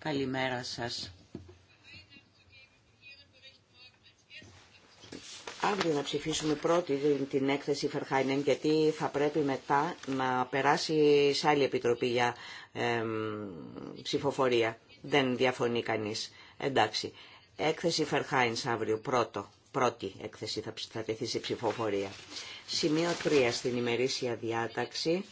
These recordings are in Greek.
Καλημέρα σας. Αύριο να ψηφίσουμε πρώτη την έκθεση Φερχάινεν γιατί θα πρέπει μετά να περάσει σε άλλη επιτροπή για ψηφοφορία. Δεν διαφωνεί κανείς. Εντάξει. Έκθεση Φερχάιν αύριο πρώτο. Πρώτη έκθεση θα, θα τεθεί σε ψηφοφορία. Σημείο 3 στην ημερήσια διάταξη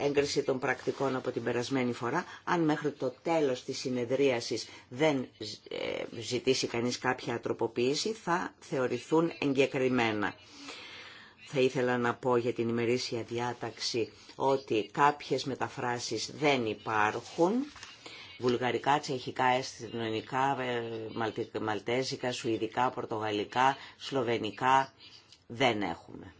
έγκριση των πρακτικών από την περασμένη φορά. Αν μέχρι το τέλος της συνεδρίασης δεν ε, ζητήσει κανείς κάποια τροποποίηση, θα θεωρηθούν εγκεκριμένα. Θα ήθελα να πω για την ημερήσια διάταξη ότι κάποιες μεταφράσεις δεν υπάρχουν. Βουλγαρικά, τσεχικά, αισθηνωνικά, ε, μαλτέζικα, σουηδικά, πορτογαλικά, σλοβενικά δεν έχουμε.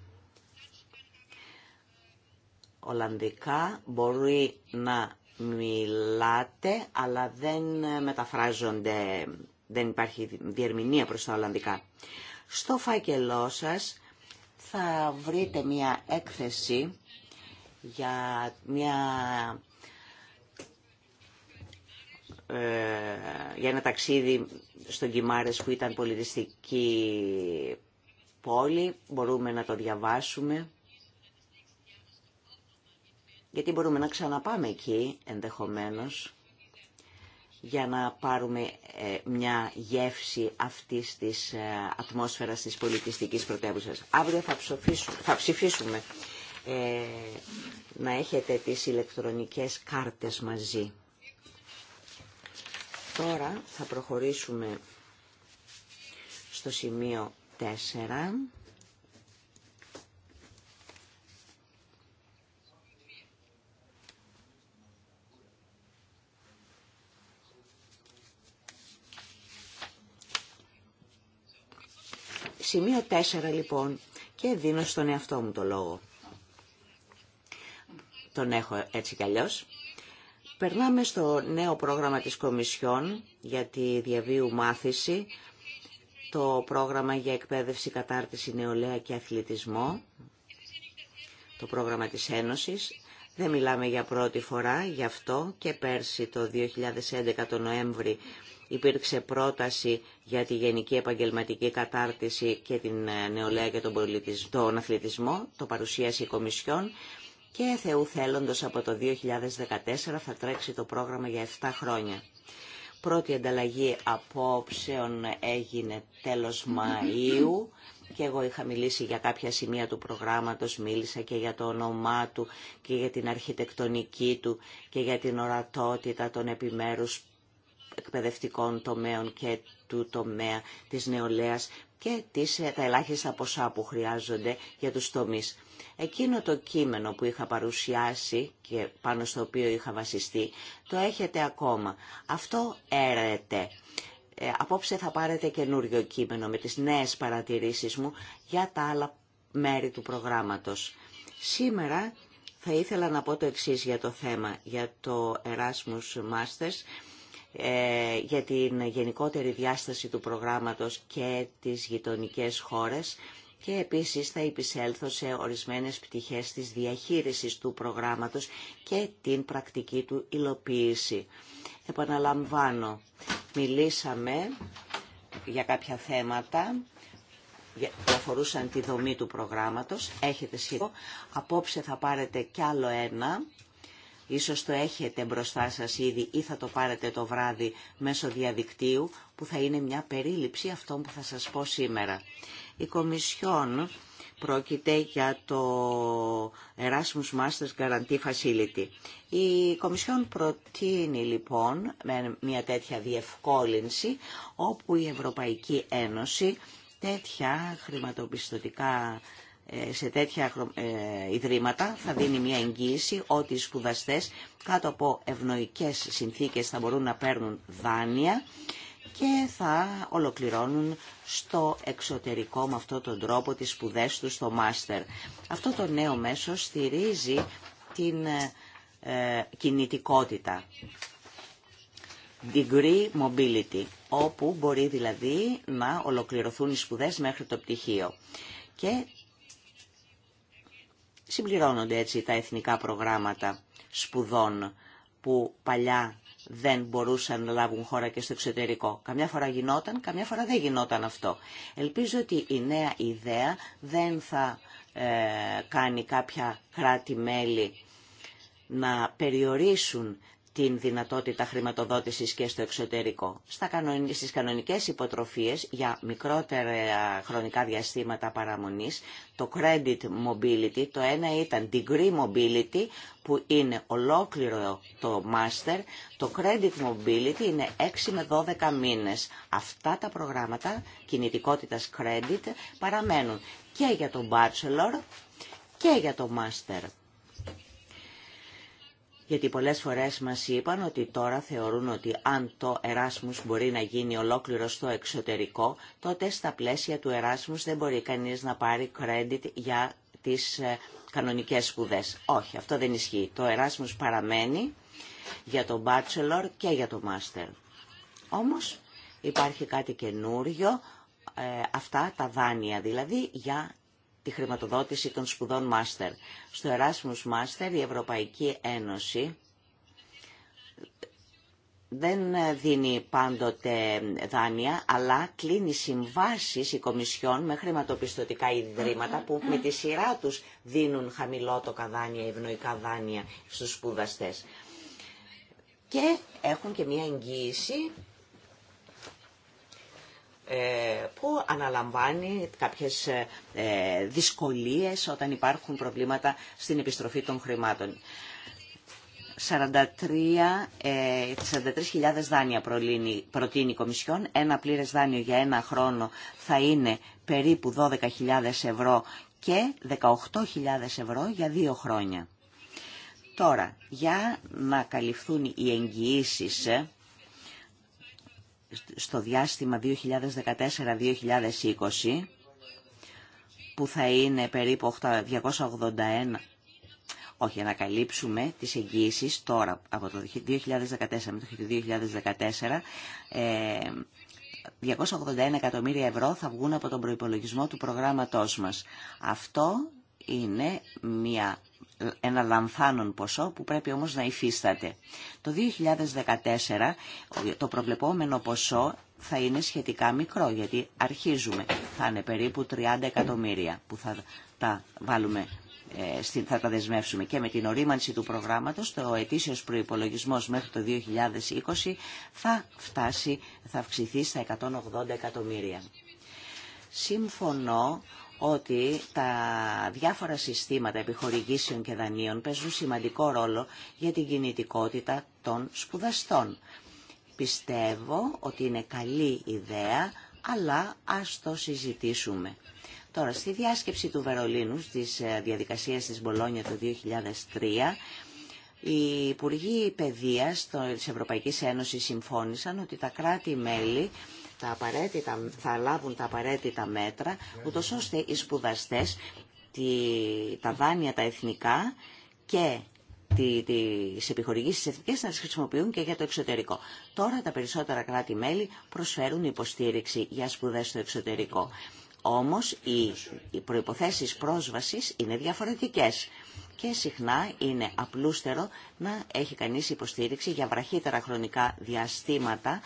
Ολλανδικά μπορεί να μιλάτε, αλλά δεν μεταφράζονται, δεν υπάρχει διερμηνία προς τα Ολλανδικά. Στο φάκελό σας θα βρείτε μια έκθεση για μια ε, για ένα ταξίδι στον Κιμάρες που ήταν πολιτιστική πόλη. Μπορούμε να το διαβάσουμε γιατί μπορούμε να ξαναπάμε εκεί ενδεχομένως για να πάρουμε ε, μια γεύση αυτής της ε, ατμόσφαιρας της πολιτιστικής πρωτεύουσας. Αύριο θα, ψηφίσουμε, θα ε, να έχετε τις ηλεκτρονικές κάρτες μαζί. Τώρα θα προχωρήσουμε στο σημείο 4. Σημείο 4 λοιπόν και δίνω στον εαυτό μου το λόγο. Τον έχω έτσι κι αλλιώς. Περνάμε στο νέο πρόγραμμα της Κομισιόν για τη διαβίου μάθηση, το πρόγραμμα για εκπαίδευση, κατάρτιση, νεολαία και αθλητισμό, το πρόγραμμα της Ένωσης. Δεν μιλάμε για πρώτη φορά, γι' αυτό και πέρσι το 2011 το Νοέμβρη υπήρξε πρόταση για τη γενική επαγγελματική κατάρτιση και την ε, νεολαία και τον, τον αθλητισμό, το παρουσίαση η Κομισιόν και θεού θέλοντος από το 2014 θα τρέξει το πρόγραμμα για 7 χρόνια. Πρώτη ανταλλαγή απόψεων έγινε τέλος Μαΐου και εγώ είχα μιλήσει για κάποια σημεία του προγράμματος, μίλησα και για το όνομά του και για την αρχιτεκτονική του και για την ορατότητα των επιμέρους εκπαιδευτικών τομέων και του τομέα της νεολαίας και τις, ε, τα ελάχιστα ποσά που χρειάζονται για τους τομείς. Εκείνο το κείμενο που είχα παρουσιάσει και πάνω στο οποίο είχα βασιστεί, το έχετε ακόμα. Αυτό έρεται. Ε, απόψε θα πάρετε καινούριο κείμενο με τις νέες παρατηρήσεις μου για τα άλλα μέρη του προγράμματος. Σήμερα θα ήθελα να πω το εξής για το θέμα, για το Erasmus Masters ε, για την γενικότερη διάσταση του προγράμματος και τις γειτονικές χώρες και επίσης θα υπησέλθω σε ορισμένες πτυχές της διαχείρισης του προγράμματος και την πρακτική του υλοποίηση. Επαναλαμβάνω, μιλήσαμε για κάποια θέματα που αφορούσαν τη δομή του προγράμματος. Έχετε σχέδιο. Απόψε θα πάρετε κι άλλο ένα Ίσως το έχετε μπροστά σας ήδη ή θα το πάρετε το βράδυ μέσω διαδικτύου που θα είναι μια περίληψη αυτών που θα σας πω σήμερα. Η Κομισιόν πρόκειται για το Erasmus Masters Guarantee Facility. Η Κομισιόν προτείνει λοιπόν με μια τέτοια διευκόλυνση όπου η Ευρωπαϊκή Ένωση τέτοια χρηματοπιστωτικά σε τέτοια ε, ιδρύματα θα δίνει μια εγγύηση ότι οι σπουδαστές κάτω από ευνοϊκές συνθήκες θα μπορούν να παίρνουν δάνεια και θα ολοκληρώνουν στο εξωτερικό με αυτόν τον τρόπο τις σπουδές τους στο μάστερ. Αυτό το νέο μέσο στηρίζει την ε, κινητικότητα. Degree Mobility, όπου μπορεί δηλαδή να ολοκληρωθούν οι σπουδές μέχρι το πτυχίο. Και Συμπληρώνονται έτσι τα εθνικά προγράμματα σπουδών που παλιά δεν μπορούσαν να λάβουν χώρα και στο εξωτερικό. Καμιά φορά γινόταν, καμιά φορά δεν γινόταν αυτό. Ελπίζω ότι η νέα ιδέα δεν θα ε, κάνει κάποια κράτη-μέλη να περιορίσουν την δυνατότητα χρηματοδότησης και στο εξωτερικό. Στα στις κανονικές υποτροφίες για μικρότερα χρονικά διαστήματα παραμονής, το Credit Mobility, το ένα ήταν Degree Mobility που είναι ολόκληρο το Master, το Credit Mobility είναι 6 με 12 μήνες. Αυτά τα προγράμματα κινητικότητας Credit παραμένουν και για το Bachelor και για το Master γιατί πολλές φορές μας είπαν ότι τώρα θεωρούν ότι αν το Εράσμους μπορεί να γίνει ολόκληρο στο εξωτερικό, τότε στα πλαίσια του Εράσμους δεν μπορεί κανείς να πάρει credit για τις ε, κανονικές σπουδές. Όχι, αυτό δεν ισχύει. Το Εράσμους παραμένει για το bachelor και για το master. Όμως υπάρχει κάτι καινούριο, ε, αυτά τα δάνεια δηλαδή για χρηματοδότηση των σπουδών μάστερ. Στο Erasmus Master η Ευρωπαϊκή Ένωση δεν δίνει πάντοτε δάνεια, αλλά κλείνει συμβάσεις η Κομισιόν με χρηματοπιστωτικά ιδρύματα που με τη σειρά τους δίνουν χαμηλότοκα δάνεια, ευνοϊκά δάνεια στους σπουδαστές. Και έχουν και μια εγγύηση ε, που αναλαμβάνει κάποιες ε, ε, δυσκολίες όταν υπάρχουν προβλήματα στην επιστροφή των χρημάτων. 43.000 δάνεια προτείνει η Κομισιόν. Ένα πλήρες δάνειο για ένα χρόνο θα είναι περίπου 12.000 ευρώ και 18.000 ευρώ για δύο χρόνια. Τώρα, για να καλυφθούν οι εγγυήσεις στο διάστημα 2014-2020 που θα είναι περίπου 281 όχι, να καλύψουμε τις εγγύησεις τώρα, από το 2014 με το 2014, 281 ε, εκατομμύρια ευρώ θα βγουν από τον προϋπολογισμό του προγράμματός μας. Αυτό είναι μια ένα λανθάνον ποσό που πρέπει όμως να υφίσταται. Το 2014 το προβλεπόμενο ποσό θα είναι σχετικά μικρό γιατί αρχίζουμε. Θα είναι περίπου 30 εκατομμύρια που θα τα βάλουμε ε, θα τα δεσμεύσουμε και με την ορίμανση του προγράμματος το ετήσιος προϋπολογισμός μέχρι το 2020 θα φτάσει, θα αυξηθεί στα 180 εκατομμύρια. Συμφωνώ ότι τα διάφορα συστήματα επιχορηγήσεων και δανείων παίζουν σημαντικό ρόλο για την κινητικότητα των σπουδαστών. Πιστεύω ότι είναι καλή ιδέα, αλλά ας το συζητήσουμε. Τώρα, στη διάσκεψη του Βερολίνου, στις ε, διαδικασίες της Μπολόνια το 2003, οι Υπουργοί Παιδείας της Ευρωπαϊκής Ένωσης συμφώνησαν ότι τα κράτη-μέλη τα απαραίτητα, θα λάβουν τα απαραίτητα μέτρα, ούτως ώστε οι σπουδαστές, τα δάνεια τα εθνικά και τι επιχορηγήσεις εθνικές να τι χρησιμοποιούν και για το εξωτερικό. Τώρα τα περισσότερα κράτη-μέλη προσφέρουν υποστήριξη για σπουδέ στο εξωτερικό. Όμως οι, οι προποθέσει πρόσβαση είναι διαφορετικές και συχνά είναι απλούστερο να έχει κανείς υποστήριξη για βραχύτερα χρονικά διαστήματα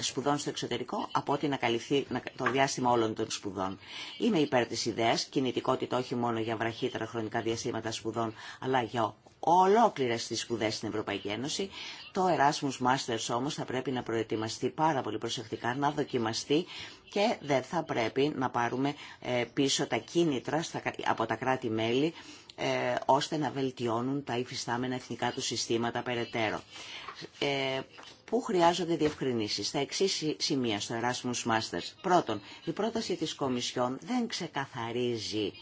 σπουδών στο εξωτερικό από ότι να καλυφθεί το διάστημα όλων των σπουδών. Είμαι υπέρ τη ιδέας, κινητικότητα όχι μόνο για βραχύτερα χρονικά διαστήματα σπουδών, αλλά για ολόκληρε τι σπουδέ στην Ευρωπαϊκή Ένωση. Το Erasmus Masters όμω θα πρέπει να προετοιμαστεί πάρα πολύ προσεκτικά, να δοκιμαστεί και δεν θα πρέπει να πάρουμε ε, πίσω τα κίνητρα από τα κράτη-μέλη ε, ώστε να βελτιώνουν τα υφιστάμενα εθνικά του συστήματα περαιτέρω. Ε, που χρειάζονται διευκρινήσεις. Στα εξή σημεία στο Erasmus Masters. Πρώτον, η πρόταση της Κομισιόν δεν ξεκαθαρίζει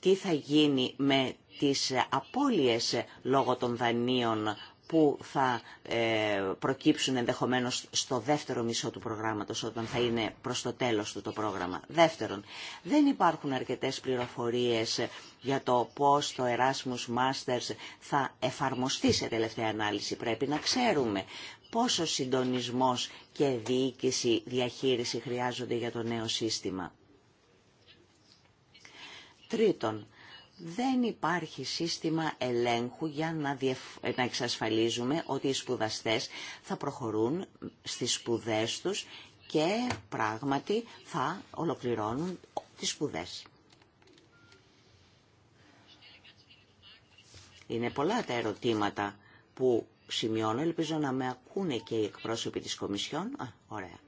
τι θα γίνει με τις απώλειες λόγω των δανείων που θα ε, προκύψουν ενδεχομένως στο δεύτερο μισό του προγράμματος όταν θα είναι προς το τέλος του το πρόγραμμα. Δεύτερον, δεν υπάρχουν αρκετές πληροφορίες για το πώς το Erasmus Masters θα εφαρμοστεί σε τελευταία ανάλυση. Πρέπει να ξέρουμε πόσο συντονισμός και διοίκηση, διαχείριση χρειάζονται για το νέο σύστημα. Τρίτον, δεν υπάρχει σύστημα ελέγχου για να, εξασφαλίζουμε ότι οι σπουδαστές θα προχωρούν στις σπουδές τους και πράγματι θα ολοκληρώνουν τις σπουδές. Είναι πολλά τα ερωτήματα που σημειώνω. Ελπίζω να με ακούνε και οι εκπρόσωποι της Κομισιόν. Α, ωραία.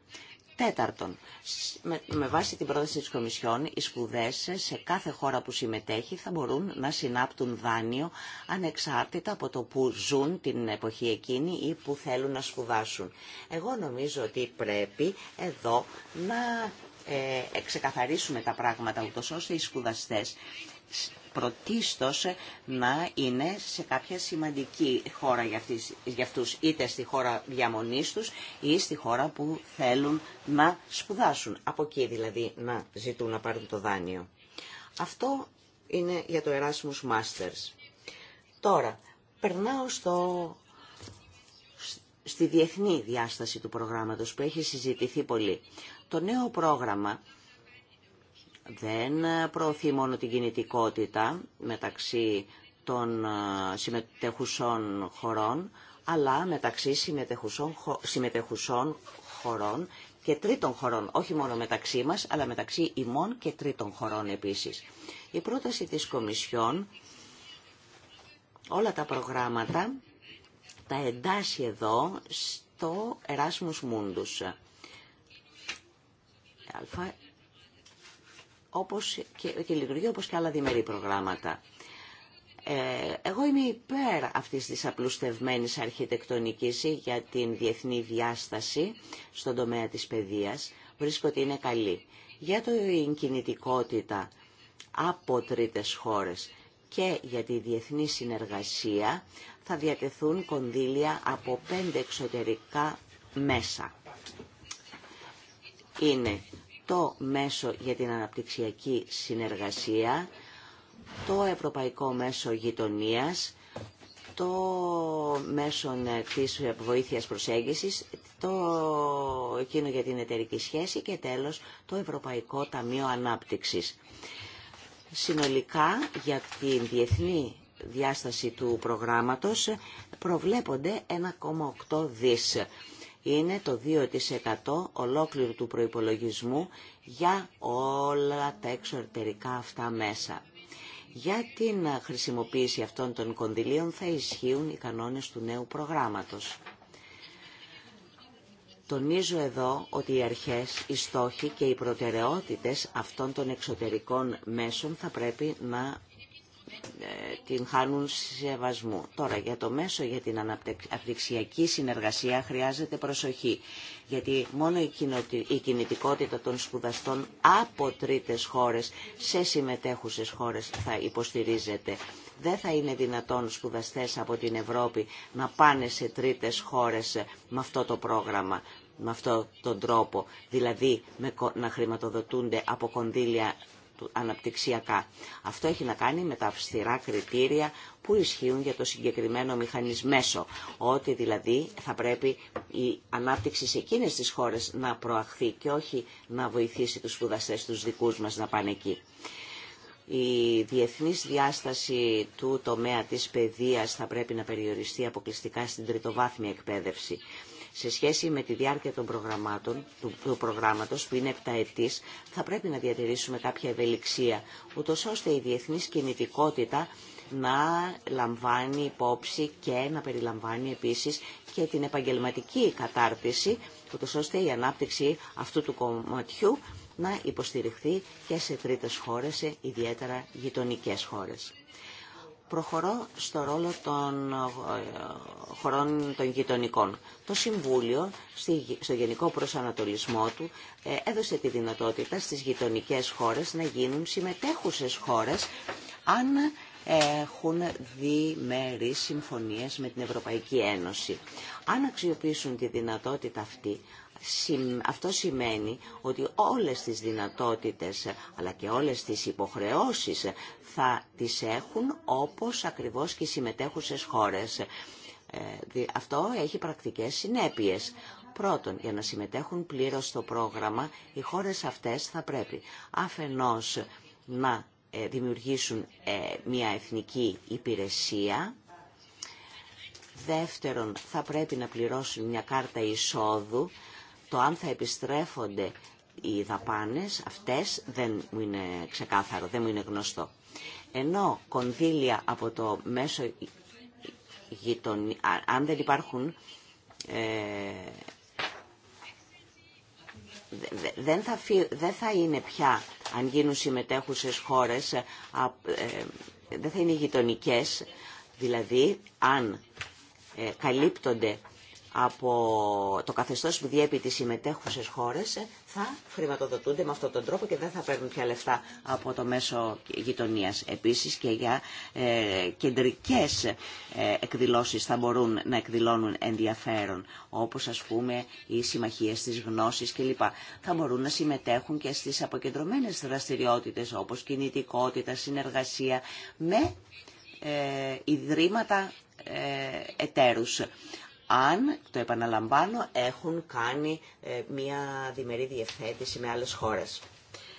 Τέταρτον, με βάση την πρόταση της Κομισιόν, οι σπουδές σε κάθε χώρα που συμμετέχει θα μπορούν να συνάπτουν δάνειο ανεξάρτητα από το που ζουν την εποχή εκείνη ή που θέλουν να σπουδάσουν. Εγώ νομίζω ότι πρέπει εδώ να ε, ξεκαθαρίσουμε τα πράγματα ούτως ώστε οι σπουδαστές πρωτίστως να είναι σε κάποια σημαντική χώρα για αυτούς, είτε στη χώρα διαμονής τους ή στη χώρα που θέλουν να σπουδάσουν. Από εκεί δηλαδή να ζητούν να πάρουν το δάνειο. Αυτό είναι για το Erasmus Masters. Τώρα, περνάω στο, στη διεθνή διάσταση του προγράμματος που έχει συζητηθεί πολύ. Το νέο πρόγραμμα δεν προωθεί μόνο την κινητικότητα μεταξύ των ε, συμμετεχουσών χωρών, αλλά μεταξύ συμμετεχουσών, συμμετεχουσών χωρών και τρίτων χωρών, όχι μόνο μεταξύ μας, αλλά μεταξύ ημών και τρίτων χωρών επίσης. Η πρόταση της Κομισιόν, όλα τα προγράμματα, τα εντάσσει εδώ στο Erasmus Mundus όπως και, και λειτουργεί όπως και άλλα διμερεί προγράμματα. Ε, εγώ είμαι υπέρ αυτής της απλουστευμένης αρχιτεκτονικής για την διεθνή διάσταση στον τομέα της παιδείας. Βρίσκω ότι είναι καλή. Για την κινητικότητα από τρίτες χώρες και για τη διεθνή συνεργασία θα διατεθούν κονδύλια από πέντε εξωτερικά μέσα. Είναι το μέσο για την αναπτυξιακή συνεργασία, το Ευρωπαϊκό Μέσο Γειτονίας, το μέσο της βοήθειας προσέγγισης, το εκείνο για την εταιρική σχέση και τέλος το Ευρωπαϊκό Ταμείο Ανάπτυξης. Συνολικά για την διεθνή διάσταση του προγράμματος προβλέπονται 1,8 δις είναι το 2% ολόκληρου του προϋπολογισμού για όλα τα εξωτερικά αυτά μέσα. Για την χρησιμοποίηση αυτών των κονδυλίων θα ισχύουν οι κανόνες του νέου προγράμματος. Τονίζω εδώ ότι οι αρχές, οι στόχοι και οι προτεραιότητες αυτών των εξωτερικών μέσων θα πρέπει να ε, την χάνουν σεβασμού. Τώρα για το μέσο για την αναπτυξιακή συνεργασία χρειάζεται προσοχή γιατί μόνο η κινητικότητα των σπουδαστών από τρίτες χώρες σε συμμετέχουσες χώρες θα υποστηρίζεται. Δεν θα είναι δυνατόν σπουδαστές από την Ευρώπη να πάνε σε τρίτες χώρες με αυτό το πρόγραμμα με αυτόν τον τρόπο, δηλαδή να χρηματοδοτούνται από κονδύλια αναπτυξιακά. Αυτό έχει να κάνει με τα αυστηρά κριτήρια που ισχύουν για το συγκεκριμένο μηχανισμέσο. Ότι δηλαδή θα πρέπει η ανάπτυξη σε εκείνες τις χώρες να προαχθεί και όχι να βοηθήσει τους σπουδαστές τους δικούς μας να πάνε εκεί. Η διεθνής διάσταση του τομέα της παιδείας θα πρέπει να περιοριστεί αποκλειστικά στην τριτοβάθμια εκπαίδευση σε σχέση με τη διάρκεια των προγραμμάτων, του, του προγράμματος που είναι 7 ετής, θα πρέπει να διατηρήσουμε κάποια ευελιξία, ούτω ώστε η διεθνή κινητικότητα να λαμβάνει υπόψη και να περιλαμβάνει επίσης και την επαγγελματική κατάρτιση, ούτω ώστε η ανάπτυξη αυτού του κομματιού να υποστηριχθεί και σε τρίτες χώρες, ιδιαίτερα γειτονικές χώρες. Προχωρώ στο ρόλο των ε, χωρών των γειτονικών. Το Συμβούλιο, στο γενικό προσανατολισμό του, ε, έδωσε τη δυνατότητα στις γειτονικές χώρες να γίνουν συμμετέχουσες χώρες αν έχουν διμέρει συμφωνίες με την Ευρωπαϊκή Ένωση. Αν αξιοποιήσουν τη δυνατότητα αυτή, αυτό σημαίνει ότι όλες τις δυνατότητες αλλά και όλες τις υποχρεώσεις θα τις έχουν όπως ακριβώς και οι συμμετέχουσες χώρες. Ε, αυτό έχει πρακτικές συνέπειες. Πρώτον, για να συμμετέχουν πλήρως στο πρόγραμμα, οι χώρες αυτές θα πρέπει αφενός να ε, δημιουργήσουν ε, μια εθνική υπηρεσία, δεύτερον θα πρέπει να πληρώσουν μια κάρτα εισόδου το αν θα επιστρέφονται οι δαπάνες αυτές δεν μου είναι ξεκάθαρο, δεν μου είναι γνωστό. Ενώ κονδύλια από το μέσο γειτονία, αν δεν υπάρχουν ε, δεν, θα δεν θα είναι πια αν γίνουν συμμετέχουσες χώρες ε, ε, δεν θα είναι γειτονικέ, δηλαδή αν καλύπτονται από το καθεστώς που διέπει τις συμμετέχουσες χώρες ε, θα χρηματοδοτούνται με αυτόν τον τρόπο και δεν θα παίρνουν πια λεφτά από το μέσο γειτονία. Επίσης και για ε, κεντρικές ε, εκδηλώσεις θα μπορούν να εκδηλώνουν ενδιαφέρον, όπως ας πούμε οι συμμαχίες της γνώσης κλπ. Θα μπορούν να συμμετέχουν και στις αποκεντρωμένες δραστηριότητες όπως κινητικότητα, συνεργασία με ε, ιδρύματα ε, εταίρους αν, το επαναλαμβάνω, έχουν κάνει ε, μια διμερή διευθέτηση με άλλες χώρες.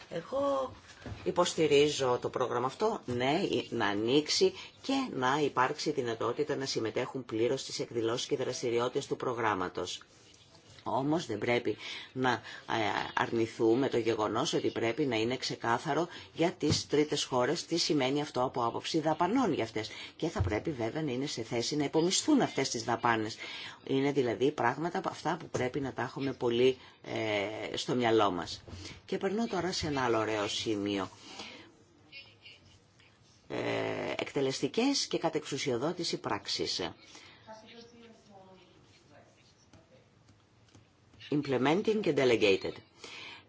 Εγώ υποστηρίζω το πρόγραμμα αυτό, ναι, ε, να ανοίξει και να υπάρξει δυνατότητα να συμμετέχουν πλήρως στις εκδηλώσεις και δραστηριότητες του προγράμματος. Όμως δεν πρέπει να ε, αρνηθούμε το γεγονός ότι πρέπει να είναι ξεκάθαρο για τις τρίτες χώρες τι σημαίνει αυτό από άποψη δαπανών για αυτές. Και θα πρέπει βέβαια να είναι σε θέση να υπομισθούν αυτές τις δαπάνες. Είναι δηλαδή πράγματα από αυτά που πρέπει να τα έχουμε πολύ ε, στο μυαλό μας. Και περνώ τώρα σε ένα άλλο ωραίο σημείο. Ε, εκτελεστικές και κατεξουσιοδότηση πράξης. implementing και delegated.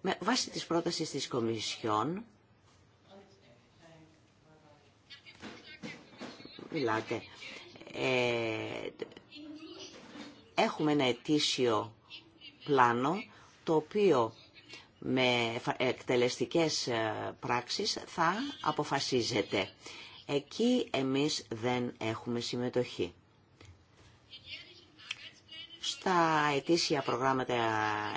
Με βάση της πρότασης της Κομισιόν, μιλάτε, ε, έχουμε ένα ετήσιο πλάνο, το οποίο με εκτελεστικές ε, πράξεις θα αποφασίζεται. Εκεί εμείς δεν έχουμε συμμετοχή. Στα ετήσια προγράμματα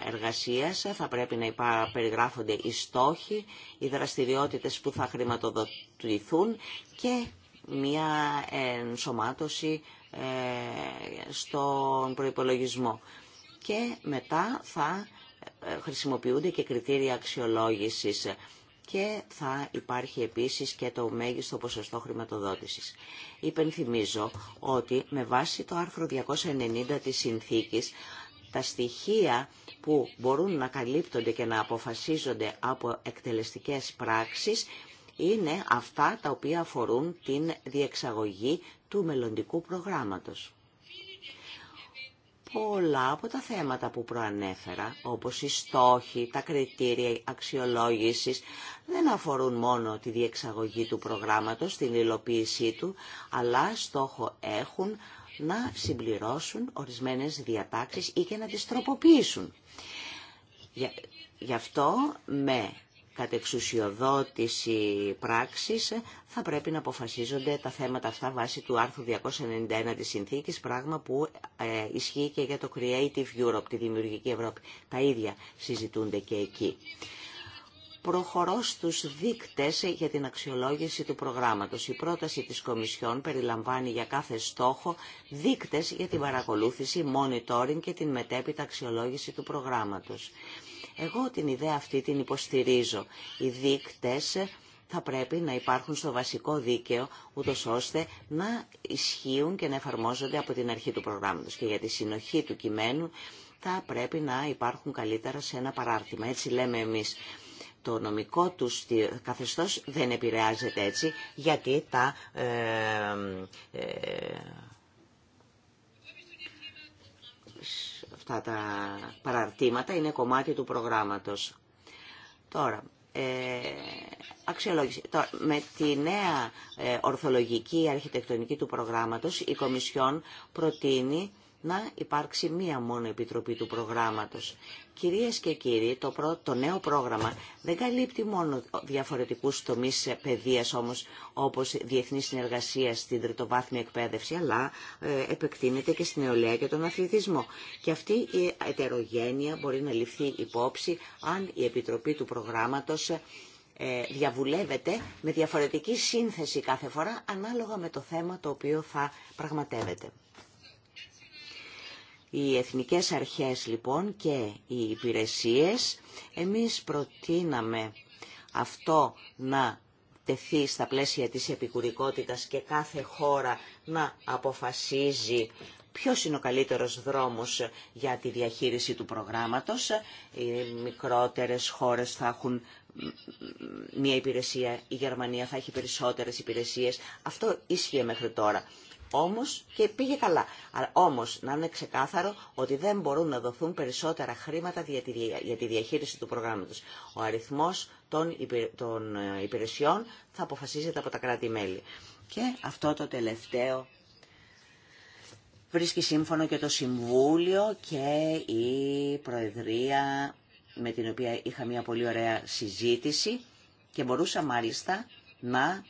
εργασίας θα πρέπει να υπά, περιγράφονται οι στόχοι, οι δραστηριότητες που θα χρηματοδοτηθούν και μια ενσωμάτωση ε, στον προϋπολογισμό. Και μετά θα ε, χρησιμοποιούνται και κριτήρια αξιολόγησης και θα υπάρχει επίσης και το μέγιστο ποσοστό χρηματοδότησης. Υπενθυμίζω ότι με βάση το άρθρο 290 της συνθήκης τα στοιχεία που μπορούν να καλύπτονται και να αποφασίζονται από εκτελεστικές πράξεις είναι αυτά τα οποία αφορούν την διεξαγωγή του μελλοντικού προγράμματος πολλά από τα θέματα που προανέφερα, όπως οι στόχοι, τα κριτήρια αξιολόγησης, δεν αφορούν μόνο τη διεξαγωγή του προγράμματος, την υλοποίησή του, αλλά στόχο έχουν να συμπληρώσουν ορισμένες διατάξεις ή και να τις τροποποιήσουν. Γι' αυτό με εξουσιοδότηση πράξης ε, θα πρέπει να αποφασίζονται τα θέματα αυτά βάσει του άρθρου 291 της συνθήκης, πράγμα που ε, ισχύει και για το Creative Europe, τη Δημιουργική Ευρώπη. Τα ίδια συζητούνται και εκεί. Προχωρώ στους δείκτες ε, για την αξιολόγηση του προγράμματος. Η πρόταση της Κομισιόν περιλαμβάνει για κάθε στόχο δείκτες για την παρακολούθηση, monitoring και την μετέπειτα αξιολόγηση του προγράμματος. Εγώ την ιδέα αυτή την υποστηρίζω. Οι δείκτες θα πρέπει να υπάρχουν στο βασικό δίκαιο, ούτω ώστε να ισχύουν και να εφαρμόζονται από την αρχή του προγράμματος. Και για τη συνοχή του κειμένου θα πρέπει να υπάρχουν καλύτερα σε ένα παράρτημα. Έτσι λέμε εμείς. Το νομικό του καθεστώς δεν επηρεάζεται έτσι, γιατί τα ε, ε, αυτά τα παραρτήματα, είναι κομμάτι του προγράμματος. Τώρα, ε, με τη νέα ε, ορθολογική αρχιτεκτονική του προγράμματος, η Κομισιόν προτείνει να υπάρξει μία μόνο επιτροπή του προγράμματος. Κυρίες και κύριοι, το, προ... το νέο πρόγραμμα δεν καλύπτει μόνο διαφορετικούς τομείς παιδείας όμως, όπως διεθνή συνεργασία στην τριτοβάθμια εκπαίδευση, αλλά ε, επεκτείνεται και στην νεολαία και τον αθλητισμό. Και αυτή η ετερογένεια μπορεί να ληφθεί υπόψη αν η επιτροπή του προγράμματος ε, διαβουλεύεται με διαφορετική σύνθεση κάθε φορά ανάλογα με το θέμα το οποίο θα πραγματεύεται. Οι εθνικές αρχές λοιπόν και οι υπηρεσίες, εμείς προτείναμε αυτό να τεθεί στα πλαίσια της επικουρικότητας και κάθε χώρα να αποφασίζει ποιος είναι ο καλύτερος δρόμος για τη διαχείριση του προγράμματος. Οι μικρότερες χώρες θα έχουν μία υπηρεσία, η Γερμανία θα έχει περισσότερες υπηρεσίες. Αυτό ίσχυε μέχρι τώρα όμως και πήγε καλά. Όμως να είναι ξεκάθαρο ότι δεν μπορούν να δοθούν περισσότερα χρήματα για τη διαχείριση του προγράμματος. Ο αριθμός των ε, υπηρεσιών θα αποφασίζεται από τα κράτη-μέλη. Και αυτό το τελευταίο βρίσκει σύμφωνο και το Συμβούλιο και η Προεδρία με την οποία είχα μια πολύ ωραία συζήτηση και μπορούσα μάλιστα να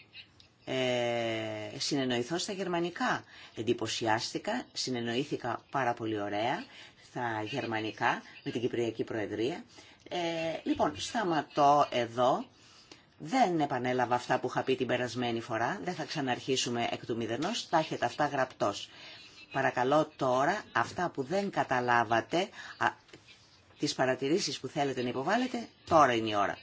ε, συνεννοηθώ στα γερμανικά. Εντυπωσιάστηκα, συνεννοήθηκα πάρα πολύ ωραία στα γερμανικά με την Κυπριακή Προεδρία. Ε, λοιπόν, σταματώ εδώ. Δεν επανέλαβα αυτά που είχα πει την περασμένη φορά. Δεν θα ξαναρχίσουμε εκ του μηδενός. Τα έχετε αυτά γραπτός. Παρακαλώ τώρα αυτά που δεν καταλάβατε, α, τις παρατηρήσεις που θέλετε να υποβάλλετε, τώρα είναι η ώρα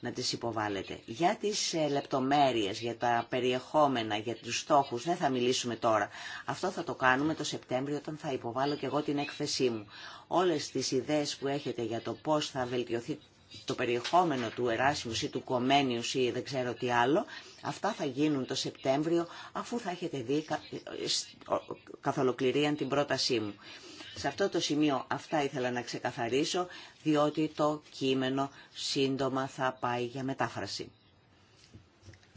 να τις υποβάλλετε. Για τις ε, λεπτομέρειες, για τα περιεχόμενα, για τους στόχους, δεν θα μιλήσουμε τώρα. Αυτό θα το κάνουμε το Σεπτέμβριο όταν θα υποβάλω και εγώ την έκθεσή μου. Όλες τις ιδέες που έχετε για το πώς θα βελτιωθεί το περιεχόμενο του Εράσιμους ή του Κομένιου ή δεν ξέρω τι άλλο, αυτά θα γίνουν το Σεπτέμβριο αφού θα έχετε δει ε, καθ' την πρότασή μου. Σε αυτό το σημείο αυτά ήθελα να ξεκαθαρίσω, διότι το κείμενο σύντομα θα πάει για μετάφραση.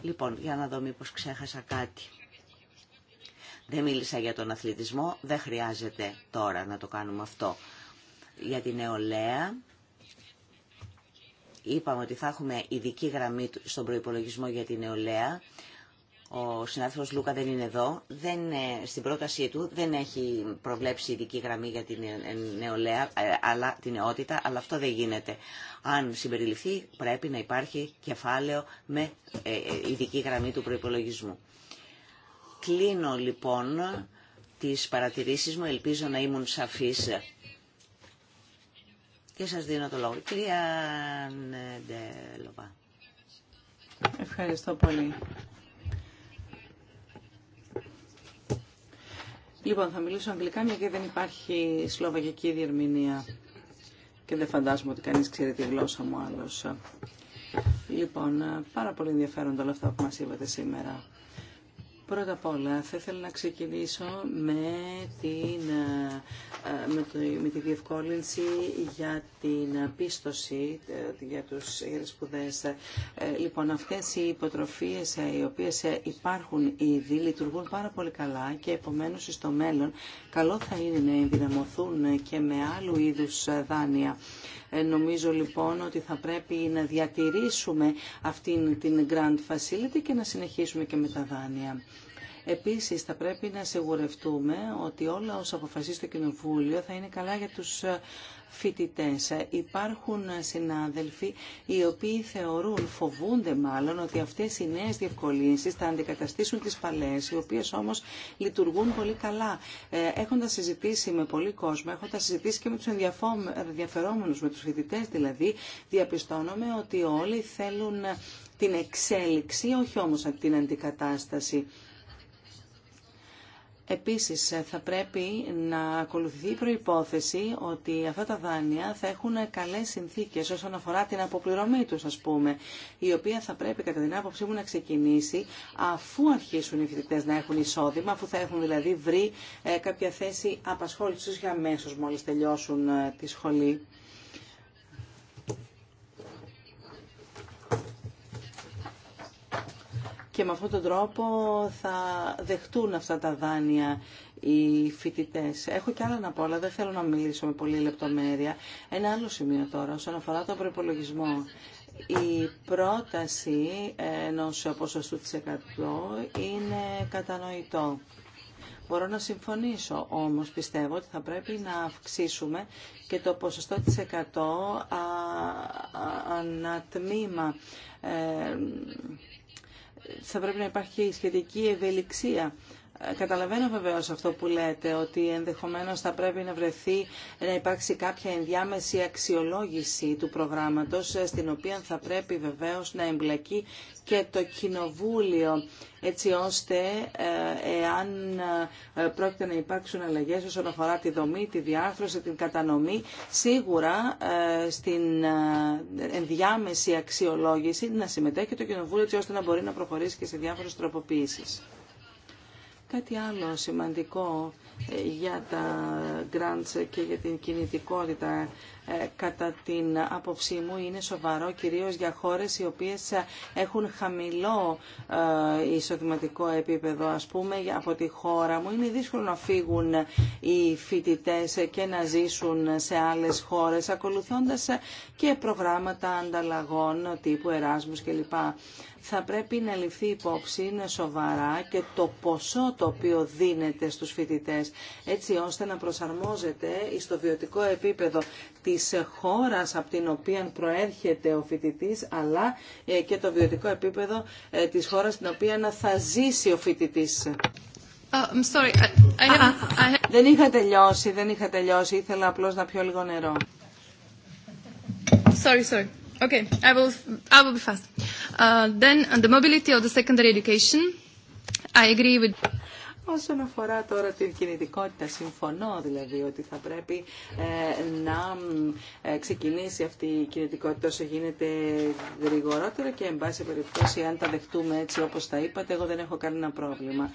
Λοιπόν, για να δω μήπως ξέχασα κάτι. Δεν μίλησα για τον αθλητισμό, δεν χρειάζεται τώρα να το κάνουμε αυτό. Για την νεολαία, είπαμε ότι θα έχουμε ειδική γραμμή στον προϋπολογισμό για την νεολαία ο συνάδελφος Λούκα δεν είναι εδώ. Ε, στην πρότασή του δεν έχει προβλέψει ειδική γραμμή για την ε, νεολαία, ε, αλλά, την νεότητα, αλλά αυτό δεν γίνεται. Αν συμπεριληφθεί πρέπει να υπάρχει κεφάλαιο με ειδική γραμμή του προϋπολογισμού. Κλείνω λοιπόν τις παρατηρήσεις μου. Ελπίζω να ήμουν σαφής. Και σας δίνω το λόγο. Κυρία Ευχαριστώ πολύ. Λοιπόν, θα μιλήσω αγγλικά, μια και δεν υπάρχει σλοβαγική διερμηνία και δεν φαντάζομαι ότι κανείς ξέρει τη γλώσσα μου άλλος. Λοιπόν, πάρα πολύ ενδιαφέροντα όλα αυτά που μας είπατε σήμερα. Πρώτα απ' όλα θα ήθελα να ξεκινήσω με, την, ε, με, το, με τη διευκόλυνση για την πίστοση ε, για, τους, για τις σπουδές. Ε, λοιπόν, αυτές οι υποτροφίες οι οποίες υπάρχουν ήδη λειτουργούν πάρα πολύ καλά και επομένως στο μέλλον καλό θα είναι να ενδυναμωθούν και με άλλου είδους δάνεια. Νομίζω λοιπόν ότι θα πρέπει να διατηρήσουμε αυτήν την Grand Facility και να συνεχίσουμε και με τα δάνεια. Επίσης θα πρέπει να σιγουρευτούμε ότι όλα όσα αποφασίσει το Κοινοβούλιο θα είναι καλά για τους ε, φοιτητές. Υπάρχουν συνάδελφοι οι οποίοι θεωρούν, φοβούνται μάλλον, ότι αυτές οι νέες διευκολύνσεις θα αντικαταστήσουν τις παλές, οι οποίες όμως λειτουργούν πολύ καλά. Ε, έχοντας συζητήσει με πολύ κόσμο, έχοντας συζητήσει και με τους ενδιαφερόμενους, με τους φοιτητές δηλαδή, διαπιστώνομαι ότι όλοι θέλουν την εξέλιξη, όχι όμως την αντικατάσταση. Επίσης θα πρέπει να ακολουθηθεί η προϋπόθεση ότι αυτά τα δάνεια θα έχουν καλές συνθήκες όσον αφορά την αποπληρωμή τους ας πούμε, η οποία θα πρέπει κατά την άποψή μου να ξεκινήσει αφού αρχίσουν οι φοιτητές να έχουν εισόδημα, αφού θα έχουν δηλαδή βρει ε, κάποια θέση απασχόλησης για αμέσως μόλις τελειώσουν ε, τη σχολή. και με αυτόν τον τρόπο θα δεχτούν αυτά τα δάνεια οι φοιτητέ. Έχω και άλλα να πω, αλλά δεν θέλω να μιλήσω με πολλή λεπτομέρεια. Ένα άλλο σημείο τώρα, όσον αφορά τον προπολογισμό. Η πρόταση ενό ποσοστού της 100 είναι κατανοητό. Μπορώ να συμφωνήσω, όμως πιστεύω ότι θα πρέπει να αυξήσουμε και το ποσοστό της 100 ανατμήμα. Ε, θα πρέπει να υπάρχει σχετική ευελιξία Καταλαβαίνω βεβαίω αυτό που λέτε, ότι ενδεχομένως θα πρέπει να βρεθεί, να υπάρξει κάποια ενδιάμεση αξιολόγηση του προγράμματος, ε, στην οποία θα πρέπει βεβαίως να εμπλακεί και το Κοινοβούλιο, έτσι ώστε ε, εάν ε, πρόκειται να υπάρξουν αλλαγές όσον αφορά τη δομή, τη διάρθρωση, την κατανομή, σίγουρα στην ενδιάμεση αξιολόγηση να συμμετέχει το Κοινοβούλιο, έτσι ώστε να μπορεί να προχωρήσει και σε διάφορες τροποποίησεις. Κάτι άλλο σημαντικό ε, για τα grants και για την κινητικότητα ε, κατά την άποψή μου είναι σοβαρό κυρίως για χώρες οι οποίες ε, έχουν χαμηλό εισοδηματικό επίπεδο ας πούμε από τη χώρα μου είναι δύσκολο να φύγουν οι φοιτητές και να ζήσουν σε άλλες χώρες ακολουθώντας και προγράμματα ανταλλαγών τύπου Εράσμους κλπ θα πρέπει να ληφθεί υπόψη σοβαρά και το ποσό το οποίο δίνεται στους φοιτητές, έτσι ώστε να προσαρμόζεται στο βιωτικό επίπεδο της χώρας από την οποία προέρχεται ο φοιτητής, αλλά ε, και το βιωτικό επίπεδο ε, της χώρας στην οποία θα ζήσει ο φοιτητής. Δεν είχα τελειώσει, δεν είχα τελειώσει. Ήθελα απλώς να πιω λίγο νερό. Sorry, sorry. Okay, I will I will be fast. Uh, then on uh, the mobility of the secondary education, I agree with. Όσον αφορά τώρα την κινητικότητα, συμφωνώ δηλαδή ότι θα πρέπει ε, να ε, ξεκινήσει αυτή η κινητικότητα όσο γίνεται γρηγορότερα και εν πάση περιπτώσει αν τα δεχτούμε έτσι όπως τα είπατε εγώ δεν έχω κανένα πρόβλημα.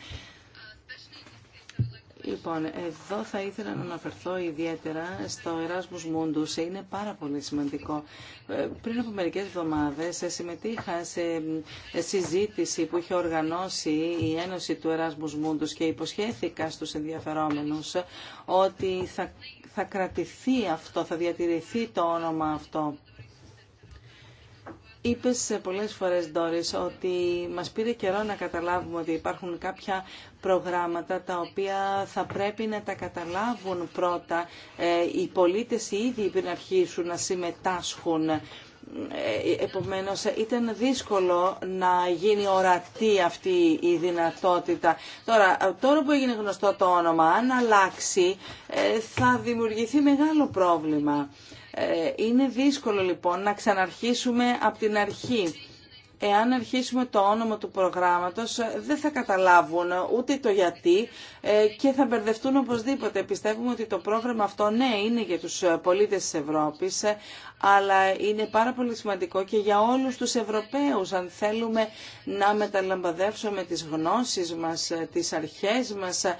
Λοιπόν, εδώ θα ήθελα να αναφερθώ ιδιαίτερα στο Erasmus Mundus. Είναι πάρα πολύ σημαντικό. Ε, πριν από μερικές εβδομάδες ε, συμμετείχα σε ε, συζήτηση που είχε οργανώσει η Ένωση του Erasmus Mundus και υποσχέθηκα στους ενδιαφερόμενους ότι θα, θα κρατηθεί αυτό, θα διατηρηθεί το όνομα αυτό. Είπες πολλές φορές, Ντόρι, ότι μας πήρε καιρό να καταλάβουμε ότι υπάρχουν κάποια προγράμματα τα οποία θα πρέπει να τα καταλάβουν πρώτα. Ε, οι πολίτες ήδη πριν αρχίσουν να συμμετάσχουν. Ε, επομένως ήταν δύσκολο να γίνει ορατή αυτή η δυνατότητα. Τώρα, τώρα που έγινε γνωστό το όνομα, αν αλλάξει ε, θα δημιουργηθεί μεγάλο πρόβλημα. Ε, είναι δύσκολο λοιπόν να ξαναρχίσουμε από την αρχή. Εάν αρχίσουμε το όνομα του προγράμματος ε, δεν θα καταλάβουν ούτε το γιατί ε, και θα μπερδευτούν οπωσδήποτε. Πιστεύουμε ότι το πρόγραμμα αυτό ναι είναι για τους πολίτες της Ευρώπης αλλά είναι πάρα πολύ σημαντικό και για όλους τους Ευρωπαίους. Αν θέλουμε να μεταλαμπαδεύσουμε τις γνώσεις μας, ε, τις αρχές μας, ε,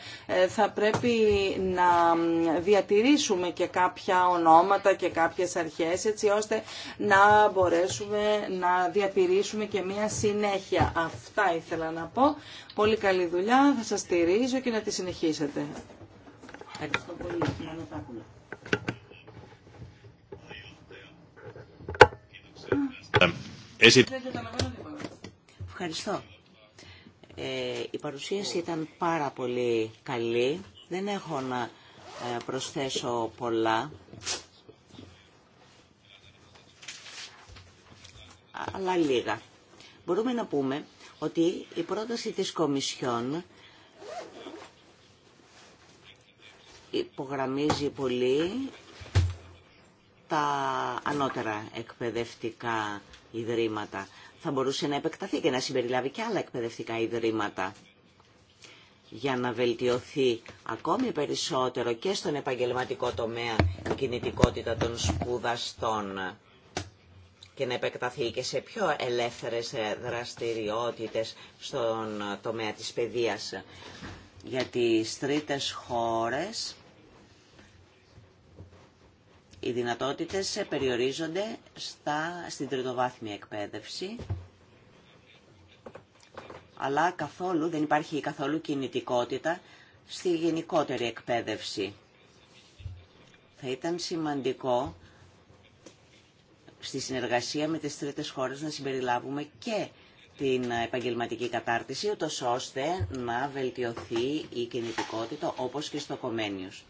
θα πρέπει να διατηρήσουμε και κάποια ονόματα και κάποιες αρχές, έτσι ώστε να μπορέσουμε να διατηρήσουμε και μία συνέχεια. Αυτά ήθελα να πω. Πολύ καλή δουλειά, θα σας στηρίζω και να τη συνεχίσετε. Ευχαριστώ πολύ. Ε, Ευχαριστώ. Ε, η παρουσίαση ήταν πάρα πολύ καλή. Δεν έχω να ε, προσθέσω πολλά. Αλλά λίγα. Μπορούμε να πούμε ότι η πρόταση της Κομισιόν υπογραμμίζει πολύ τα ανώτερα εκπαιδευτικά ιδρύματα. Θα μπορούσε να επεκταθεί και να συμπεριλάβει και άλλα εκπαιδευτικά ιδρύματα για να βελτιωθεί ακόμη περισσότερο και στον επαγγελματικό τομέα η κινητικότητα των σπουδαστών και να επεκταθεί και σε πιο ελεύθερες δραστηριότητες στον τομέα της παιδείας. Για τις τρίτες χώρες οι δυνατότητες περιορίζονται στα, στην τριτοβάθμια εκπαίδευση, αλλά καθόλου, δεν υπάρχει καθόλου κινητικότητα στη γενικότερη εκπαίδευση. Θα ήταν σημαντικό στη συνεργασία με τις τρίτες χώρες να συμπεριλάβουμε και την επαγγελματική κατάρτιση, ούτως ώστε να βελτιωθεί η κινητικότητα όπως και στο Κομένιους.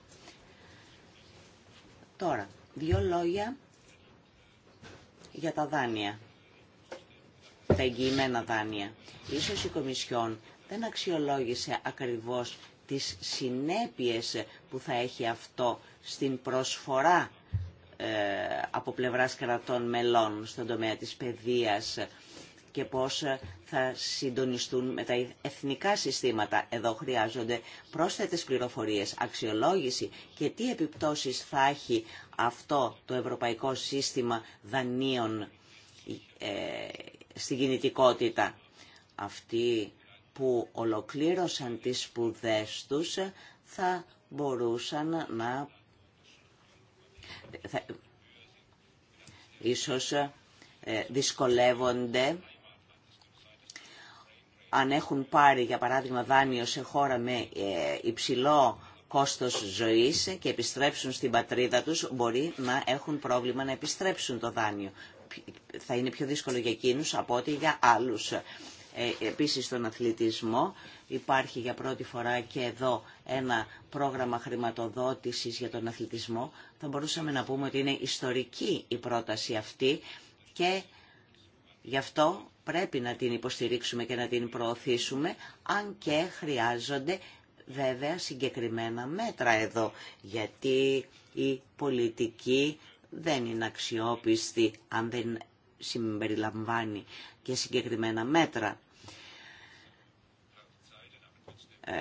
Τώρα, Δύο λόγια για τα δάνεια, τα εγγυημένα δάνεια. Ίσως η Κομισιόν δεν αξιολόγησε ακριβώς τις συνέπειες που θα έχει αυτό στην προσφορά ε, από πλευράς κρατών μελών στον τομέα της παιδείας και πώς ε, θα συντονιστούν με τα εθνικά συστήματα. Εδώ χρειάζονται πρόσθετες πληροφορίες, αξιολόγηση και τι επιπτώσεις θα έχει αυτό το ευρωπαϊκό σύστημα δανείων ε, στην κινητικότητα. Αυτοί που ολοκλήρωσαν τις σπουδέ τους ε, θα μπορούσαν να... Ίσως δυσκολεύονται αν έχουν πάρει για παράδειγμα δάνειο σε χώρα με ε, υψηλό κόστος ζωής και επιστρέψουν στην πατρίδα τους, μπορεί να έχουν πρόβλημα να επιστρέψουν το δάνειο. Θα είναι πιο δύσκολο για εκείνους από ό,τι για άλλους. Ε, επίσης στον αθλητισμό υπάρχει για πρώτη φορά και εδώ ένα πρόγραμμα χρηματοδότησης για τον αθλητισμό. Θα μπορούσαμε να πούμε ότι είναι ιστορική η πρόταση αυτή και γι' αυτό πρέπει να την υποστηρίξουμε και να την προωθήσουμε, αν και χρειάζονται βέβαια συγκεκριμένα μέτρα εδώ, γιατί η πολιτική δεν είναι αξιόπιστη αν δεν συμπεριλαμβάνει και συγκεκριμένα μέτρα. Ε,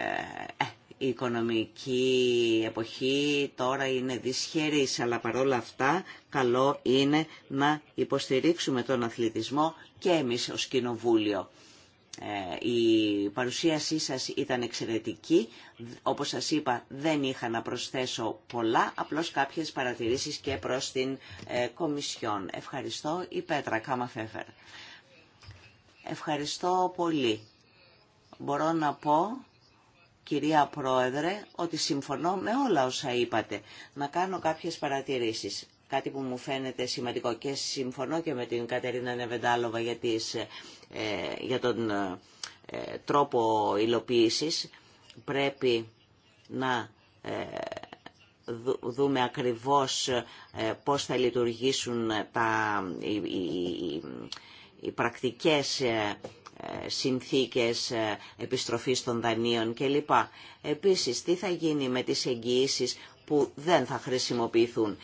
ε, η οικονομική εποχή τώρα είναι δυσχερής, αλλά παρόλα αυτά καλό είναι να υποστηρίξουμε τον αθλητισμό και εμείς ως Κοινοβούλιο. Ε, η παρουσίασή σας ήταν εξαιρετική. Όπως σας είπα δεν είχα να προσθέσω πολλά, απλώς κάποιες παρατηρήσεις και προς την ε, Κομισιόν. Ευχαριστώ η Πέτρα Κάμαφέφερ. Ευχαριστώ πολύ. Μπορώ να πω, κυρία Πρόεδρε, ότι συμφωνώ με όλα όσα είπατε. Να κάνω κάποιες παρατηρήσεις κάτι που μου φαίνεται σημαντικό και συμφωνώ και με την Κατερίνα Νεβεντάλοβα για, τις, ε, για τον ε, ε, τρόπο υλοποίησης. Πρέπει να δούμε ακριβώς πώς θα λειτουργήσουν τα, οι, οι, οι πρακτικές συνθήκες επιστροφής των δανείων κλπ. Επίσης, τι θα γίνει με τις εγγυήσεις που δεν θα χρησιμοποιηθούν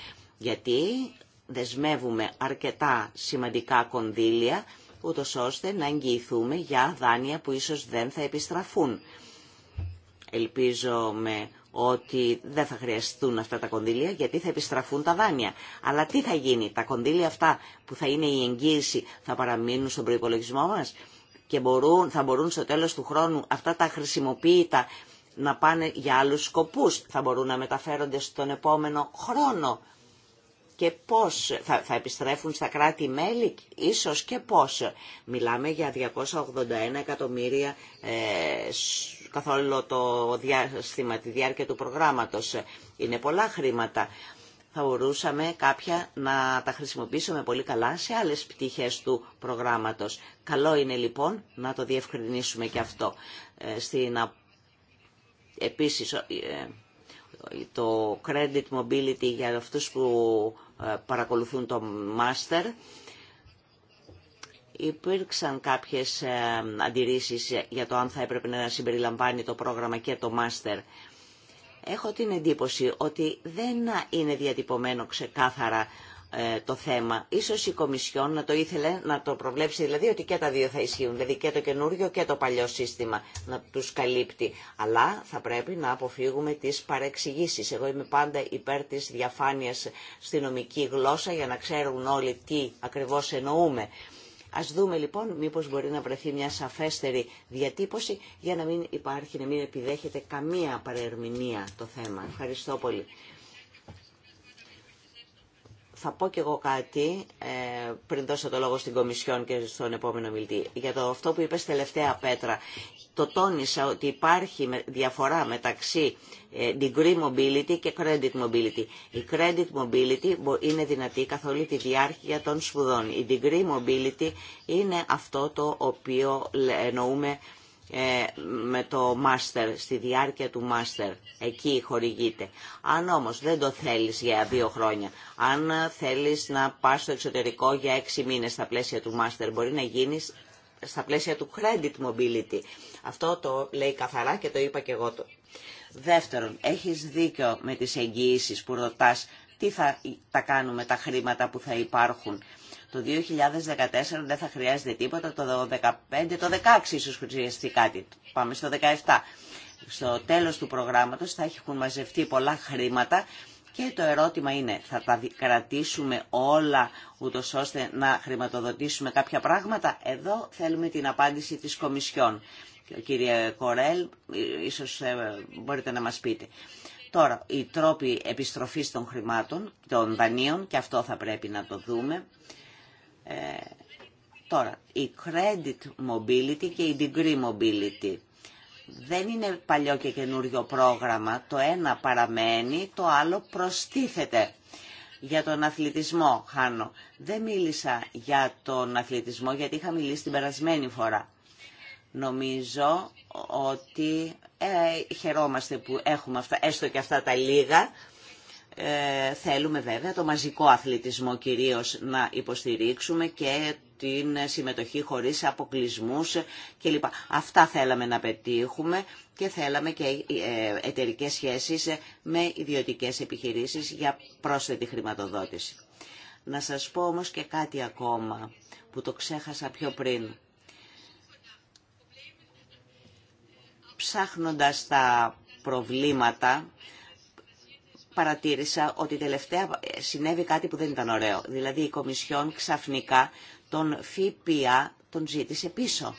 γιατί δεσμεύουμε αρκετά σημαντικά κονδύλια, ούτω ώστε να εγγυηθούμε για δάνεια που ίσως δεν θα επιστραφούν. Ελπίζομαι ότι δεν θα χρειαστούν αυτά τα κονδύλια γιατί θα επιστραφούν τα δάνεια. Αλλά τι θα γίνει, τα κονδύλια αυτά που θα είναι η εγγύηση θα παραμείνουν στον προϋπολογισμό μας και μπορούν, θα μπορούν στο τέλος του χρόνου αυτά τα χρησιμοποίητα να πάνε για άλλους σκοπούς. Θα μπορούν να μεταφέρονται στον επόμενο χρόνο και πώς θα, θα επιστρέφουν στα κράτη-μέλη, ίσως και πώς. Μιλάμε για 281 εκατομμύρια ε, καθ' όλο το διάστημα, τη διάρκεια του προγράμματος. Είναι πολλά χρήματα. Θα μπορούσαμε κάποια να τα χρησιμοποιήσουμε πολύ καλά σε άλλες πτυχές του προγράμματος. Καλό είναι λοιπόν να το διευκρινίσουμε και αυτό. Ε, στην, επίσης, ε, το credit mobility για αυτούς που ε, παρακολουθούν το μάστερ. Υπήρξαν κάποιες ε, αντιρρήσεις για το αν θα έπρεπε να συμπεριλαμβάνει το πρόγραμμα και το μάστερ. Έχω την εντύπωση ότι δεν είναι διατυπωμένο ξεκάθαρα ε, το θέμα. Ίσως η Κομισιόν να το ήθελε να το προβλέψει, δηλαδή ότι και τα δύο θα ισχύουν, δηλαδή και το καινούργιο και το παλιό σύστημα να τους καλύπτει. Αλλά θα πρέπει να αποφύγουμε τις παρεξηγήσεις. Εγώ είμαι πάντα υπέρ της διαφάνειας στη νομική γλώσσα για να ξέρουν όλοι τι ακριβώς εννοούμε. Ας δούμε λοιπόν μήπως μπορεί να βρεθεί μια σαφέστερη διατύπωση για να μην υπάρχει, να μην επιδέχεται καμία παρερμηνία το θέμα. Ευχαριστώ πολύ θα πω κι εγώ κάτι ε, πριν δώσω το λόγο στην Κομισιόν και στον επόμενο μιλτή. Για το αυτό που είπες τελευταία, Πέτρα, το τόνισα ότι υπάρχει διαφορά μεταξύ ε, degree mobility και credit mobility. Η credit mobility είναι δυνατή καθ' όλη τη διάρκεια των σπουδών. Η degree mobility είναι αυτό το οποίο εννοούμε ε, με το μάστερ, στη διάρκεια του μάστερ. Εκεί χορηγείται. Αν όμως δεν το θέλεις για δύο χρόνια, αν θέλεις να πας στο εξωτερικό για έξι μήνες στα πλαίσια του μάστερ, μπορεί να γίνεις στα πλαίσια του credit mobility. Αυτό το λέει καθαρά και το είπα και εγώ το. Δεύτερον, έχεις δίκιο με τις εγγυήσεις που ρωτάς τι θα τα κάνουμε τα χρήματα που θα υπάρχουν. Το 2014 δεν θα χρειάζεται τίποτα, το 2015, το 2016 ίσως χρειαστεί κάτι. Πάμε στο 2017. Στο τέλος του προγράμματος θα έχουν μαζευτεί πολλά χρήματα και το ερώτημα είναι θα τα κρατήσουμε όλα ούτω ώστε να χρηματοδοτήσουμε κάποια πράγματα. Εδώ θέλουμε την απάντηση της Κομισιόν. Κύριε Κορέλ, ίσως ε, μπορείτε να μας πείτε. Τώρα, οι τρόποι επιστροφής των χρημάτων, των δανείων, και αυτό θα πρέπει να το δούμε. Ε, τώρα, η Credit Mobility και η Degree Mobility. Δεν είναι παλιό και καινούριο πρόγραμμα. Το ένα παραμένει, το άλλο προστίθεται. Για τον αθλητισμό, Χάνο. Δεν μίλησα για τον αθλητισμό, γιατί είχα μιλήσει την περασμένη φορά. Νομίζω ότι ε, χαιρόμαστε που έχουμε αυτά, έστω και αυτά τα λίγα ε, θέλουμε βέβαια το μαζικό αθλητισμό κυρίως να υποστηρίξουμε και την συμμετοχή χωρίς αποκλεισμούς κλπ. Αυτά θέλαμε να πετύχουμε και θέλαμε και ε, εταιρικέ σχέσεις με ιδιωτικές επιχειρήσεις για πρόσθετη χρηματοδότηση. Να σας πω όμως και κάτι ακόμα που το ξέχασα πιο πριν. Ψάχνοντας τα προβλήματα παρατήρησα ότι τελευταία ε, συνέβη κάτι που δεν ήταν ωραίο. Δηλαδή η Κομισιόν ξαφνικά τον ΦΠΑ τον ζήτησε πίσω.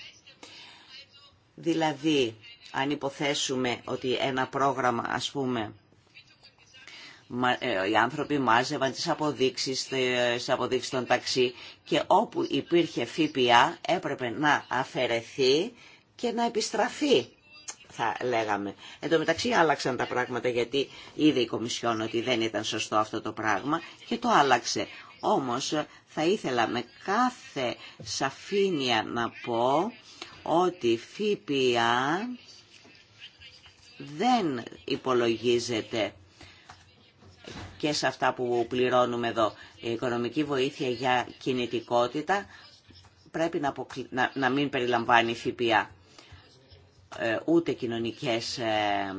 Δηλαδή, αν υποθέσουμε ότι ένα πρόγραμμα, ας πούμε, ε, οι άνθρωποι μάζευαν τις αποδείξεις, τις των ταξί και όπου υπήρχε ΦΠΑ έπρεπε να αφαιρεθεί και να επιστραφεί θα λέγαμε. Εν τω μεταξύ άλλαξαν τα πράγματα γιατί είδε η Κομισιόν ότι δεν ήταν σωστό αυτό το πράγμα και το άλλαξε. Όμως θα ήθελα με κάθε σαφήνεια να πω ότι ΦΠΑ δεν υπολογίζεται και σε αυτά που πληρώνουμε εδώ. Η οικονομική βοήθεια για κινητικότητα πρέπει να, να... να μην περιλαμβάνει ΦΠΑ. Ε, ούτε κοινωνικές ε,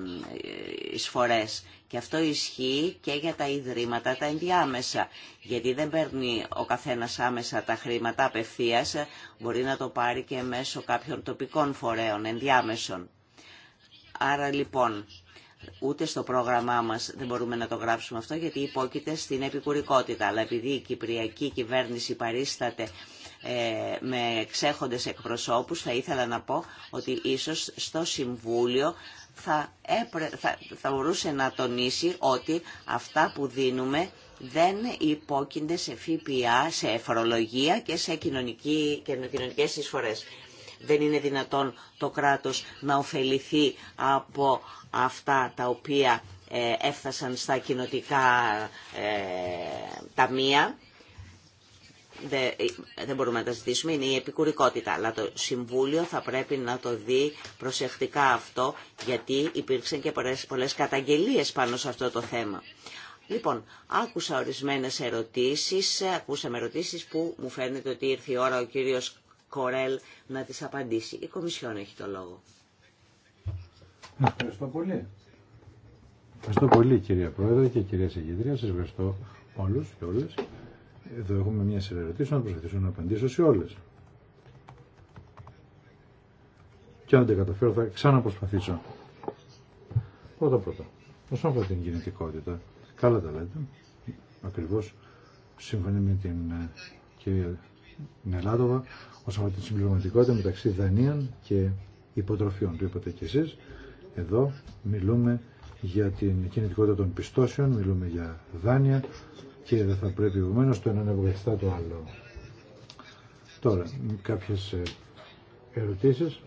εισφορές. Και αυτό ισχύει και για τα ιδρύματα τα ενδιάμεσα, γιατί δεν παίρνει ο καθένας άμεσα τα χρήματα απευθεία, ε, μπορεί να το πάρει και μέσω κάποιων τοπικών φορέων ενδιάμεσων. Άρα λοιπόν, ούτε στο πρόγραμμά μας δεν μπορούμε να το γράψουμε αυτό, γιατί υπόκειται στην επικουρικότητα. Αλλά επειδή η Κυπριακή κυβέρνηση παρίσταται ε, με ξέχοντες εκπροσώπους θα ήθελα να πω ότι ίσως στο Συμβούλιο θα, θα, θα μπορούσε να τονίσει ότι αυτά που δίνουμε δεν υπόκεινται σε ΦΠΑ, σε εφορολογία και σε κοινωνική, κοινωνικές εισφορές. Δεν είναι δυνατόν το κράτος να ωφεληθεί από αυτά τα οποία ε, έφτασαν στα κοινοτικά ε, ταμεία δεν μπορούμε να τα ζητήσουμε, είναι η επικουρικότητα. Αλλά το Συμβούλιο θα πρέπει να το δει προσεκτικά αυτό, γιατί υπήρξαν και πολλές καταγγελίες πάνω σε αυτό το θέμα. Λοιπόν, άκουσα ορισμένες ερωτήσεις, ακούσαμε ερωτήσεις που μου φαίνεται ότι ήρθε η ώρα ο κύριος Κορέλ να τις απαντήσει. Η Κομισιόν έχει το λόγο. Ευχαριστώ πολύ. Ευχαριστώ πολύ κυρία Πρόεδρε και κυρία Συγκεντρία. Σας ευχαριστώ όλους και όλες εδώ έχουμε μια σειρά ερωτήσεων, να προσπαθήσω να απαντήσω σε όλες. Και αν δεν καταφέρω θα ξαναπροσπαθήσω. Πρώτα πρώτα. Όσον αφορά την κινητικότητα, καλά τα λέτε. Ακριβώς σύμφωνα με την ε, κυρία Νελάτοβα, όσον αφορά την συμπληρωματικότητα μεταξύ δανείων και υποτροφιών. Το είπατε κι εσείς. Εδώ μιλούμε για την κινητικότητα των πιστώσεων, μιλούμε για δάνεια, και δεν θα πρέπει επομένω το ένα να βοηθά το άλλο. Τώρα, κάποιες ε, ερωτήσεις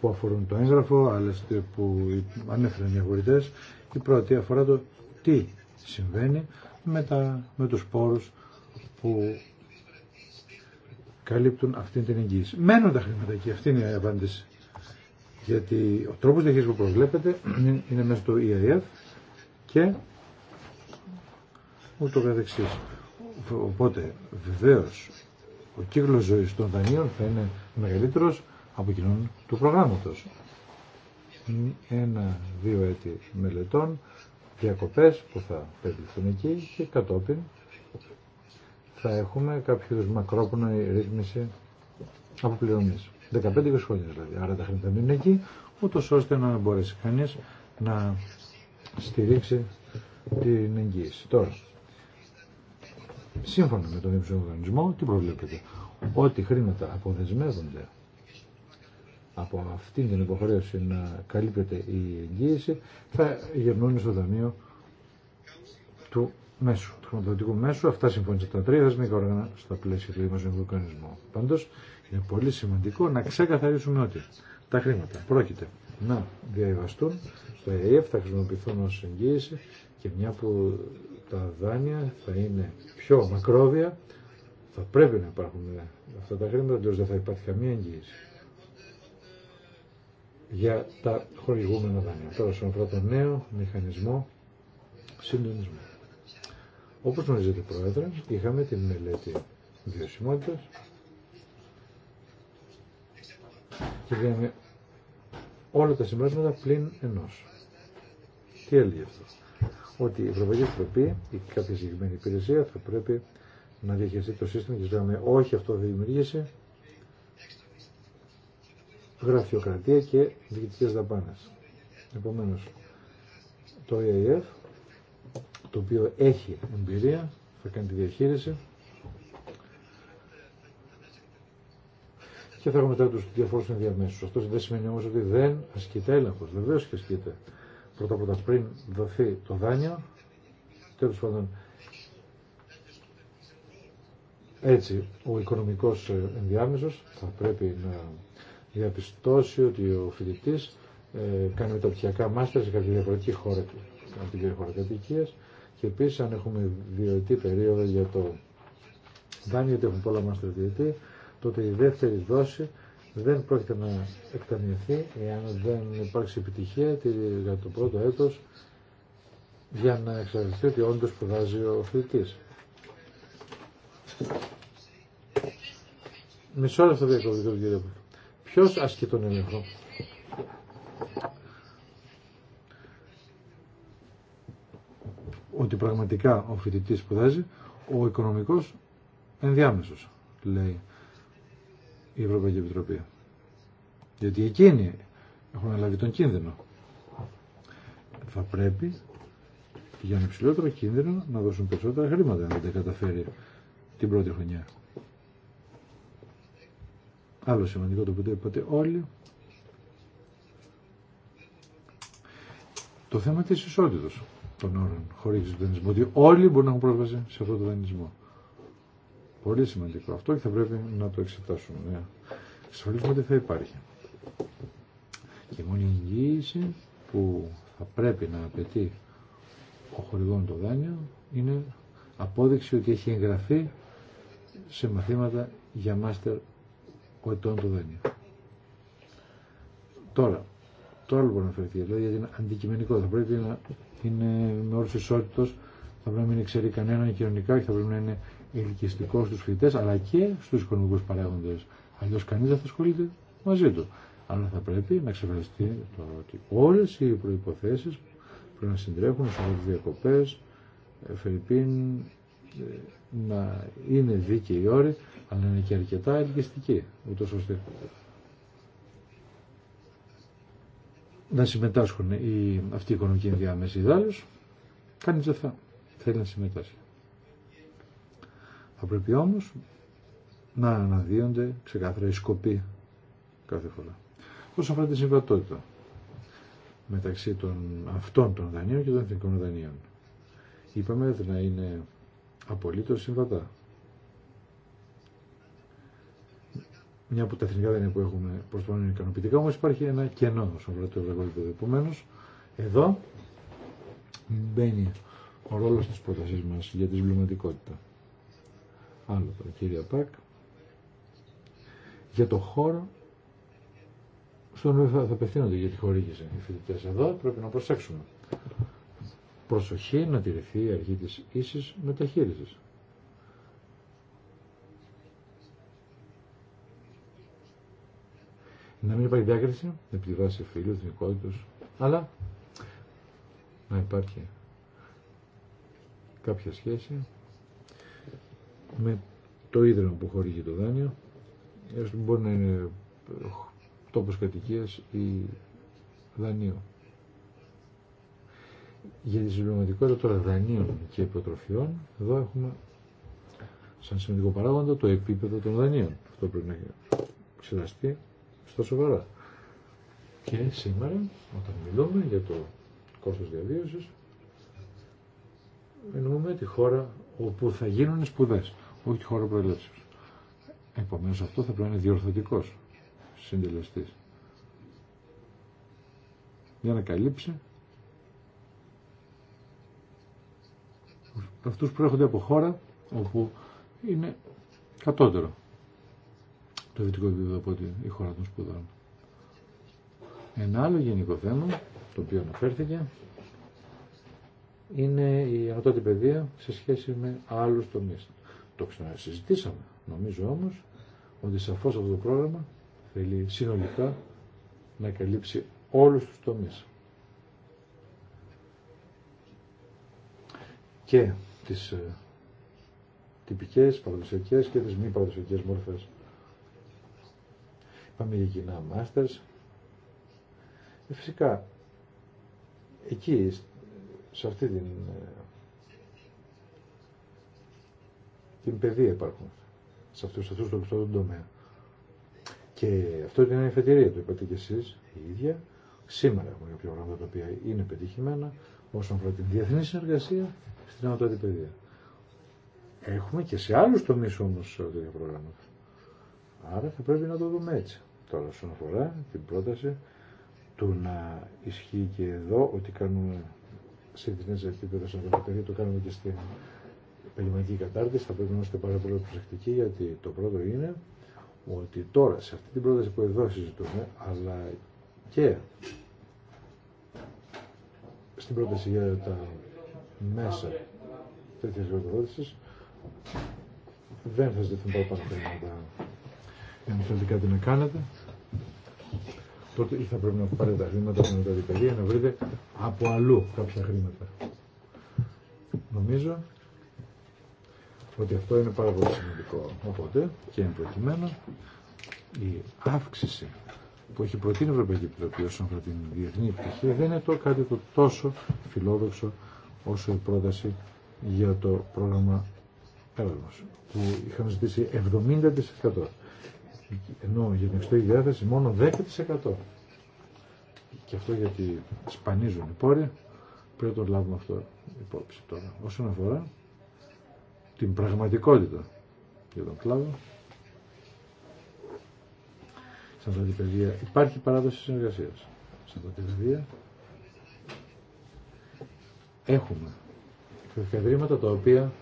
που αφορούν το έγγραφο, άλλες που ανέφεραν οι αγορητές. Η πρώτη αφορά το τι συμβαίνει με, τα, με τους πόρους που καλύπτουν αυτή την εγγύηση. Μένουν τα χρήματα εκεί, αυτή είναι η απάντηση. Γιατί ο τρόπος διαχείρισης που προβλέπετε είναι μέσα στο EIF και ούτω καθεξής. Οπότε βεβαίω ο κύκλος ζωής των δανείων θα είναι μεγαλύτερος από κοινών του προγράμματος. Ένα, δύο έτη μελετών, διακοπές που θα περιληφθούν εκεί και κατόπιν θα έχουμε κάποιο μακρόπνοη ρύθμιση αποπληρωμής. 15-20 χρόνια δηλαδή. Άρα τα χρήματα είναι εκεί, ούτω ώστε να μπορέσει κανείς να στηρίξει την εγγύηση. Τώρα, σύμφωνα με τον Διεθνή Οργανισμό, τι προβλέπετε. Ότι χρήματα αποδεσμεύονται από αυτή την υποχρέωση να καλύπτεται η εγγύηση, θα γερνούν στο δανείο του μέσου, του χρηματοδοτικού μέσου. Αυτά συμφώνησαν τα τρία δεσμικά όργανα στα πλαίσια του Δημοσιονομικού Οργανισμού. πάντως είναι πολύ σημαντικό να ξεκαθαρίσουμε ότι τα χρήματα πρόκειται να διαβαστούν το ΕΕΦ, θα χρησιμοποιηθούν ω εγγύηση και μια που τα δάνεια θα είναι πιο μακρόβια, θα πρέπει να υπάρχουν ε, αυτά τα χρήματα, τότε δεν θα υπάρχει καμία εγγύηση για τα χορηγούμενα δάνεια. Τώρα, στον αφορά νέο μηχανισμό συντονισμού. Όπως γνωρίζετε, Πρόεδρε, είχαμε τη μελέτη βιωσιμότητας και δίναμε όλα τα συμπράσματα πλην ενός. Τι έλεγε αυτό ότι η Ευρωπαϊκή Επιτροπή ή κάποια συγκεκριμένη υπηρεσία θα πρέπει να διαχειριστεί το σύστημα και λέμε όχι αυτό δεν δημιουργήσει γραφειοκρατία και διοικητικές δαπάνες. Επομένως, το EAF, το οποίο έχει εμπειρία, θα κάνει τη διαχείριση και θα έχουμε μετά τους διαφόρους ενδιαμέσους. Αυτό δεν σημαίνει όμως ότι δεν ασκείται έλεγχος. Βεβαίως και ασκείται πρώτα πρώτα πριν δοθεί το δάνειο, τέλος πάντων έτσι ο οικονομικός ε, ενδιάμεσος θα πρέπει να διαπιστώσει ότι ο φοιτητής ε, κάνει μεταπτυχιακά μάστερ σε κάποια διαφορετική χώρα του, από την χώρα κατοικίας και επίσης αν έχουμε ετή περίοδο για το δάνειο, γιατί έχουν πολλά μάστερ διετή, τότε η δεύτερη δόση δεν πρόκειται να εκταμιευθεί εάν δεν υπάρξει επιτυχία για το πρώτο έτος για να εξαρτηθεί ότι όντως σπουδάζει ο φοιτητής. Μισό λεπτό διακοπή του κύριε Ποιος ασκεί τον έλεγχο. Ότι πραγματικά ο φοιτητή σπουδάζει, ο οικονομικός ενδιάμεσος, λέει η Ευρωπαϊκή Επιτροπή. Γιατί εκείνοι έχουν αναλάβει τον κίνδυνο. Θα πρέπει για ένα υψηλότερο κίνδυνο να δώσουν περισσότερα χρήματα αν δεν τα καταφέρει την πρώτη χρονιά. Άλλο σημαντικό το οποίο είπατε όλοι. Το θέμα της ισότητας των όρων χωρίς δανεισμό. Ότι όλοι μπορούν να έχουν πρόσβαση σε αυτό το δανεισμό. Πολύ σημαντικό αυτό και θα πρέπει να το εξετάσουμε. Εξασφαλίσουμε ναι. ότι θα υπάρχει. Και η μόνη εγγύηση που θα πρέπει να απαιτεί ο χορηγόν το δάνειο είναι απόδειξη ότι έχει εγγραφεί σε μαθήματα για μάστερ ο ετών το δάνειο. Τώρα, το άλλο μπορεί να φερθεί, δηλαδή γιατί είναι αντικειμενικό, θα πρέπει να είναι με όρους ισότητος, θα πρέπει να μην ξέρει κανέναν κοινωνικά και θα πρέπει να είναι ελκυστικό στους φοιτητές αλλά και στους οικονομικούς παράγοντες. Αλλιώς κανείς δεν θα ασχολείται μαζί του. Αλλά θα πρέπει να ξεχαστεί το ότι όλες οι προϋποθέσεις πρέπει να συντρέχουν σε διακοπέ. διακοπές, ε, ε, να είναι δίκαιοι οι όροι, αλλά να είναι και αρκετά ελκυστική ούτως ώστε να συμμετάσχουν οι, αυτοί οι οικονομικοί ενδιάμεσοι δάλους, κανείς δεν θα θέλει να συμμετάσχει. Θα πρέπει όμως να αναδύονται ξεκάθαρα οι σκοποί κάθε φορά. Όσον αφορά τη συμβατότητα μεταξύ των αυτών των δανείων και των εθνικών δανείων. Είπαμε ότι να είναι απολύτω συμβατά. Μια από τα εθνικά δανεία που έχουμε προσπαθούν είναι ικανοποιητικά, όμω υπάρχει ένα κενό όσον αφορά το ευρωπαϊκό επίπεδο. εδώ μπαίνει ο ρόλο τη πρότασή μα για τη συμπληρωματικότητα άλλο τον κύριο Πακ για το χώρο στον οποίο θα, απευθύνονται ότι για τη χορήγηση οι φοιτητέ Εδώ πρέπει να προσέξουμε. Προσοχή να τηρηθεί η αρχή της ίσης μεταχείρισης. Να μην υπάρχει διάκριση επί τη βάση φίλου, εθνικότητος, αλλά να υπάρχει κάποια σχέση με το ίδρυμα που χορηγεί το δάνειο, έστω μπορεί να είναι ε, τόπος κατοικίας ή δανείο. Για τη συμπληρωματικότητα τώρα δανείων και υποτροφιών, εδώ έχουμε σαν σημαντικό παράγοντα το επίπεδο των δανείων. Αυτό πρέπει να εξεταστεί στο σοβαρά. Και σήμερα, όταν μιλούμε για το κόστος διαβίωσης, εννοούμε τη χώρα όπου θα γίνουν σπουδέ, όχι τη χώρα προελεύσεως. Επομένως αυτό θα πρέπει να είναι διορθωτικός συντελεστή. Για να καλύψει αυτούς που έρχονται από χώρα όπου είναι κατώτερο το δυτικό επίπεδο από τη χώρα των σπουδών. Ένα άλλο γενικό θέμα, το οποίο αναφέρθηκε, είναι η ανωτάτη παιδεία σε σχέση με άλλους τομείς. Το ξανασυζητήσαμε. Νομίζω όμως ότι σαφώς αυτό το πρόγραμμα θέλει συνολικά να καλύψει όλους τους τομείς. Και τις ε, τυπικές, παραδοσιακές και τις μη παραδοσιακές μορφές. Πάμε για κοινά μάστερ. Ε, φυσικά, εκεί σε αυτή την, ε, την παιδεία υπάρχουν, σε αυτούς, σε αυτούς τον τομέα. Και αυτό είναι η εφετηρία, το είπατε και εσείς η ίδια. Σήμερα έχουμε κάποια πράγματα τα είναι πετυχημένα όσον αφορά την διεθνή συνεργασία στην ανώτατη παιδεία. Έχουμε και σε άλλους τομείς όμως ε, τέτοια προγράμματα. Άρα θα πρέπει να το δούμε έτσι. Τώρα όσον αφορά την πρόταση του να ισχύει και εδώ ότι κάνουμε σε διεθνέ επίπεδο στην Ευρωπαϊκή, το κάνουμε και στην επαγγελματική κατάρτιση. Θα πρέπει να είμαστε πάρα πολύ προσεκτικοί, γιατί το πρώτο είναι ότι τώρα σε αυτή την πρόταση που εδώ συζητούμε, αλλά και στην πρόταση για τα μέσα τέτοια χρηματοδότηση, δεν θα ζητηθούν πολλά χρήματα. Εάν θέλετε κάτι να κάνετε, τότε θα πρέπει να πάρετε τα χρήματα από τα να βρείτε από αλλού κάποια χρήματα. Νομίζω ότι αυτό είναι πάρα πολύ σημαντικό. Οπότε και προκειμένου η αύξηση που έχει προτείνει η Ευρωπαϊκή Επιτροπή όσον αφορά την διεθνή επιτυχία δεν είναι το κάτι το τόσο φιλόδοξο όσο η πρόταση για το πρόγραμμα Έρασμος που είχαμε ζητήσει 70% ενώ για την εξωτερική διάθεση μόνο 10%. Και αυτό γιατί σπανίζουν οι πόροι, πρέπει να το λάβουμε αυτό υπόψη τώρα. Όσον αφορά την πραγματικότητα για τον κλάδο, σαν τα παιδεία υπάρχει παράδοση συνεργασία. Σαν τα παιδεία έχουμε εκδρήματα τα οποία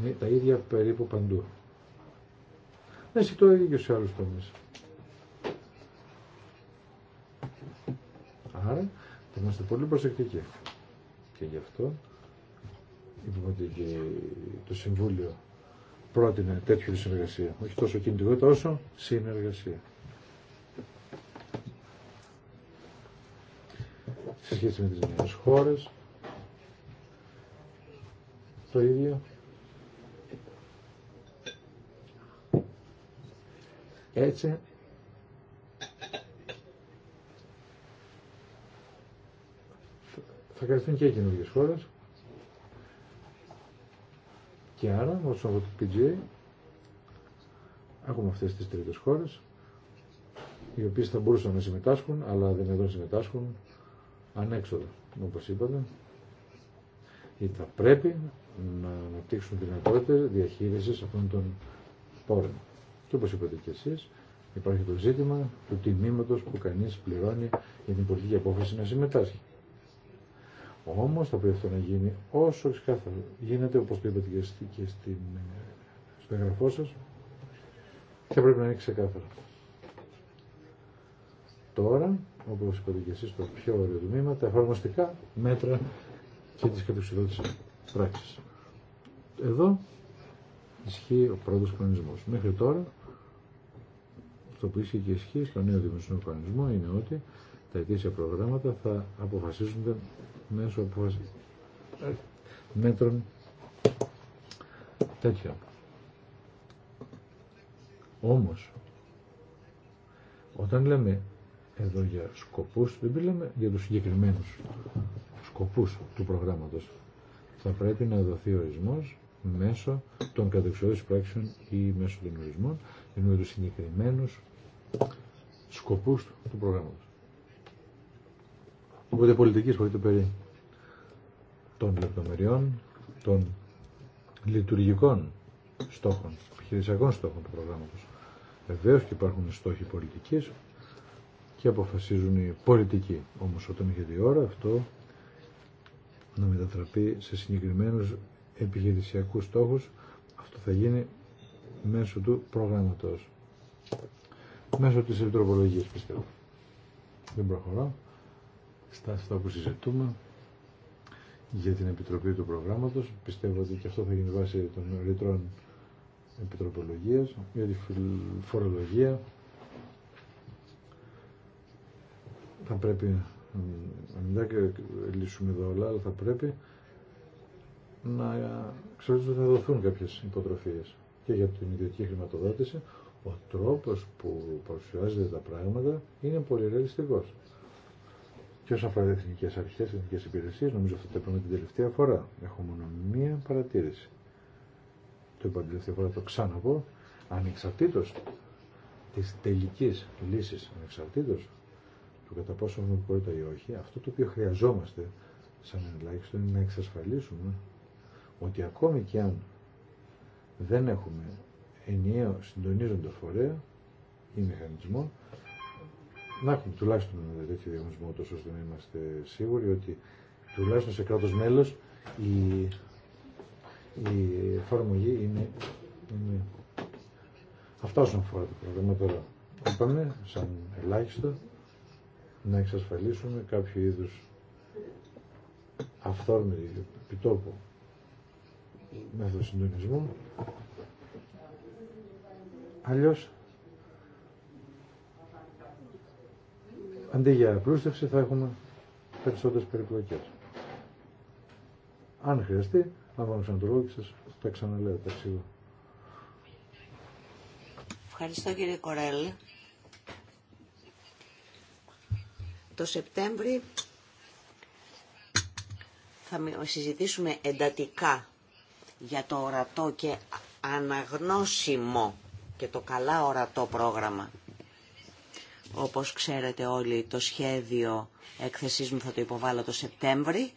είναι τα ίδια περίπου παντού να ισχύει το ίδιο σε άλλους τομείς. Άρα θα είμαστε πολύ προσεκτικοί. Και γι' αυτό είπαμε ότι και το Συμβούλιο πρότεινε τέτοιου συνεργασία. Όχι τόσο κινητικότητα όσο συνεργασία. Σε σχέση με τις νέες χώρες, το ίδιο Έτσι θα καλυφθούν και οι καινούργιε χώρε. και άρα όσο αφορά το PGA έχουμε αυτές τις τρίτε χώρε οι οποίε θα μπορούσαν να συμμετάσχουν αλλά δεν εδώ συμμετάσχουν ανέξοδα όπω είπατε γιατί θα πρέπει να αναπτύξουν δυνατότητες διαχείριση αυτών των πόρων. Και όπως είπατε και εσείς, υπάρχει το ζήτημα του τιμήματος που κανείς πληρώνει για την πολιτική απόφαση να συμμετάσχει. Όμως θα πρέπει αυτό να γίνει όσο ξεκάθαρο γίνεται, όπως το είπατε και στην, ε, στο εγγραφό σας, θα πρέπει να είναι ξεκάθαρο. Τώρα, όπως είπατε και εσείς, το πιο ωραίο τμήμα, τα εφαρμοστικά μέτρα και τις κατεξιδότητες πράξεις. Εδώ ισχύει ο πρώτος κανονισμός. Μέχρι τώρα αυτό που ίσχυε και ισχύει στο νέο δημοσιονομικό οργανισμό είναι ότι τα ετήσια προγράμματα θα αποφασίζονται μέσω ε, μέτρων τέτοιων. Όμως, όταν λέμε εδώ για σκοπούς, δεν μιλάμε για τους συγκεκριμένους σκοπούς του προγράμματος. Θα πρέπει να δοθεί ορισμός μέσω των κατεξοδότηση πράξεων ή μέσω των ορισμών, ενώ τους συγκεκριμένους σκοπούς του, προγράμματος. Οπότε πολιτικής το περί των λεπτομεριών, των λειτουργικών στόχων, επιχειρησιακών στόχων του προγράμματος. Βεβαίω και υπάρχουν στόχοι πολιτικής και αποφασίζουν οι πολιτικοί. Όμως όταν είχε τη ώρα αυτό να μετατραπεί σε συγκεκριμένους επιχειρησιακούς στόχους, αυτό θα γίνει μέσω του προγράμματος μέσω της επιτροπολογίας πιστεύω. Δεν προχωρώ. Στα αυτά που συζητούμε για την επιτροπή του προγράμματος πιστεύω ότι και αυτό θα γίνει βάση των ρητρών επιτροπολογίας για τη φορολογία θα πρέπει να μην λύσουμε εδώ όλα αλλά θα πρέπει να ξέρω ότι θα δοθούν κάποιες υποτροφίες και για την ιδιωτική χρηματοδότηση ο τρόπος που παρουσιάζεται τα πράγματα είναι πολύ ρεαλιστικός. Και όσον αφορά τι εθνικέ αρχέ, τι εθνικέ υπηρεσίε, νομίζω αυτό το είπαμε την τελευταία φορά. Έχω μόνο μία παρατήρηση. Το είπα την τελευταία φορά, το ξαναπώ. Ανεξαρτήτω τη τελική λύση, ανεξαρτήτω του κατά πόσο νομιμότητα ή όχι, αυτό το οποίο χρειαζόμαστε σαν ελάχιστο είναι να εξασφαλίσουμε ότι ακόμη και αν δεν έχουμε ενιαίο συντονίζοντο φορέα ή μηχανισμό να έχουμε τουλάχιστον ένα τέτοιο διαγωνισμό τόσο ώστε να είμαστε σίγουροι ότι τουλάχιστον σε κράτο μέλο η, η εφαρμογή είναι, είναι... Αυτά όσον αφορά το προβλημα τώρα. Είπαμε σαν ελάχιστο να εξασφαλίσουμε κάποιο είδους αυθόρμητη επιτόπου μέθοδο συντονισμού Αλλιώς, αντί για απλούστευση θα έχουμε περισσότερες περιπλοκές. Αν χρειαστεί, να πάμε σαν το λόγο και σας τα ξαναλέω τα Ευχαριστώ κύριε Κορέλ. Το Σεπτέμβρη θα συζητήσουμε εντατικά για το ορατό και αναγνώσιμο και το καλά ορατό πρόγραμμα. Όπως ξέρετε όλοι το σχέδιο έκθεσής μου θα το υποβάλω το Σεπτέμβρη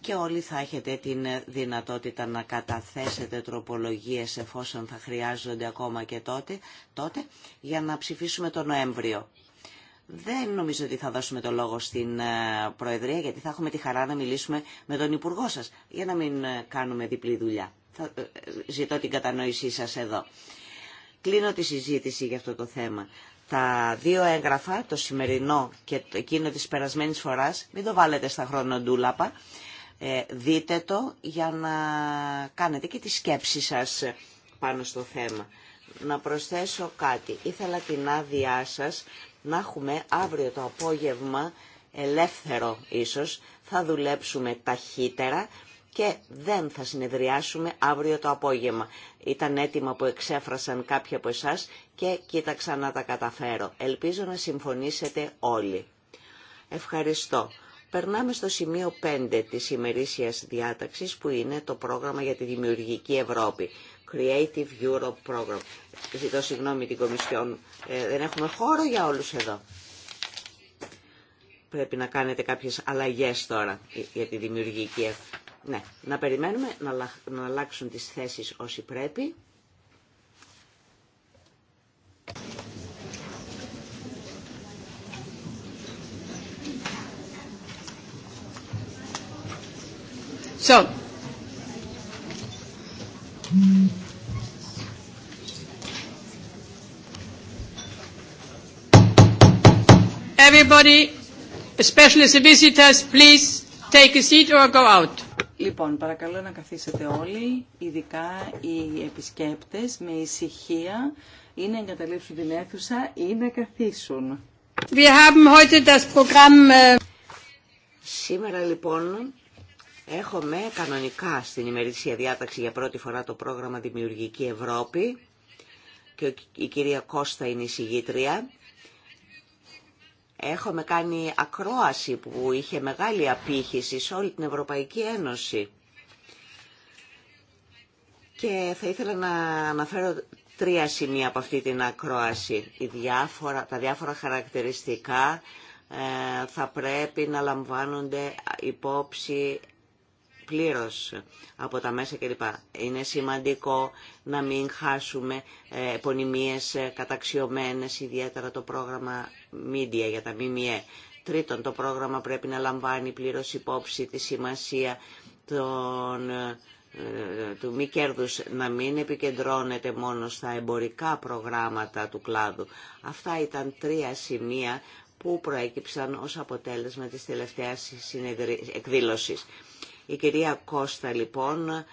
και όλοι θα έχετε την δυνατότητα να καταθέσετε τροπολογίες εφόσον θα χρειάζονται ακόμα και τότε, τότε για να ψηφίσουμε το Νοέμβριο. Δεν νομίζω ότι θα δώσουμε το λόγο στην ε, Προεδρία γιατί θα έχουμε τη χαρά να μιλήσουμε με τον Υπουργό σας για να μην ε, κάνουμε διπλή δουλειά. Θα ε, ζητώ την κατανόησή σας εδώ. Κλείνω τη συζήτηση για αυτό το θέμα. Τα δύο έγγραφα, το σημερινό και το εκείνο της περασμένης φοράς, μην το βάλετε στα χρονοτούλαπα, ε, δείτε το για να κάνετε και τη σκέψη σας πάνω στο θέμα. Να προσθέσω κάτι. Ήθελα την άδειά σας να έχουμε αύριο το απόγευμα, ελεύθερο ίσως, θα δουλέψουμε ταχύτερα και δεν θα συνεδριάσουμε αύριο το απόγευμα. Ήταν έτοιμα που εξέφρασαν κάποιοι από εσά και κοίταξα να τα καταφέρω. Ελπίζω να συμφωνήσετε όλοι. Ευχαριστώ. Περνάμε στο σημείο 5 της ημερήσιας διάταξης που είναι το πρόγραμμα για τη δημιουργική Ευρώπη. Creative Europe Program. Ζητώ συγγνώμη την Κομισιόν, ε, δεν έχουμε χώρο για όλους εδώ. Πρέπει να κάνετε κάποιες αλλαγές τώρα για τη δημιουργική ναι, να περιμένουμε να να αλλάξουν τις θέσεις όσοι πρέπει. So. Everybody, especially the visitors, please take a seat or go out. Λοιπόν, παρακαλώ να καθίσετε όλοι, ειδικά οι επισκέπτες, με ησυχία, ή να εγκαταλείψουν την αίθουσα ή να καθίσουν. Wir haben heute das Programm... Äh, Σήμερα λοιπόν έχουμε κανονικά στην ημερήσια διάταξη για πρώτη φορά το πρόγραμμα Δημιουργική Ευρώπη και η κυρία Κώστα είναι η συγγήτρια. Έχουμε κάνει ακρόαση που είχε μεγάλη απήχηση σε όλη την Ευρωπαϊκή Ένωση. Και θα ήθελα να αναφέρω τρία σημεία από αυτή την ακρόαση. Η διάφορα, τα διάφορα χαρακτηριστικά ε, θα πρέπει να λαμβάνονται υπόψη πλήρως από τα μέσα κλπ. Είναι σημαντικό να μην χάσουμε ε, επωνυμίες ε, καταξιωμένες, ιδιαίτερα το πρόγραμμα Media για τα ΜΜΕ. Τρίτον, το πρόγραμμα πρέπει να λαμβάνει πλήρως υπόψη τη σημασία των, ε, του μη κέρδους να μην επικεντρώνεται μόνο στα εμπορικά προγράμματα του κλάδου. Αυτά ήταν τρία σημεία που προέκυψαν ως αποτέλεσμα της τελευταίας εκδήλωσης. Η κυρία Κώστα λοιπόν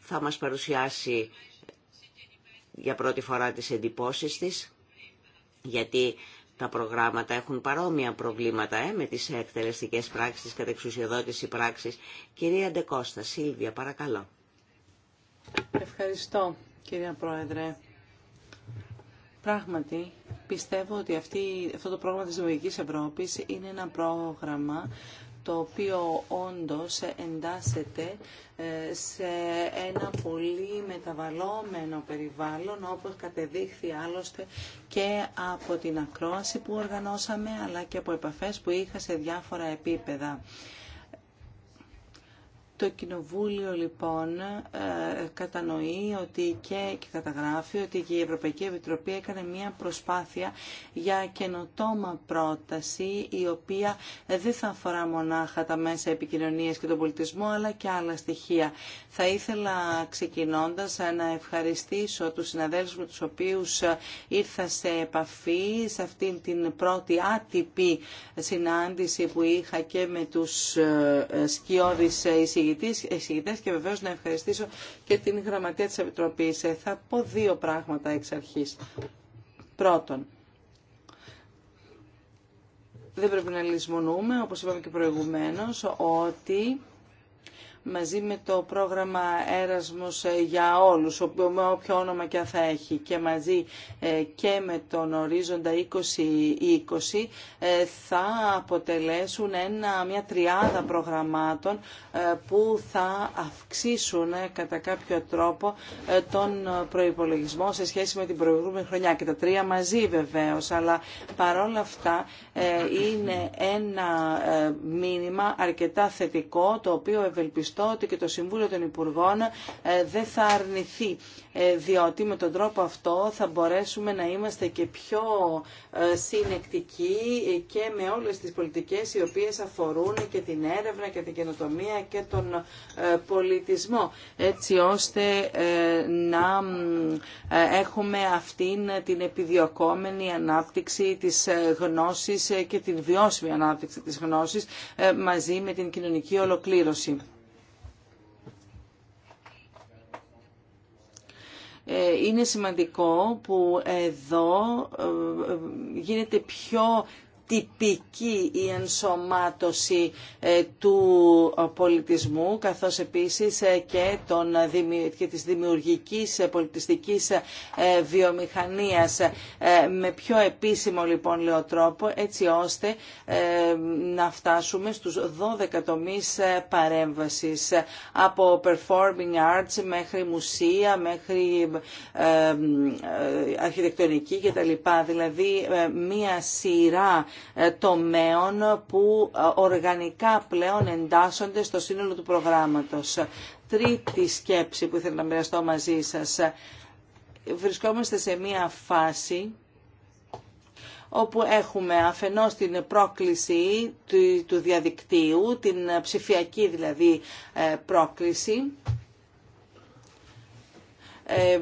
θα μας παρουσιάσει για πρώτη φορά τις εντυπώσεις της, γιατί τα προγράμματα έχουν παρόμοια προβλήματα ε, με τις εκτελεστικές πράξεις, τις κατεξουσιοδότηση πράξεις. Κυρία Ντεκώστα, Σίλβια, παρακαλώ. Ευχαριστώ, κυρία Πρόεδρε. Πράγματι, πιστεύω ότι αυτή, αυτό το πρόγραμμα της Δημοτικής Ευρώπης είναι ένα πρόγραμμα το οποίο όντως εντάσσεται ε, σε ένα πολύ μεταβαλλόμενο περιβάλλον όπως κατεδείχθη άλλωστε και από την ακρόαση που οργανώσαμε αλλά και από επαφές που είχα σε διάφορα επίπεδα. Το Κοινοβούλιο λοιπόν ε, κατανοεί ότι και, καταγράφει ότι η Ευρωπαϊκή Επιτροπή έκανε μια προσπάθεια για καινοτόμα πρόταση η οποία δεν θα αφορά μονάχα τα μέσα επικοινωνίας και τον πολιτισμό αλλά και άλλα στοιχεία. Θα ήθελα ξεκινώντας να ευχαριστήσω τους συναδέλφους με τους οποίους ήρθα σε επαφή σε αυτήν την πρώτη άτυπη συνάντηση που είχα και με τους ε, σκιώδεις εισηγητές εισηγητέ και βεβαίω να ευχαριστήσω και την Γραμματεία της Επιτροπής. Ε, θα πω δύο πράγματα εξ αρχή. Πρώτον, δεν πρέπει να λησμονούμε, όπως είπαμε και προηγουμένως, ότι μαζί με το πρόγραμμα Έρασμος για όλους, με όποιο όνομα και θα έχει και μαζί ε, και με τον ορίζοντα 2020 ε, θα αποτελέσουν ένα, μια τριάδα προγραμμάτων ε, που θα αυξήσουν κατά κάποιο τρόπο τον προϋπολογισμό σε σχέση με την προηγούμενη χρονιά και τα τρία μαζί βεβαίως, αλλά παρόλα αυτά είναι ένα μήνυμα αρκετά θετικό το οποίο ότι και το Συμβούλιο των Υπουργών ε, δεν θα αρνηθεί, ε, διότι με τον τρόπο αυτό θα μπορέσουμε να είμαστε και πιο ε, συνεκτικοί και με όλες τις πολιτικές οι οποίες αφορούν και την έρευνα και την καινοτομία και τον πολιτισμό, έτσι ώστε να έχουμε αυτήν την επιδιωκόμενη ανάπτυξη της γνώσης και την βιώσιμη ανάπτυξη της γνώσης μαζί με την κοινωνική ολοκλήρωση. Ε, είναι σημαντικό που εδώ ε, ε, γίνεται πιο τυπική η ενσωμάτωση ε, του ε, πολιτισμού καθώς επίσης ε, και, των, και της δημιουργικής πολιτιστικής βιομηχανίας με πιο επίσημο λοιπόν λέω τρόπο έτσι ώστε να φτάσουμε στους 12 τομείς παρέμβασης από performing arts μέχρι μουσεία, μέχρι αρχιτεκτονική κτλ. Δηλαδή μία σειρά ε, τομέων που ε, οργανικά πλέον εντάσσονται στο σύνολο του προγράμματος. Τρίτη σκέψη που ήθελα να μοιραστώ μαζί σας. Βρισκόμαστε σε μία φάση όπου έχουμε αφενός την πρόκληση του διαδικτύου, την ψηφιακή δηλαδή ε, πρόκληση, ε,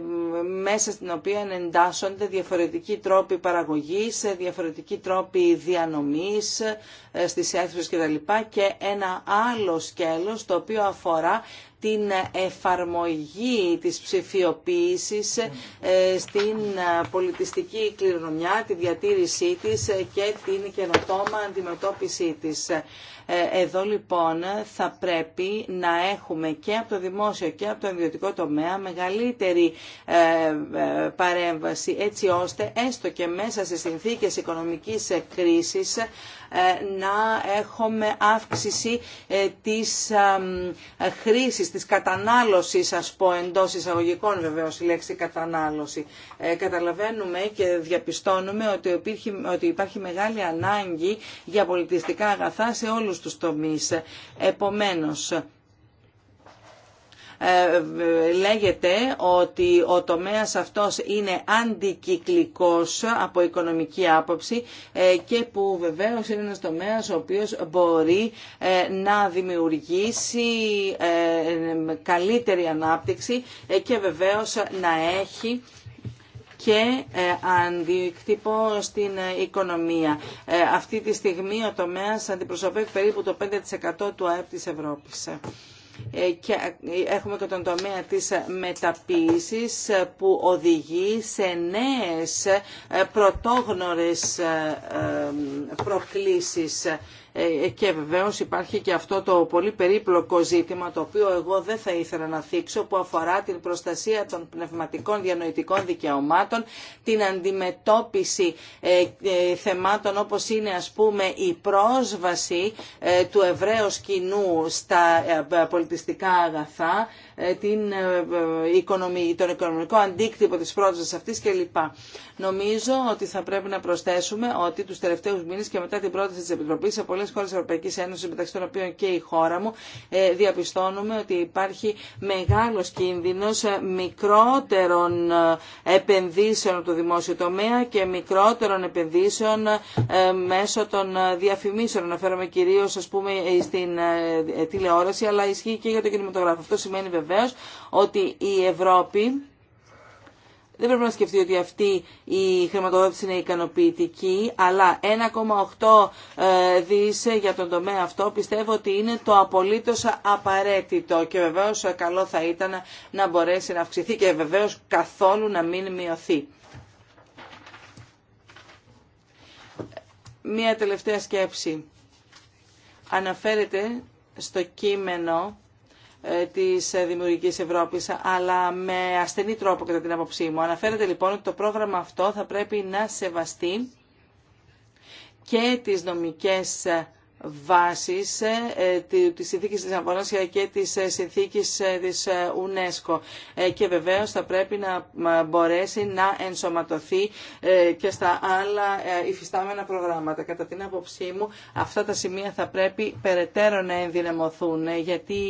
μέσα στην οποία εντάσσονται διαφορετικοί τρόποι παραγωγής, διαφορετικοί τρόποι διανομής ε, στις αίθουσες κτλ. Και ένα άλλο σκέλος το οποίο αφορά την εφαρμογή της ψηφιοποίησης ε, στην ε, πολιτιστική κληρονομιά, τη διατήρησή της ε, και την καινοτόμα αντιμετώπιση της. Εδώ λοιπόν θα πρέπει να έχουμε και από το δημόσιο και από το ιδιωτικό τομέα μεγαλύτερη παρέμβαση έτσι ώστε έστω και μέσα σε συνθήκες οικονομικής κρίσης ε, να έχουμε αύξηση ε, της χρήσης, της κατανάλωσης, ας πω, εντός εισαγωγικών βεβαίως η λέξη κατανάλωση. Ε, καταλαβαίνουμε και διαπιστώνουμε ότι, υπάρχει μεγάλη ανάγκη για πολιτιστικά αγαθά σε όλους τους τομείς. Επομένως, ε, λέγεται ότι ο τομέας αυτός είναι αντικυκλικός από οικονομική άποψη ε, και που βεβαίως είναι ένας τομέας ο οποίος μπορεί ε, να δημιουργήσει καλύτερη ανάπτυξη και βεβαίως να έχει και αντικτύπω στην οικονομία. Αυτή τη στιγμή ο τομέας αντιπροσωπεύει περίπου το 5% του ΑΕΠ της Ευρώπης. Ε, και ε, έχουμε και τον τομέα της μεταποίησης ε, που οδηγεί σε νέες πρωτόγνωρες προκλήσεις ε, ε, και βεβαίως υπάρχει και αυτό το πολύ περίπλοκο ζήτημα το οποίο εγώ δεν θα ήθελα να θίξω που αφορά την προστασία των πνευματικών διανοητικών δικαιωμάτων, την αντιμετώπιση ε, θεμάτων όπως είναι ας πούμε η πρόσβαση του Εβραίου κοινού στα πολιτιστικά αγαθά ε, την ε, ε, τον οικονομικό αντίκτυπο της πρόταση αυτής κλπ. Νομίζω ότι θα πρέπει να προσθέσουμε ότι τους τελευταίους μήνες και μετά την πρόταση της Επιτροπής σε πολλές χώρες της Ευρωπαϊκής Ένωσης, μεταξύ των οποίων και η χώρα μου, διαπιστώνουμε ότι υπάρχει μεγάλος κίνδυνος μικρότερων επενδύσεων το δημόσιο τομέα και μικρότερων επενδύσεων μέσω των διαφημίσεων. Αναφέρομαι κυρίως ας πούμε στην τηλεόραση, αλλά ισχύει και για το κινηματογράφο. Αυτό σημαίνει βεβαίω, ότι η Ευρώπη δεν πρέπει να σκεφτεί ότι αυτή η χρηματοδότηση είναι ικανοποιητική, αλλά 1,8 ε, δις για τον τομέα αυτό πιστεύω ότι είναι το απολύτως απαραίτητο και βεβαίως ε, καλό θα ήταν να μπορέσει να αυξηθεί και βεβαίως καθόλου να μην μειωθεί. Μία τελευταία σκέψη. Αναφέρεται στο κείμενο ε, της ε, Δημιουργικής Ευρώπης, αλλά με ασθενή τρόπο κατά την άποψή μου. Αναφέρεται λοιπόν ότι το πρόγραμμα αυτό θα πρέπει να σεβαστεί και τις νομικές ε, βάσεις ε, της συνθήκης της Αμβονός και της ε, συνθήκης ε, της UNESCO και βεβαίως θα πρέπει να μπορέσει να ενσωματωθεί και στα άλλα υφιστάμενα προγράμματα. Κατά την άποψή μου αυτά τα σημεία θα πρέπει περαιτέρω να ενδυναμωθούν γιατί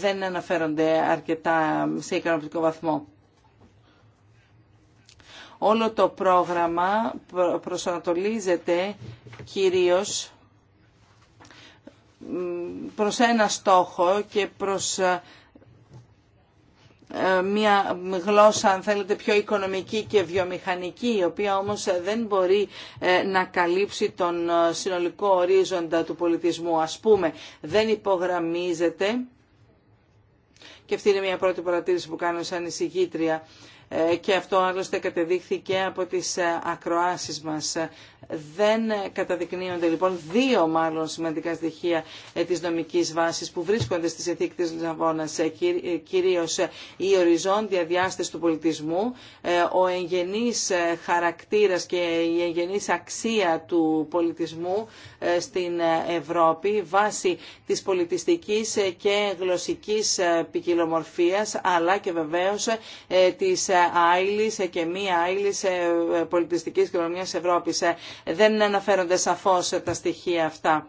δεν αναφέρονται αρκετά σε ικανοποιητικό βαθμό. Όλο το πρόγραμμα προσανατολίζεται κυρίως προς ένα στόχο και προς ε, ε, μια γλώσσα αν θέλετε πιο οικονομική και βιομηχανική η οποία όμως δεν μπορεί ε, να καλύψει τον συνολικό ορίζοντα του πολιτισμού ας πούμε δεν υπογραμμίζεται και αυτή είναι μια πρώτη παρατήρηση που κάνω σαν εισηγήτρια και αυτό άλλωστε κατεδείχθηκε από τις ακροάσεις μας δεν καταδεικνύονται λοιπόν δύο μάλλον σημαντικά στοιχεία ε, της νομικής βάσης που βρίσκονται στις συνθήκη της Λισαβόνας, ε, ε, κυρίως η οριζόντια διάσταση του πολιτισμού, ο εγγενής χαρακτήρας και η εγγενής αξία του πολιτισμού στην Ευρώπη βάσει της πολιτιστικής και γλωσσικής ποικιλομορφίας αλλά και βεβαίως της άειλης και μη άειλης πολιτιστικής κοινωνίας Ευρώπης δεν αναφέρονται σαφώς τα στοιχεία αυτά.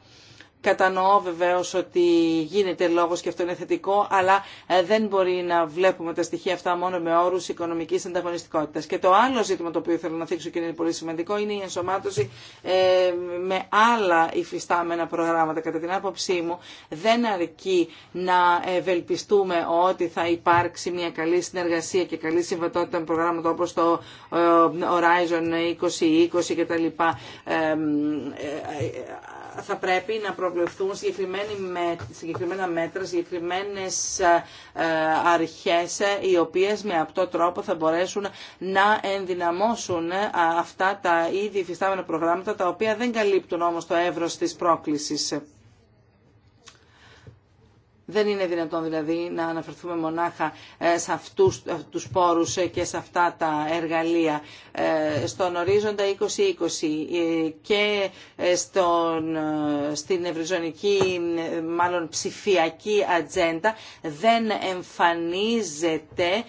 Κατανοώ βεβαίω ότι γίνεται λόγο και αυτό είναι θετικό, αλλά ε, δεν μπορεί να βλέπουμε τα στοιχεία αυτά μόνο με όρου οικονομική ανταγωνιστικότητα. Και το άλλο ζήτημα το οποίο θέλω να θίξω και είναι πολύ σημαντικό είναι η ενσωμάτωση ε, με άλλα υφιστάμενα προγράμματα. Κατά την άποψή μου δεν αρκεί να ευελπιστούμε ότι θα υπάρξει μια καλή συνεργασία και καλή συμβατότητα με προγράμματα όπω το ε, Horizon 2020 κτλ θα πρέπει να προβλεφθούν συγκεκριμένα μέτρα, συγκεκριμένες ε, αρχές ε, οι οποίες με αυτό τρόπο θα μπορέσουν να ενδυναμώσουν ε, αυτά τα ήδη υφιστάμενα προγράμματα τα οποία δεν καλύπτουν όμως το εύρος της πρόκλησης. Δεν είναι δυνατόν δηλαδή να αναφερθούμε μονάχα ε, σε αυτούς ε, τους πόρους ε, και σε αυτά τα εργαλεία. Στον ορίζοντα 2020 και στον, στην ευρωζωνική μάλλον ψηφιακή ατζέντα δεν εμφανίζεται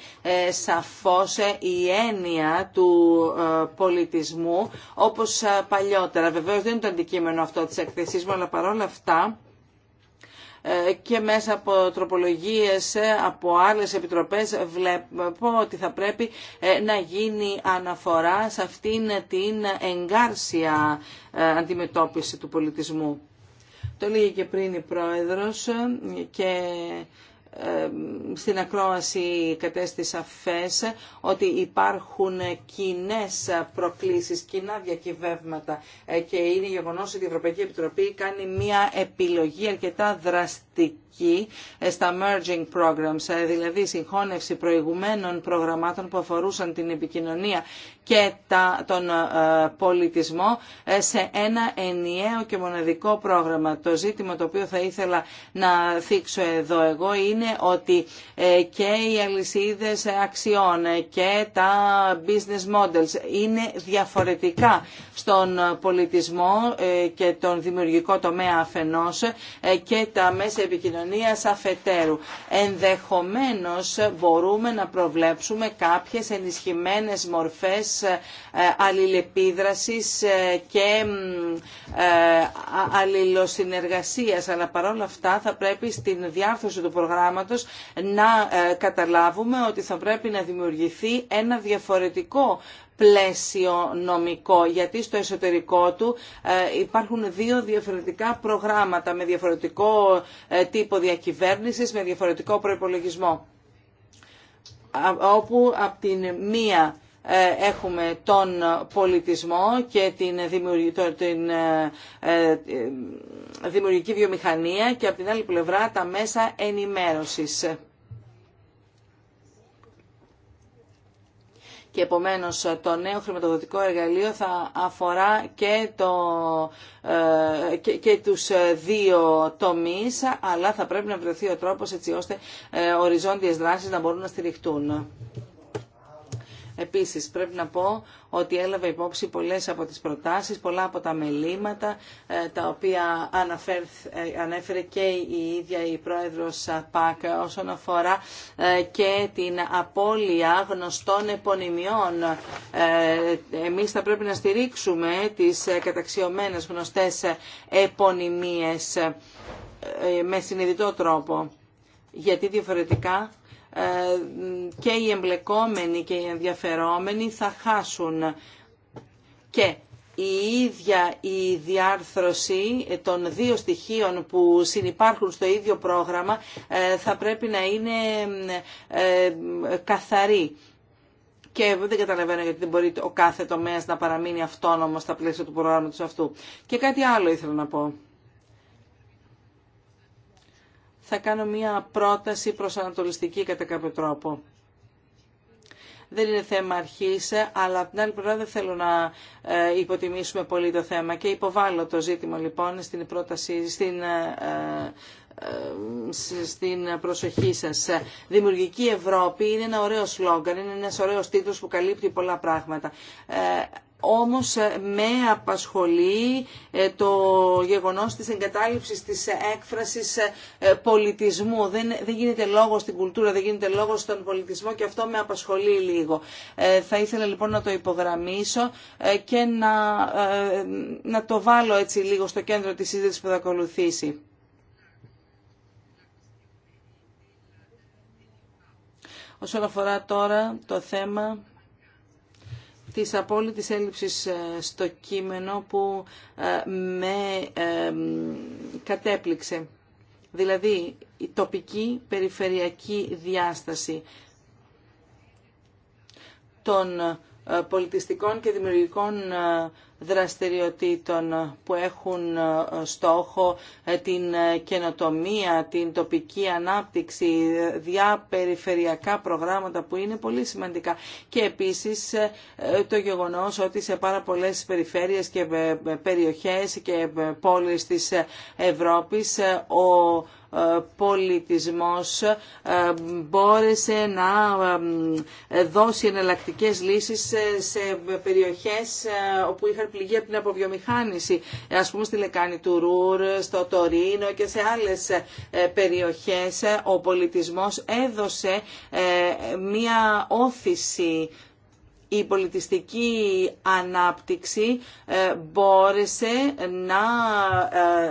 σαφώς η έννοια του πολιτισμού όπως παλιότερα. Βεβαίως δεν είναι το αντικείμενο αυτό της εκθεσής μου, αλλά παρόλα αυτά ε, και μέσα από τροπολογίες ε, από άλλες επιτροπές βλέπω ότι θα πρέπει ε, να γίνει αναφορά σε αυτήν την εγκάρσια αντιμετώπιση του πολιτισμού. Το λέει και πριν η Πρόεδρος και στην ακρόαση κατέστησα φες ότι υπάρχουν κοινέ προκλήσεις, κοινά διακυβεύματα ε, και είναι γεγονός ότι η Ευρωπαϊκή Επιτροπή κάνει μια επιλογή αρκετά δραστική ε, στα merging programs, ε, δηλαδή συγχώνευση προηγουμένων προγραμμάτων που αφορούσαν την επικοινωνία και τον ε, πολιτισμό σε ένα ενιαίο και μοναδικό πρόγραμμα. Το ζήτημα το οποίο θα ήθελα να θίξω εδώ εγώ είναι ότι και οι αλυσίδε αξιών και τα business models είναι διαφορετικά στον πολιτισμό και τον δημιουργικό τομέα αφενός και τα μέσα επικοινωνία αφετέρου. Ενδεχομένως μπορούμε να προβλέψουμε κάποιες ενισχυμένες μορφές ε, αλληλεπίδρασης ε, και ε, αλληλοσυνεργασίας. Αλλά παρόλα αυτά θα πρέπει στην διάρθρωση του προγράμματος να καταλάβουμε ότι θα πρέπει να δημιουργηθεί ένα διαφορετικό πλαίσιο νομικό, γιατί στο εσωτερικό του ε, υπάρχουν δύο διαφορετικά προγράμματα με διαφορετικό ε, τύπο διακυβέρνησης, με διαφορετικό προϋπολογισμό. Όπου από την μία ε, έχουμε τον πολιτισμό και την δημιουργική βιομηχανία και από την άλλη πλευρά τα μέσα ενημέρωσης. και επομένως το νέο χρηματοδοτικό εργαλείο θα αφορά και, το, ε, και τους δύο τομείς, αλλά θα πρέπει να βρεθεί ο τρόπος έτσι ώστε ε, οριζόντιες δράσεις να μπορούν να στηριχτούν. Επίσης πρέπει να πω ότι έλαβε υπόψη πολλές από τις προτάσεις, πολλά από τα μελήματα ε, τα οποία ε, ανέφερε και η ίδια η πρόεδρος ΠΑΚ όσον αφορά ε, και την απώλεια γνωστών επωνυμιών. Εμείς θα πρέπει να στηρίξουμε τις καταξιωμένες γνωστές επωνυμίες με συνειδητό τρόπο γιατί διαφορετικά ε, και οι εμπλεκόμενοι και οι ενδιαφερόμενοι θα χάσουν. Και η ίδια η διάρθρωση των δύο στοιχείων που συνυπάρχουν στο ίδιο πρόγραμμα ε, θα πρέπει να είναι ε, καθαρή. Και δεν καταλαβαίνω γιατί δεν μπορεί ο κάθε τομέας να παραμείνει αυτόνομος στα πλαίσια του προγράμματος αυτού. Και κάτι άλλο ήθελα να πω θα κάνω μία πρόταση προσανατολιστική κατά κάποιο τρόπο. Δεν είναι θέμα αρχή, αλλά από την άλλη πλευρά δεν θέλω να ε, υποτιμήσουμε πολύ το θέμα και υποβάλλω το ζήτημα λοιπόν στην πρόταση, στην ε, ε, στην προσοχή σα. Δημιουργική Ευρώπη είναι ένα ωραίο σλόγγαν, είναι ένα ωραίο τίτλο που καλύπτει πολλά πράγματα όμως ε, με απασχολεί ε, το γεγονός της εγκατάλειψης της έκφρασης ε, πολιτισμού. Δεν, δεν γίνεται λόγο στην κουλτούρα, δεν γίνεται λόγο στον πολιτισμό και αυτό με απασχολεί λίγο. θα ήθελα λοιπόν να το υπογραμμίσω και να, να το βάλω έτσι λίγο στο κέντρο της συζήτησης που θα ακολουθήσει. Όσον αφορά τώρα το θέμα της απόλυτης έλλειψης ε, στο κείμενο που ε, με ε, κατέπληξε. Δηλαδή η τοπική περιφερειακή διάσταση των πολιτιστικών και δημιουργικών δραστηριοτήτων που έχουν ε, στόχο ε, την ε, καινοτομία, την τοπική ανάπτυξη, διαπεριφερειακά προγράμματα που είναι πολύ σημαντικά και επίσης το γεγονός ότι σε πάρα πολλές περιφέρειες και περιοχές και πόλεις της Ευρώπης ο πολιτισμός ε, μπόρεσε να ε, δώσει εναλλακτικέ λύσεις σε περιοχές ε, όπου είχαν πληγεί από την αποβιομηχάνηση. Ας πούμε στη Λεκάνη του Ρούρ, στο Τωρίνο και σε άλλες περιοχές ο πολιτισμός έδωσε μία όθηση η πολιτιστική ανάπτυξη ε, μπόρεσε να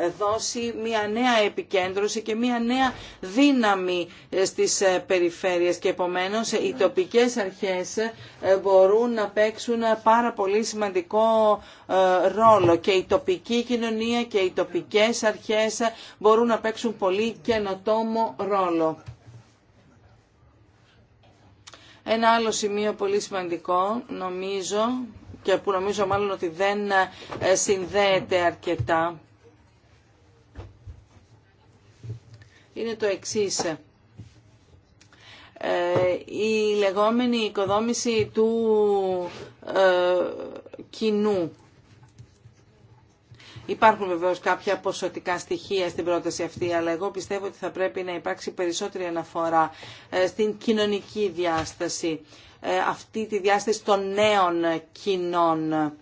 ε, δώσει μια νέα επικέντρωση και μια νέα δύναμη ε, στις περιφέρειες και επομένως οι τοπικές αρχές μπορούν να παίξουν πάρα πολύ σημαντικό ρόλο και η τοπική κοινωνία και οι τοπικές αρχές μπορούν να παίξουν πολύ καινοτόμο ρόλο. Ένα άλλο σημείο πολύ σημαντικό, νομίζω, και που νομίζω μάλλον ότι δεν ε, συνδέεται αρκετά, είναι το εξής. Ε, η λεγόμενη οικοδόμηση του ε, κοινού Υπάρχουν βεβαίως κάποια ποσοτικά στοιχεία στην πρόταση αυτή, αλλά εγώ πιστεύω ότι θα πρέπει να υπάρξει περισσότερη αναφορά ε, στην κοινωνική διάσταση, ε, αυτή τη διάσταση των νέων κοινών ε,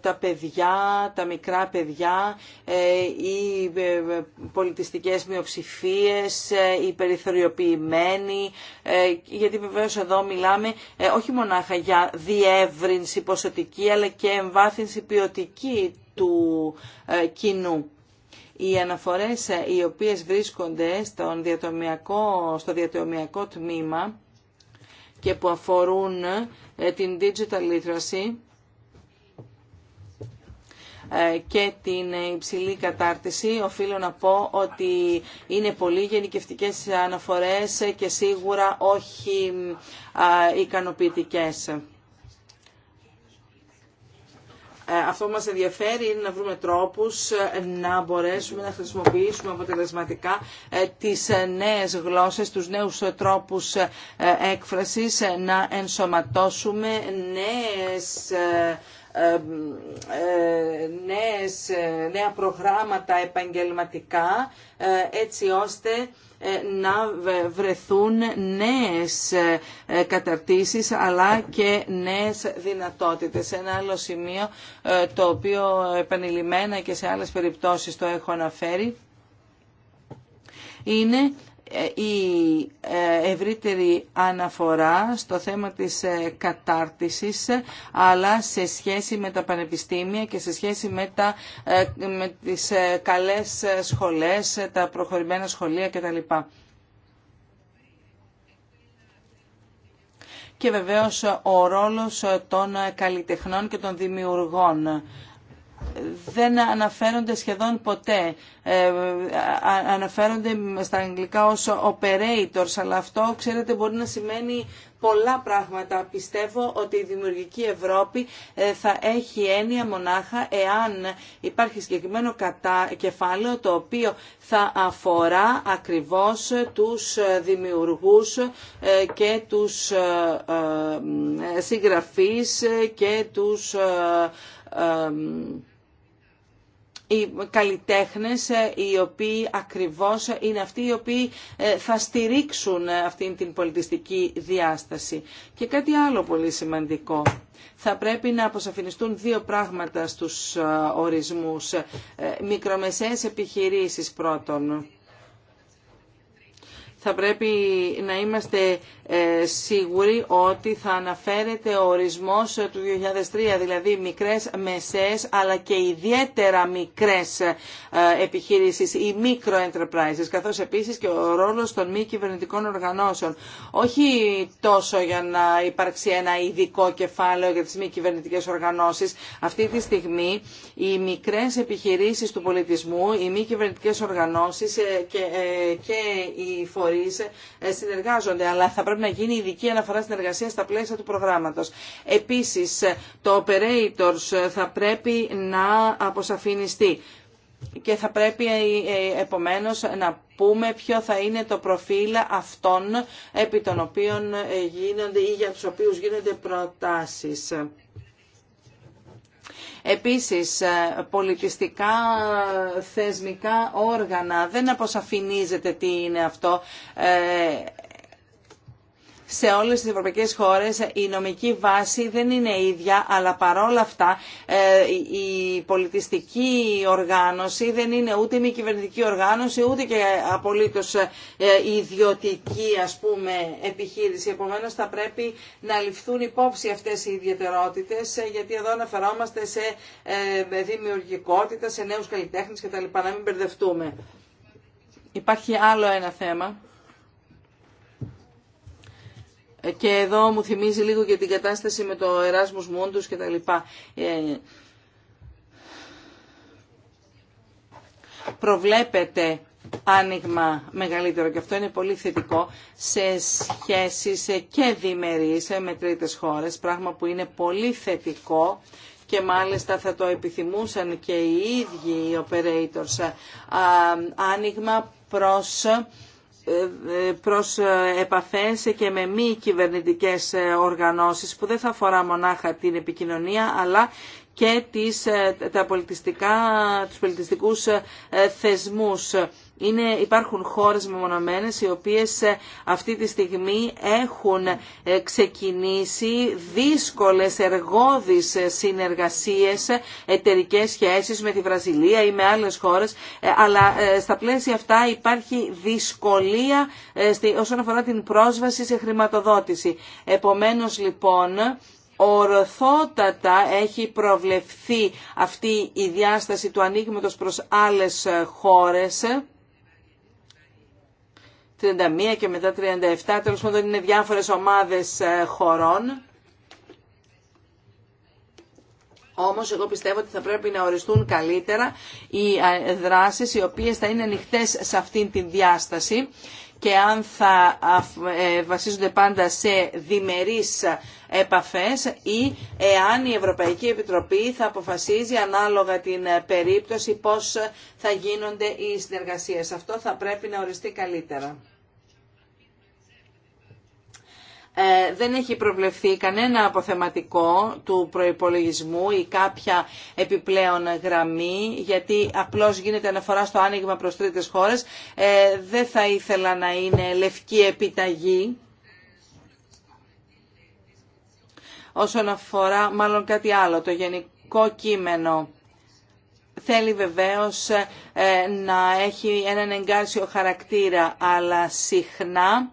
τα παιδιά, τα μικρά παιδιά, ε, οι ε, πολιτιστικές μειοψηφίες, ε, οι περιθωριοποιημένοι, γιατί βεβαίως εδώ μιλάμε όχι μονάχα για διεύρυνση ποσοτική, αλλά και εμβάθυνση ποιοτική του κοινού. Οι αναφορές οι οποίες βρίσκονται στον διατομιακό, στο διατομιακό τμήμα και που αφορούν την digital literacy ε, και την υψηλή κατάρτιση, οφείλω να πω ότι είναι πολύ γενικευτικές αναφορές και σίγουρα όχι ικανοποιητικές. Ε, αυτό που μας ενδιαφέρει είναι να βρούμε τρόπους ε, να μπορέσουμε να χρησιμοποιήσουμε αποτελεσματικά τις νέες γλώσσες, τους νέους τρόπους έκφρασης, να ενσωματώσουμε νέες ε, νέες, ε, νέα προγράμματα επαγγελματικά ε, έτσι ώστε να βρεθούν νέες καταρτήσεις αλλά και νέες δυνατότητες. Ένα άλλο σημείο το οποίο επανειλημμένα και σε άλλες περιπτώσεις το έχω αναφέρει είναι ε, η ε, ευρύτερη αναφορά στο θέμα της ε, κατάρτισης αλλά σε σχέση με τα πανεπιστήμια και σε σχέση με, τα, με τις καλές σχολές, τα προχωρημένα σχολεία κτλ. Και βεβαίως ο ρόλος των καλλιτεχνών και των δημιουργών δεν αναφέρονται σχεδόν ποτέ. Ε, αναφέρονται στα αγγλικά ως operators, αλλά αυτό, ξέρετε, μπορεί να σημαίνει πολλά πράγματα. Πιστεύω ότι η δημιουργική Ευρώπη ε, θα έχει έννοια μονάχα εάν υπάρχει συγκεκριμένο κεφάλαιο το οποίο θα αφορά ακριβώς τους δημιουργούς ε, και τους συγγραφείς και τους οι καλλιτέχνες ε, οι οποίοι ακριβώς είναι αυτοί οι οποίοι ε, θα στηρίξουν ε, αυτήν την πολιτιστική διάσταση. Και κάτι άλλο πολύ σημαντικό. Θα πρέπει να αποσαφινιστούν δύο πράγματα στους ορισμούς. Μικρομεσαίες επιχειρήσεις πρώτον θα πρέπει να είμαστε ε, σίγουροι ότι θα αναφέρεται ο ορισμός του 2003, δηλαδή μικρές, μεσές, αλλά και ιδιαίτερα μικρές ε, επιχειρήσεις ή micro-enterprises, καθώς επίσης και ο ρόλος των μη κυβερνητικών οργανώσεων. Όχι τόσο για να υπάρξει ένα ειδικό κεφάλαιο για τις μη κυβερνητικές οργανώσεις. Αυτή τη στιγμή οι μικρές επιχειρήσεις του πολιτισμού, οι μη κυβερνητικές οργανώσεις ε, και οι φορείς φορείς ε, συνεργάζονται, αλλά θα πρέπει να γίνει ειδική αναφορά συνεργασία στα πλαίσια του προγράμματος. Επίσης, ε, το operators ε, θα πρέπει να αποσαφινιστεί και θα πρέπει επομένως να πούμε ποιο θα είναι το προφίλ αυτών επί των οποίων γίνονται ή για τους οποίους γίνονται προτάσεις. Επίσης, ε, πολιτιστικά θεσμικά όργανα δεν αποσαφηνίζεται τι είναι αυτό ε, σε όλες τις ευρωπαϊκές χώρες η νομική βάση δεν είναι ίδια, αλλά παρόλα αυτά ε, η πολιτιστική οργάνωση δεν είναι ούτε μη κυβερνητική οργάνωση, ούτε και απολύτως ε, ιδιωτική ας πούμε, επιχείρηση. Επομένως θα πρέπει να ληφθούν υπόψη αυτές οι ιδιαιτερότητες, ε, γιατί εδώ αναφερόμαστε σε δημιουργικότητα, σε νέους καλλιτέχνες κτλ. Να μην μπερδευτούμε. Υπάρχει άλλο ένα θέμα και εδώ μου θυμίζει λίγο και την κατάσταση με το Εράσμους Μόντους και τα λοιπά. Ε, προβλέπεται άνοιγμα μεγαλύτερο και αυτό είναι πολύ θετικό σε σχέσεις και διμερείς ε, με τρίτες χώρες, πράγμα που είναι πολύ θετικό και μάλιστα θα το επιθυμούσαν και οι ίδιοι οι operators. Άνοιγμα προς προς ε, επαφές και με μη κυβερνητικές ε, οργανώσεις που δεν θα αφορά μονάχα την επικοινωνία αλλά και τις, ε, τα πολιτιστικά, τους πολιτιστικούς θεσμούς. Είναι, υπάρχουν χώρες μεμονωμένες οι οποίες ε, αυτή τη στιγμή έχουν ε, ξεκινήσει δύσκολες εργόδεις ε, συνεργασίες, εταιρικέ σχέσεις με τη Βραζιλία ή με άλλες χώρες, αλλά στα πλαίσια αυτά υπάρχει δυσκολία όσον αφορά την πρόσβαση σε χρηματοδότηση. Επομένως λοιπόν ορθότατα έχει προβλεφθεί αυτή η διάσταση του ανοίγματος προς άλλες χώρες 31 και μετά 37, τέλος πάντων είναι διάφορες ομάδες ε, χωρών. Όμως εγώ πιστεύω ότι θα πρέπει να οριστούν καλύτερα οι ε, δράσεις οι οποίες θα είναι ανοιχτέ σε αυτήν την διάσταση και αν θα ε, βασίζονται πάντα σε διμερείς επαφές ή εάν η Ευρωπαϊκή Επιτροπή θα αποφασίζει ανάλογα την περίπτωση πώς θα γίνονται οι συνεργασίες. Αυτό θα πρέπει να οριστεί καλύτερα. Ε, δεν έχει προβλεφθεί κανένα αποθεματικό του προϋπολογισμού ή κάποια επιπλέον γραμμή, γιατί απλώς γίνεται αναφορά στο άνοιγμα προς τρίτες χώρες. Ε, δεν θα ήθελα να είναι λευκή επιταγή. Όσον αφορά μάλλον κάτι άλλο, το γενικό κείμενο θέλει βεβαίως ε, να έχει έναν εγκάρσιο χαρακτήρα, αλλά συχνά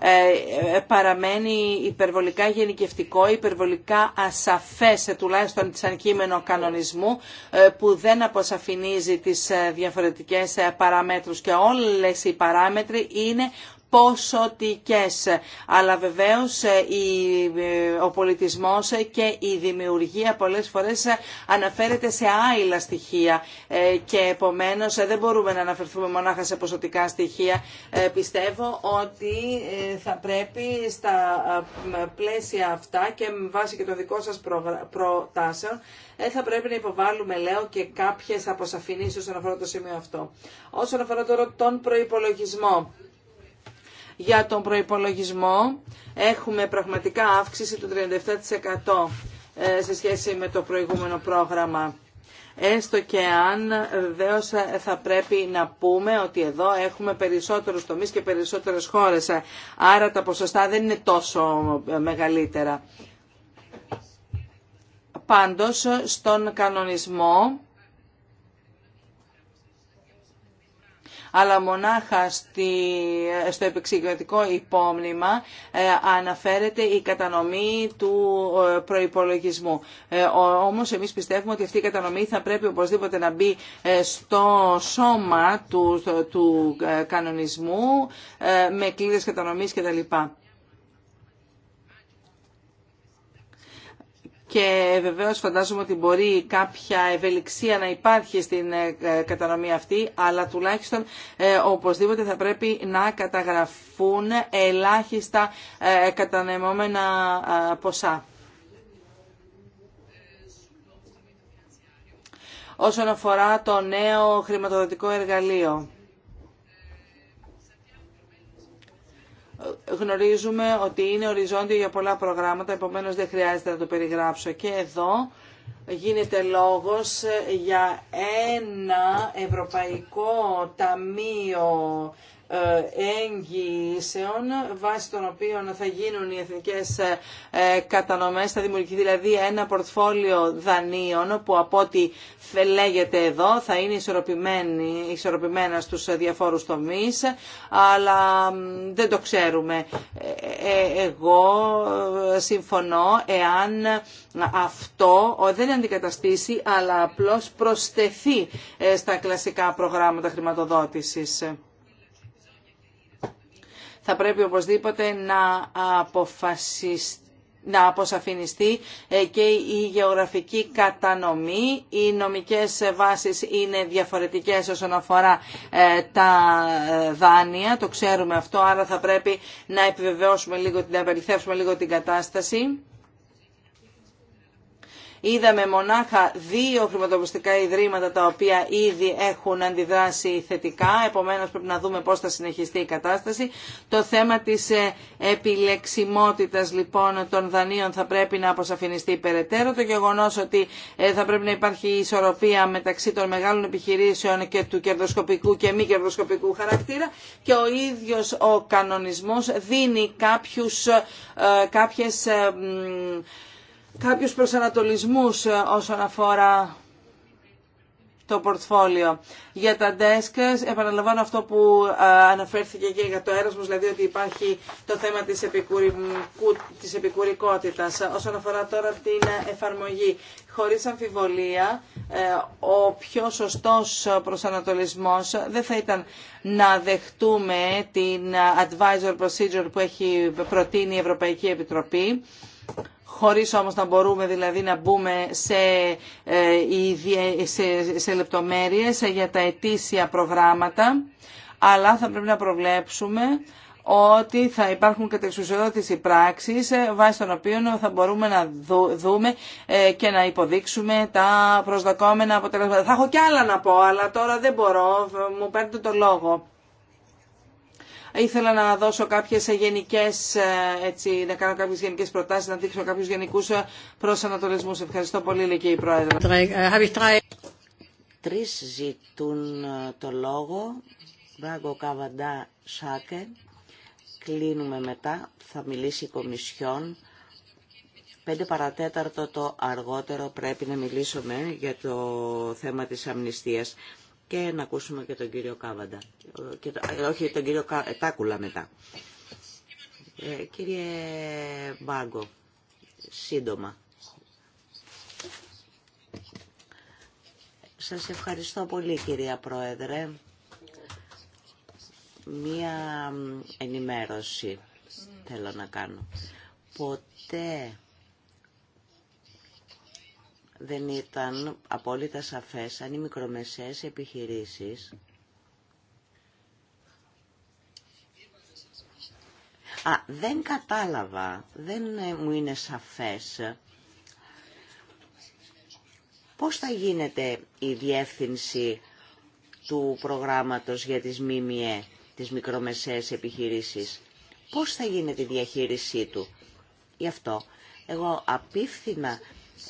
ε, ε, παραμένει υπερβολικά γενικευτικό, υπερβολικά ασαφές τουλάχιστον σαν κείμενο κανονισμού ε, που δεν αποσαφηνίζει τις διαφορετικές παραμέτρους και όλες οι παράμετροι είναι ποσοτικές. Αλλά βεβαίως ε, ε, ο πολιτισμός και η δημιουργία πολλές φορές ε, αναφέρεται σε άειλα στοιχεία και επομένως δεν μπορούμε να αναφερθούμε μονάχα σε ποσοτικά στοιχεία. Πιστεύω ότι θα πρέπει στα πλαίσια αυτά και με βάση και το δικό σας προτάσεων θα πρέπει να υποβάλουμε, λέω, και κάποιες αποσαφηνήσεις όσον αφορά το σημείο αυτό. Όσον αφορά τώρα τον προϋπολογισμό. Για τον προϋπολογισμό έχουμε πραγματικά αύξηση του 37% ε, σε σχέση με το προηγούμενο πρόγραμμα. Έστω και αν βεβαίω ε, θα πρέπει να πούμε ότι εδώ έχουμε περισσότερους τομείς και περισσότερες χώρες. Άρα τα ποσοστά δεν είναι τόσο ε, μεγαλύτερα. Πάντως στον κανονισμό αλλά μονάχα στο επεξηγητικό υπόμνημα ε, αναφέρεται η κατανομή του ε, προϋπολογισμού. Ε, όμως εμείς πιστεύουμε ότι αυτή η κατανομή θα πρέπει οπωσδήποτε να μπει στο σώμα του, κανονισμού με κλίδες κατανομής κτλ. και βεβαίως φαντάζομαι ότι μπορεί κάποια ευελιξία να υπάρχει στην ε, κατανομή αυτή, αλλά τουλάχιστον ε, οπωσδήποτε θα πρέπει να καταγραφούν ελάχιστα ε, κατανεμόμενα ποσά. Όσον αφορά το νέο χρηματοδοτικό εργαλείο. γνωρίζουμε ότι είναι οριζόντιο για πολλά προγράμματα, επομένως δεν χρειάζεται να το περιγράψω. Και εδώ γίνεται λόγος για ένα ευρωπαϊκό ταμείο ε, εγγυήσεων βάσει των οποίων θα γίνουν οι εθνικές ε, κατανομές. Θα δημιουργηθεί δηλαδή ένα πορτφόλιο δανείων που από ό,τι λέγεται εδώ θα είναι ισορροπημένα στους διαφόρους τομείς αλλά δεν το ξέρουμε. Ε, εγώ συμφωνώ εάν αυτό δεν αντικαταστήσει αλλά απλώς προστεθεί στα κλασικά προγράμματα χρηματοδότησης θα πρέπει οπωσδήποτε να αποφασιστεί να αποσαφινιστεί ε, και η γεωγραφική κατανομή. Οι νομικές βάσεις είναι διαφορετικές όσον αφορά ε, τα ε, δάνεια, το ξέρουμε αυτό, άρα θα πρέπει να επιβεβαιώσουμε λίγο, να λίγο την κατάσταση. Είδαμε μονάχα δύο χρηματοπιστικά ιδρύματα τα οποία ήδη έχουν αντιδράσει θετικά, επομένως πρέπει να δούμε πώς θα συνεχιστεί η κατάσταση. Το θέμα της ε, επιλεξιμότητας λοιπόν των δανείων θα πρέπει να αποσαφινιστεί περαιτέρω. Το γεγονός ότι ε, θα πρέπει να υπάρχει ισορροπία μεταξύ των μεγάλων επιχειρήσεων και του κερδοσκοπικού και μη κερδοσκοπικού χαρακτήρα και ο ίδιος ο κανονισμός δίνει κάποιους, ε, κάποιες κάποιους προσανατολισμούς ε, όσον αφορά το πορτφόλιο. Για τα desk, επαναλαμβάνω αυτό που ε, αναφέρθηκε και για το έρασμος, δηλαδή ότι υπάρχει το θέμα της, επικουρικού, της επικουρικότητας. Όσον αφορά τώρα την εφαρμογή, χωρίς αμφιβολία, ε, ο πιο σωστός προσανατολισμός δεν θα ήταν να δεχτούμε την advisor procedure που έχει προτείνει η Ευρωπαϊκή Επιτροπή, χωρίς όμως να μπορούμε δηλαδή να μπούμε σε, ε, σε, σε λεπτομέρειες για τα ετήσια προγράμματα, αλλά θα πρέπει να προβλέψουμε ότι θα υπάρχουν κατεξουσιοδότηση πράξεις ε, βάσει των οποίων θα μπορούμε να δούμε ε, και να υποδείξουμε τα προσδοκόμενα αποτελέσματα. Θα έχω κι άλλα να πω, αλλά τώρα δεν μπορώ, μου παίρνετε το λόγο. Ήθελα να δώσω κάποιες γενικές, ε, έτσι, να κάνω κάποιες γενικές προτάσεις, να δείξω κάποιους γενικούς ε, προσανατολισμού. Ευχαριστώ πολύ, λέει και η Πρόεδρο. Ε, Τρεις ζητούν το λόγο. Μπράγκο Καβαντά Σάκε. Κλείνουμε μετά. Θα μιλήσει η Κομισιόν. Πέντε παρατέταρτο το αργότερο πρέπει να μιλήσουμε για το θέμα της αμνηστίας και να ακούσουμε και τον κύριο Κάβαντα. Και το, ε, όχι, τον κύριο Κα, ε, Τάκουλα μετά. Ε, κύριε Μπάγκο, σύντομα. Σας ευχαριστώ πολύ κυρία Πρόεδρε. Μία ενημέρωση θέλω να κάνω. Ποτέ δεν ήταν απόλυτα σαφές αν οι μικρομεσαίες επιχειρήσεις Α, δεν κατάλαβα, δεν ε, μου είναι σαφές πώς θα γίνεται η διεύθυνση του προγράμματος για τις ΜΜΕ, τις μικρομεσαίες επιχειρήσεις. Πώς θα γίνεται η διαχείρισή του. Γι' αυτό εγώ απίφθηνα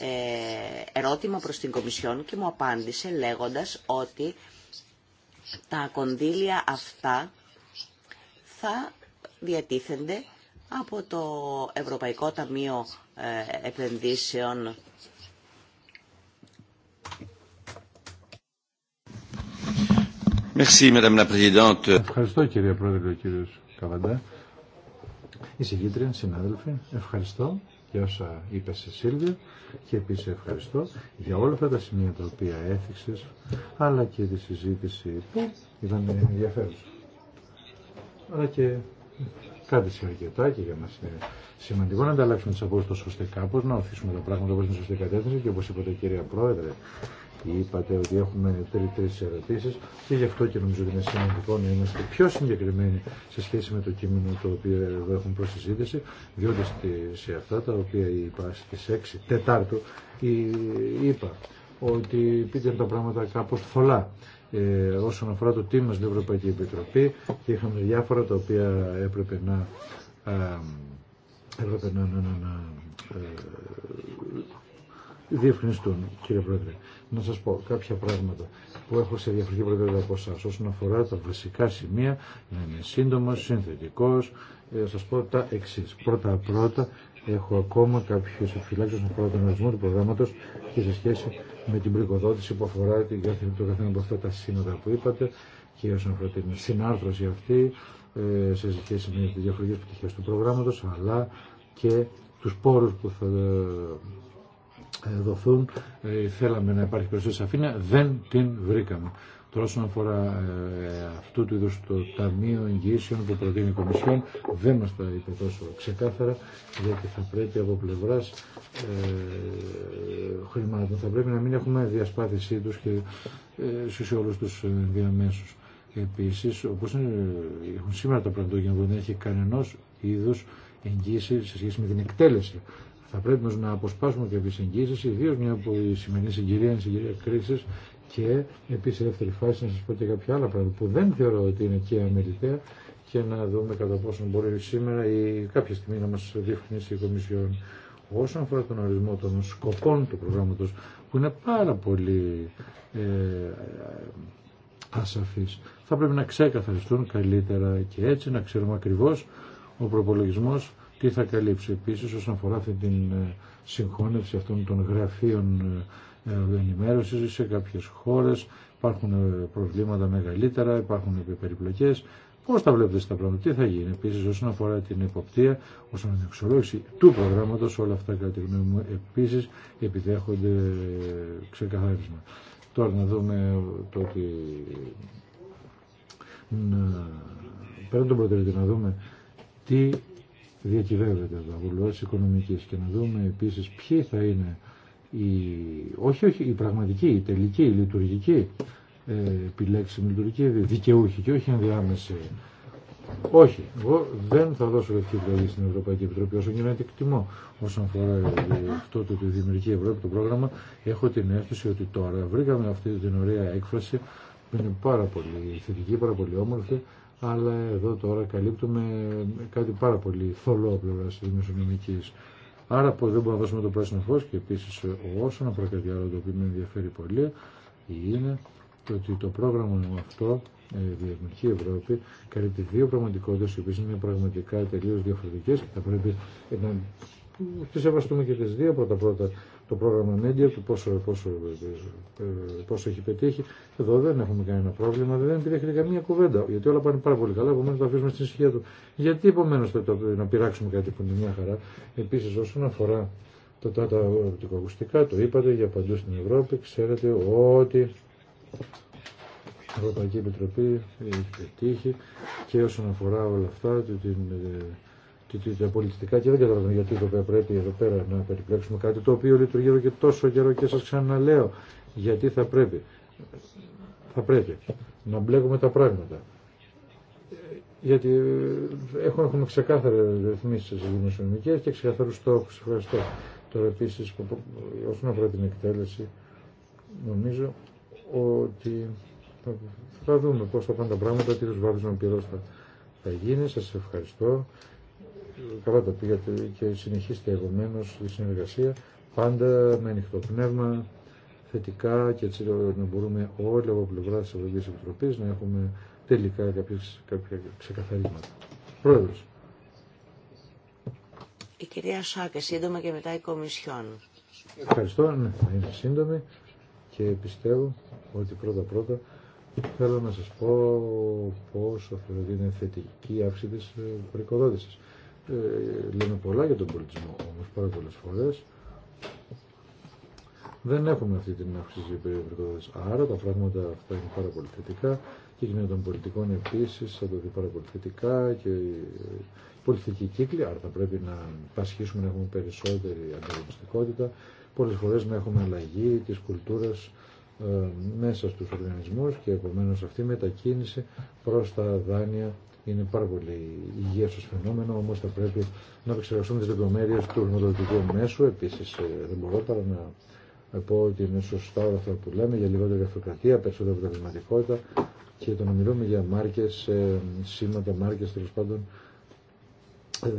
ε, ερώτημα προς την Κομισιόν και μου απάντησε λέγοντας ότι τα κονδύλια αυτά θα διατίθενται από το Ευρωπαϊκό Ταμείο ε, Επενδύσεων Merci, Madame la Présidente. Ευχαριστώ κύριε Πρόεδρε, ο κύριος Καβαντά. Εισηγήτρια, συνάδελφοι, ευχαριστώ για όσα είπε σε Σίλβια και επίσης ευχαριστώ για όλα αυτά τα σημεία τα οποία έθιξες αλλά και τη συζήτηση που ήταν ενδιαφέρουσα. Αλλά και κάτι σε αρκετά και για μας είναι σημαντικό να ανταλλάξουμε τις απόψεις τόσο ώστε κάπως να οθήσουμε τα πράγματα όπως είναι σωστή κατεύθυνση και όπως είπατε κυρία Πρόεδρε Είπατε ότι έχουμε τρει ερωτήσει και γι' αυτό και νομίζω ότι είναι σημαντικό να είμαστε πιο συγκεκριμένοι σε σχέση με το κείμενο το οποίο εδώ έχουν προ συζήτηση, διότι σε αυτά τα οποία είπα στις 6 Τετάρτου είπα ότι πήγαν τα πράγματα κάπως θολά ε, όσον αφορά το τι μας η Ευρωπαϊκή Επιτροπή και είχαμε διάφορα τα οποία έπρεπε να, α, έπρεπε να, να, να, να ε, διευκρινιστούν κύριε Πρόεδρε να σας πω κάποια πράγματα που έχω σε διαφορετική προτεραιότητα από εσάς όσον αφορά τα βασικά σημεία, να είμαι σύντομος, συνθετικός, ε, να σας πω τα εξή. πρωτα Πρώτα-πρώτα έχω ακόμα κάποιες επιφυλάξεις όσον αφορά τον ορισμό του προγράμματος και σε σχέση με την πρικοδότηση που αφορά το καθένα από αυτά τα σύνορα που είπατε και όσον αφορά την συνάρθρωση αυτή ε, σε σχέση με τις διαφορετικές πτυχές του προγράμματος αλλά και τους πόρους που θα δοθούν. Ε, θέλαμε να υπάρχει περισσότερη σαφήνεια, δεν την βρήκαμε. Τώρα όσον αφορά ε, αυτού του είδου το Ταμείο Εγγυήσεων που προτείνει η Κομισιόν, δεν μας τα είπε τόσο ξεκάθαρα, γιατί θα πρέπει από πλευρά ε, χρημάτων, θα πρέπει να μην έχουμε διασπάθησή τους και ε, σε όλους τους διαμέσους. Επίσης, όπως έχουν σήμερα τα πράγματα, δεν έχει κανενός είδου εγγύηση σε σχέση με την εκτέλεση θα πρέπει να αποσπάσουμε και τις εγγύσει, ιδίω μια από η σημερινή συγκυρία είναι συγκυρία κρίση και επίσης η δεύτερη φάση να σας πω και κάποια άλλα πράγματα που δεν θεωρώ ότι είναι και αμεληταία και να δούμε κατά πόσο μπορεί σήμερα ή κάποια στιγμή να μα διευκρινίσει η Κομισιόν όσον αφορά τον ορισμό των σκοπών του προγράμματος που είναι πάρα πολύ ε, ασαφής. Θα πρέπει να ξεκαθαριστούν καλύτερα και έτσι να ξέρουμε ακριβώς ο προπολογισμός τι θα καλύψει επίσης όσον αφορά την ε, συγχώνευση αυτών των γραφείων ε, ε, ενημέρωσης σε κάποιες χώρες, υπάρχουν προβλήματα μεγαλύτερα, υπάρχουν περιπλοκές. Πώς τα βλέπετε στα πράγματα, τι θα γίνει επίσης όσον αφορά την εποπτεία, όσον αφορά την εξολόγηση του προγράμματος, όλα αυτά κατά τη γνώμη μου επίσης επιδέχονται ξεκαθάρισμα. Τώρα να δούμε το ότι να... πέραν τον να δούμε τι διακυβεύεται από λόγες οικονομικής και να δούμε επίσης ποιοι θα είναι οι, όχι, όχι, οι πραγματικοί, οι τελικοί, οι λειτουργικοί ε, επιλέξιμοι, λειτουργικοί δικαιούχοι και όχι ενδιάμεση. Όχι, εγώ δεν θα δώσω λευκή δηλαδή στην Ευρωπαϊκή Επιτροπή όσο και να εκτιμώ. Όσον αφορά αυτό το, τη Δημιουργική Ευρώπη, το πρόγραμμα, έχω την αίσθηση ότι τώρα βρήκαμε αυτή την ωραία έκφραση που είναι πάρα πολύ θετική, πάρα πολύ όμορφη αλλά εδώ τώρα καλύπτουμε κάτι πάρα πολύ θολό πλευρά τη Άρα που δεν μπορούμε να δώσουμε το πράσινο φως και επίση όσο να κάτι άλλο το οποίο με ενδιαφέρει πολύ είναι το ότι το πρόγραμμα αυτό, η ε, Διεθνική Ευρώπη, καλύπτει δύο πραγματικότητε οι οποίε είναι πραγματικά τελείω διαφορετικέ και θα πρέπει να τι σεβαστούμε και τι δύο πρώτα-πρώτα το πρόγραμμα μέντια του, πόσο, πόσο, πόσο έχει πετύχει. Εδώ δεν έχουμε κανένα πρόβλημα, δεν επιδέχεται καμία κουβέντα. Γιατί όλα πάνε πάρα πολύ καλά, επομένω το αφήσουμε στην ησυχία του. Γιατί επομένω να πειράξουμε κάτι που είναι μια χαρά. Επίση, όσον αφορά το, τα, τα οπτικοακουστικά, το είπατε για παντού στην Ευρώπη, ξέρετε ότι η Ευρωπαϊκή Επιτροπή έχει πετύχει και όσον αφορά όλα αυτά, την, και τα πολιτιστικά και δεν καταλαβαίνω γιατί το πρέπει εδώ πέρα να περιπλέξουμε κάτι το οποίο λειτουργεί εδώ και τόσο καιρό και σας ξαναλέω γιατί θα πρέπει θα πρέπει να μπλέκουμε τα πράγματα γιατί έχουμε, έχουμε ξεκάθαρε ρυθμίσει στι δημοσιονομικέ και ξεκαθαρού στόχου. Ευχαριστώ. Τώρα επίση, όσον αφορά την εκτέλεση, νομίζω ότι θα, θα δούμε πώ θα πάνε τα πράγματα, τι του βάθου να θα, θα γίνει. Σα ευχαριστώ καλά τα πήγατε και συνεχίστε εγωμένως τη συνεργασία πάντα με ανοιχτό πνεύμα, θετικά και έτσι να μπορούμε όλοι από πλευρά τη Ευρωπαϊκή Επιτροπή να έχουμε τελικά κάποιες, κάποια ξεκαθαρίσματα. Πρόεδρο. Η κυρία Σάκε, σύντομα και μετά η Κομισιόν. Ευχαριστώ, ναι, είναι σύντομη και πιστεύω ότι πρώτα-πρώτα θέλω να σας πω πόσο θεωρείται είναι θετική αύξηση της ε, προοικοδότησης ε, λέμε πολλά για τον πολιτισμό όμως πάρα πολλέ φορέ. δεν έχουμε αυτή την αύξηση περιοδικότητας. Άρα τα πράγματα αυτά είναι πάρα πολύ θετικά και η κοινωνία των πολιτικών επίσης θα το δει πάρα πολύ θετικά και η πολιτική κύκλη, άρα θα πρέπει να πασχίσουμε να έχουμε περισσότερη ανταγωνιστικότητα, πολλές φορές να έχουμε αλλαγή της κουλτούρας ε, μέσα στους οργανισμούς και επομένως αυτή η μετακίνηση προς τα δάνεια είναι πάρα πολύ υγεία φαινόμενο, όμω θα πρέπει να επεξεργαστούμε τι λεπτομέρειε του χρηματοδοτικού μέσου. επίση ε, δεν μπορώ παρά να πω ότι είναι σωστά όλα αυτά που λέμε για λιγότερη αυτοκρατία, περισσότερη αποτελεσματικότητα και το να μιλούμε για μάρκε, ε, σήματα μάρκε τέλο πάντων. Ε,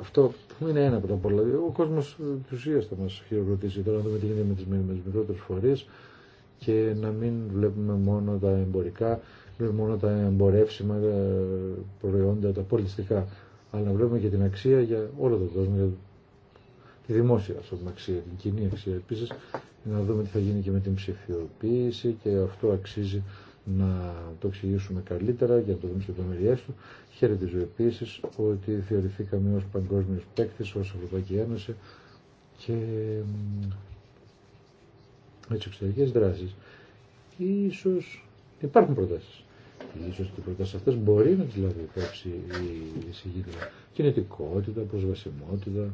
αυτό είναι ένα από τα πολλά. Ο κόσμο τη ουσία θα μα χειροκροτήσει τώρα να δούμε τι γίνεται με τι μικρότερε φορεί και να μην βλέπουμε μόνο τα εμπορικά βλέπουμε μόνο τα εμπορεύσιμα, προϊόντα, τα πολιτιστικά, αλλά να βλέπουμε και την αξία για όλο τον κόσμο, για τη δημόσια την αξία, την κοινή αξία. Επίσης, να δούμε τι θα γίνει και με την ψηφιοποίηση και αυτό αξίζει να το εξηγήσουμε καλύτερα για να το δούμε στις λεπτομέρειές του. Χαιρετίζω επίσης ότι θεωρηθήκαμε ως παγκόσμιος παίκτη, ως Ευρωπαϊκή Ένωση και με τις εξωτερικές δράσεις. Ίσως υπάρχουν προτάσεις. Ίσως και προτάσεις αυτές μπορεί να τις λάβει υπόψη η εισηγήτρια. Κινητικότητα, προσβασιμότητα,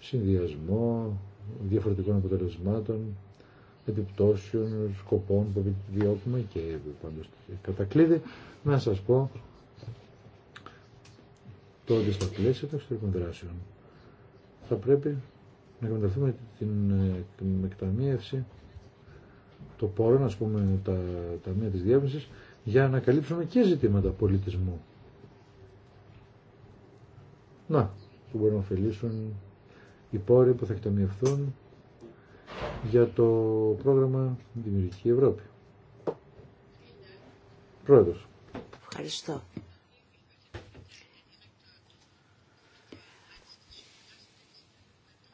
συνδυασμό διαφορετικών αποτελεσμάτων, επιπτώσεων, σκοπών που διώκουμε και πάντως κατακλείδη, να σας πω το ότι στα πλαίσια των εξωτερικών δράσεων θα πρέπει να εκμεταλλευτούμε την ε, εκταμείευση το πόρο, πούμε, τα ταμεία της διεύρυνσης, για να καλύψουμε και ζητήματα πολιτισμού. Να, που μπορούν να ωφελήσουν οι πόροι που θα εκταμιευθούν για το πρόγραμμα Δημιουργική Ευρώπη. Πρόεδρος. Ευχαριστώ.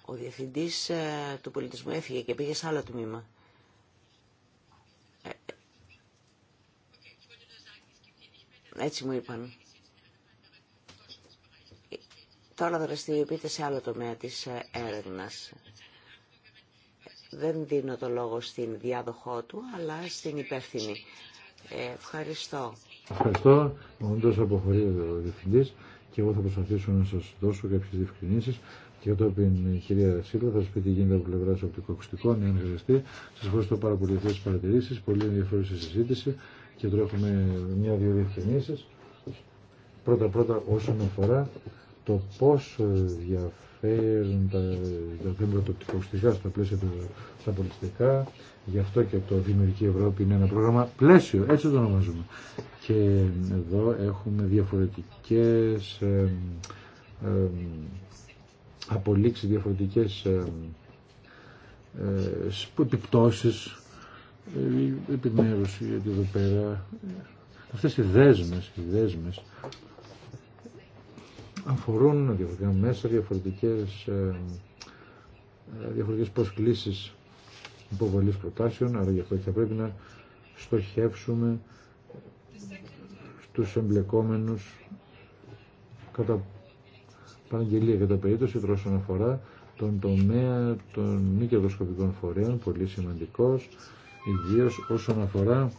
Ο διευθυντής ε, του πολιτισμού έφυγε και πήγε σε άλλο τμήμα. Έτσι μου είπαν. Τώρα δραστηριοποιείται σε άλλο τομέα της ε, έρευνας. Δεν δίνω το λόγο στην διάδοχό του, αλλά στην υπεύθυνη. Ε, ευχαριστώ. Ευχαριστώ. Όντως αποχωρεί ο διευθυντής και εγώ θα προσπαθήσω να σας δώσω κάποιες διευκρινήσεις και κατόπιν η κυρία Σίλα θα σα πει τι γίνεται από πλευρά οπτικοακουστικών, αν χρειαστεί. Σας ευχαριστώ πάρα πολύ για τι παρατηρήσει. πολύ ενδιαφέρουσα συζήτηση και τώρα έχουμε μια-δυο διευκρινησει πρωτα Πρώτα-πρώτα όσον αφορά το πόσο ε, διαφέρουν τα, τα θέματα στα πλαίσια του, στα πολιτιστικά. Γι' αυτό και το Δημιουργική Ευρώπη είναι ένα πρόγραμμα πλαίσιο, έτσι το ονομάζουμε. Και εδώ έχουμε διαφορετικές ε, ε, απολύξεις, διαφορετικές ε, επιπτώσεις ε, επιμέρους γιατί εδώ πέρα αυτές οι δέσμες, οι δέσμες αφορούν διαφορετικά μέσα, διαφορετικές, ε, ε, διαφορετικές προσκλήσεις υποβολής προτάσεων, άρα γι' αυτό θα πρέπει να στοχεύσουμε στους εμπλεκόμενους κατά παραγγελία κατά περίπτωση όσον αφορά τον τομέα των μη κερδοσκοπικών φορέων, πολύ σημαντικός, ιδίω όσον αφορά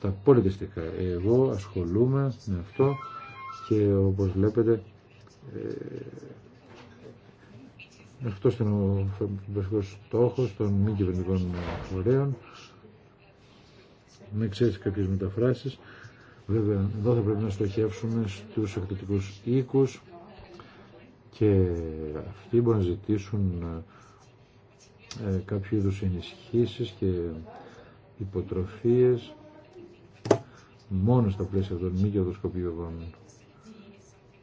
τα πολιτιστικά. Εγώ ασχολούμαι με αυτό και όπως βλέπετε ε, αυτό ήταν ο βασικό στόχο των μη κυβερνητικών φορέων. Με εξαίρεση κάποιε μεταφράσει. Βέβαια, εδώ θα πρέπει να στοχεύσουμε στους εκδοτικούς οίκους και αυτοί μπορούν να ζητήσουν ε, κάποιο είδου ενισχύσεις και υποτροφίες μόνο στα πλαίσια των μη γεωδοσκοπικών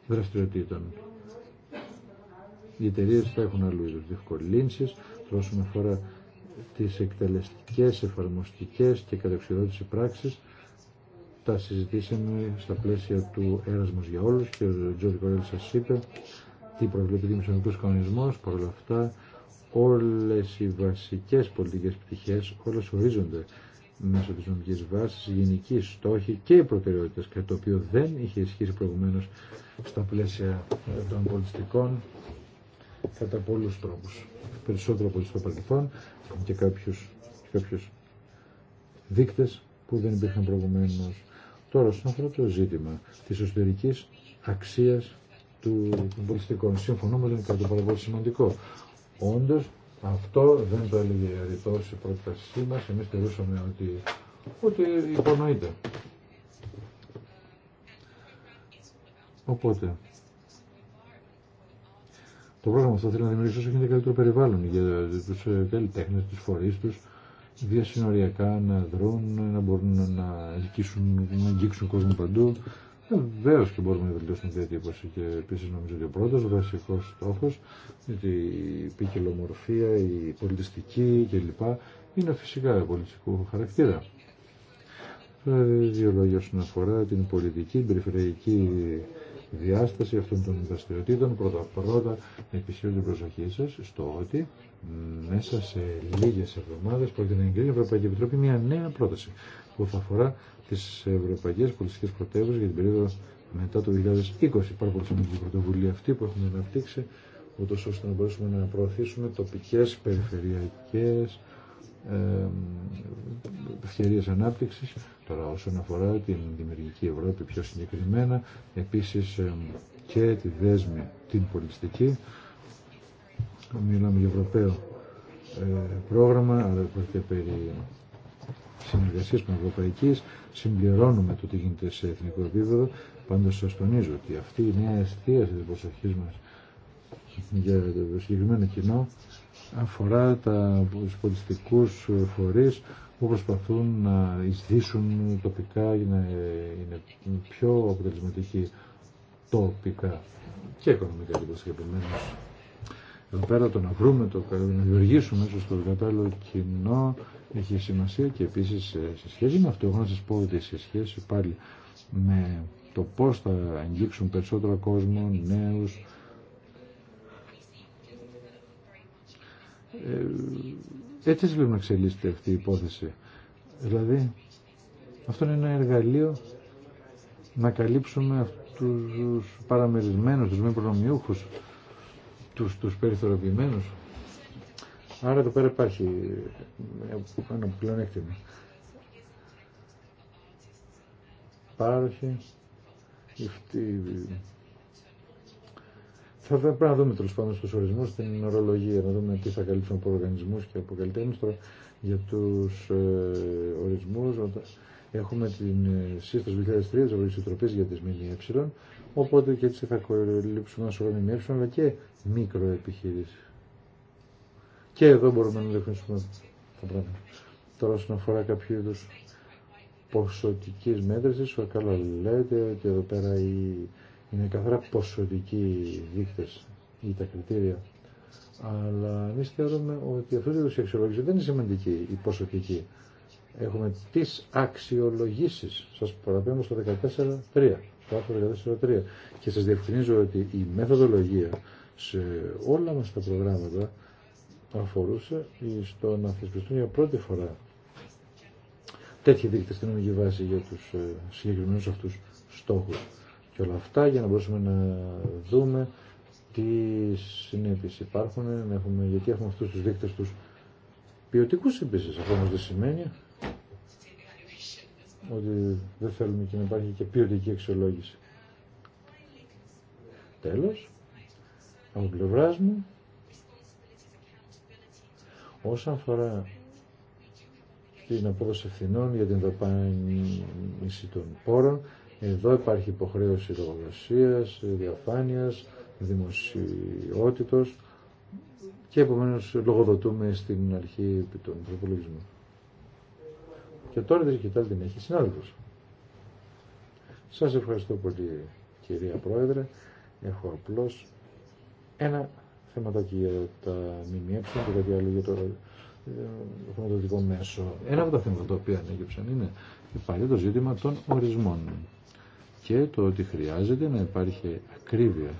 δραστηριοτήτων. Οι εταιρείε θα έχουν αλλού είδου διευκολύνσει όσον αφορά τι εκτελεστικέ, εφαρμοστικέ και κατεξοδότηση πράξει. Τα συζητήσαμε στα πλαίσια του Έρασμο για όλου και ο Τζορ Κορέλ σα είπε τι προβλέπει ο δημοσιονομικό κανονισμό. Παρ' όλα αυτά όλες οι βασικές πολιτικές πτυχές, όλες ορίζονται μέσω της νομικής βάσης, γενικοί στόχη και οι προτεραιότητες, κάτι το οποίο δεν είχε ισχύσει προηγουμένως στα πλαίσια ε, των πολιτιστικών κατά πολλού τρόπου, Περισσότερο από στο παρελθόν και κάποιους, κάποιους δείκτες που δεν υπήρχαν προηγουμένω. Τώρα, στον αφορά το ζήτημα τη εσωτερική αξία των πολιτιστικών. Συμφωνώ με τον είναι κάτι πάρα πολύ σημαντικό. Όντω, αυτό δεν το έλεγε ρητός η πρότασή μας, εμεί θεωρούσαμε ότι, ότι υπονοείται. Οπότε, το πρόγραμμα αυτό θέλει να δημιουργήσει όσο γίνεται καλύτερο περιβάλλον για του ε, καλλιτέχνε, του φορεί του, διασυνοριακά να δρούν, να μπορούν να ελκύσουν, να αγγίξουν κόσμο παντού, ε, Βεβαίω και μπορούμε να βελτιώσουμε τη διατύπωση και επίση νομίζω ότι ο πρώτο βασικό στόχο, η ποικιλομορφία, η πολιτιστική κλπ. είναι φυσικά πολιτιστικού χαρακτήρα. Δύο λόγια όσον αφορά την πολιτική, την περιφερειακή διάσταση αυτών των δραστηριοτήτων. Πρώτα-πρώτα επισύρω την προσοχή σα στο ότι μέσα σε λίγε εβδομάδε πρόκειται να εγκρίνει η Ευρωπαϊκή Επιτροπή μια νέα πρόταση που θα αφορά τι ευρωπαϊκές πολιτικές πρωτεύουσες για την περίοδο μετά το 2020. Πάρα πολύ σημαντική πρωτοβουλία αυτή που έχουμε αναπτύξει, ούτω ώστε να μπορέσουμε να προωθήσουμε τοπικές, περιφερειακές, ευκαιρίε ανάπτυξη. Τώρα, όσον αφορά την δημιουργική Ευρώπη πιο συγκεκριμένα, επίση και τη δέσμη την πολιτιστική. Μιλάμε για Ευρωπαίο ε, πρόγραμμα, αλλά πρόκειται περί συνεργασία Ευρωπαϊκή, συμπληρώνουμε το τι γίνεται σε εθνικό επίπεδο. Πάντω σα τονίζω ότι αυτή η νέα αιστεία τη προσοχή μα για το συγκεκριμένο κοινό αφορά του πολιτιστικού φορεί που προσπαθούν να εισδύσουν τοπικά για να είναι πιο αποτελεσματικοί τοπικά και οικονομικά και Εδώ πέρα το να βρούμε, το να δημιουργήσουμε στο στο κατάλληλο κοινό έχει σημασία και επίσης ε, σε σχέση με αυτό έχω να σα πω ότι σε σχέση πάλι με το πώς θα αγγίξουν περισσότερο κόσμο, νέους, ε, έτσι πρέπει να εξελίσσεται αυτή η υπόθεση. Δηλαδή, αυτό είναι ένα εργαλείο να καλύψουμε αυτούς τους παραμερισμένους, τους μη προνομιούχους, τους, τους περιθωριοποιημένους. Άρα εδώ πέρα υπάρχει ένα πλεονέκτημα. Πάροχη. Θα, θα πρέπει να δούμε τέλο πάντων στου ορισμού την ορολογία, να δούμε τι θα καλύψουμε από οργανισμού και από καλλιτέχνε. Τώρα για του ε, ορισμού, έχουμε την ε, σύσταση 2003 τη Ευρωπαϊκή Επιτροπή για τι ΜΜΕ, οπότε και έτσι θα καλύψουμε ένα σωρό ΜΜΕ αλλά και μικροεπιχειρήσει. Και εδώ μπορούμε να διευκρινίσουμε τα πράγματα. Τώρα όσον αφορά κάποιο μέτρησης, φακάλα λέτε μέτρηση, ο καλό λέτε ότι εδώ πέρα είναι καθαρά ποσοτικοί δείκτε ή τα κριτήρια. Αλλά εμεί θεωρούμε ότι αυτό το αξιολόγηση δεν είναι σημαντική η ποσοτική. Έχουμε τις αξιολογήσεις, σας παραπέμπω στο 14.3. Στο 14.3. Και σα διευκρινίζω ότι η μεθοδολογία σε όλα μας τα προγράμματα αφορούσε στο να θεσπιστούν για πρώτη φορά τέτοιοι δείκτες στην νομική βάση για τους ε, συγκεκριμένους αυτούς στόχους. Και όλα αυτά για να μπορούμε να δούμε τι συνέπειες υπάρχουν, να έχουμε, γιατί έχουμε αυτούς τους δείκτες τους ποιοτικούς επίσης. Αυτό όμως δεν σημαίνει ότι δεν θέλουμε και να υπάρχει και ποιοτική αξιολόγηση. Τέλος, από πλευρά μου, Όσον αφορά την απόδοση ευθυνών για την δαπάνηση των πόρων, εδώ υπάρχει υποχρέωση λογοδοσίας, διαφάνειας, δημοσιότητος και επομένως λογοδοτούμε στην αρχή των προπολογισμών. Και τώρα δεν κοιτάει την έχει συνάδελφος. Σας ευχαριστώ πολύ κυρία Πρόεδρε. Έχω απλώς ένα θέματα και για τα ΜΜΕ και κάτι άλλο για ε, το χρηματοδοτικό μέσο. Ένα από τα θέματα τα οποία ανέκυψαν είναι πάλι το ζήτημα των ορισμών και το ότι χρειάζεται να υπάρχει ακρίβεια,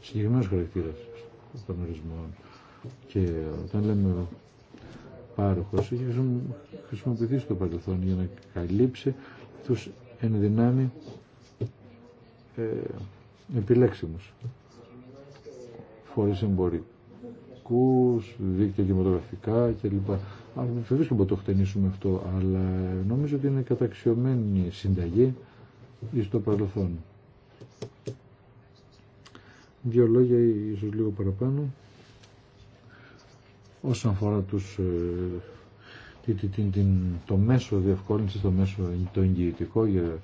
συγκεκριμένος χαρακτήρας των ορισμών και όταν λέμε πάροχος έχει χρησιμοποιηθεί στο παρελθόν για να καλύψει τους εν δυνάμει ε, επιλέξιμους φορείς εμπορικούς, δίκτυα κινηματογραφικά κλπ. Φεβείς και το χτενίσουμε αυτό, αλλά νομίζω ότι είναι καταξιωμένη συνταγή εις το παρελθόν. Δύο λόγια, ίσως λίγο παραπάνω, όσον αφορά τους, ε, την, την, το μέσο διευκόλυνση, το μέσο το εγγυητικό για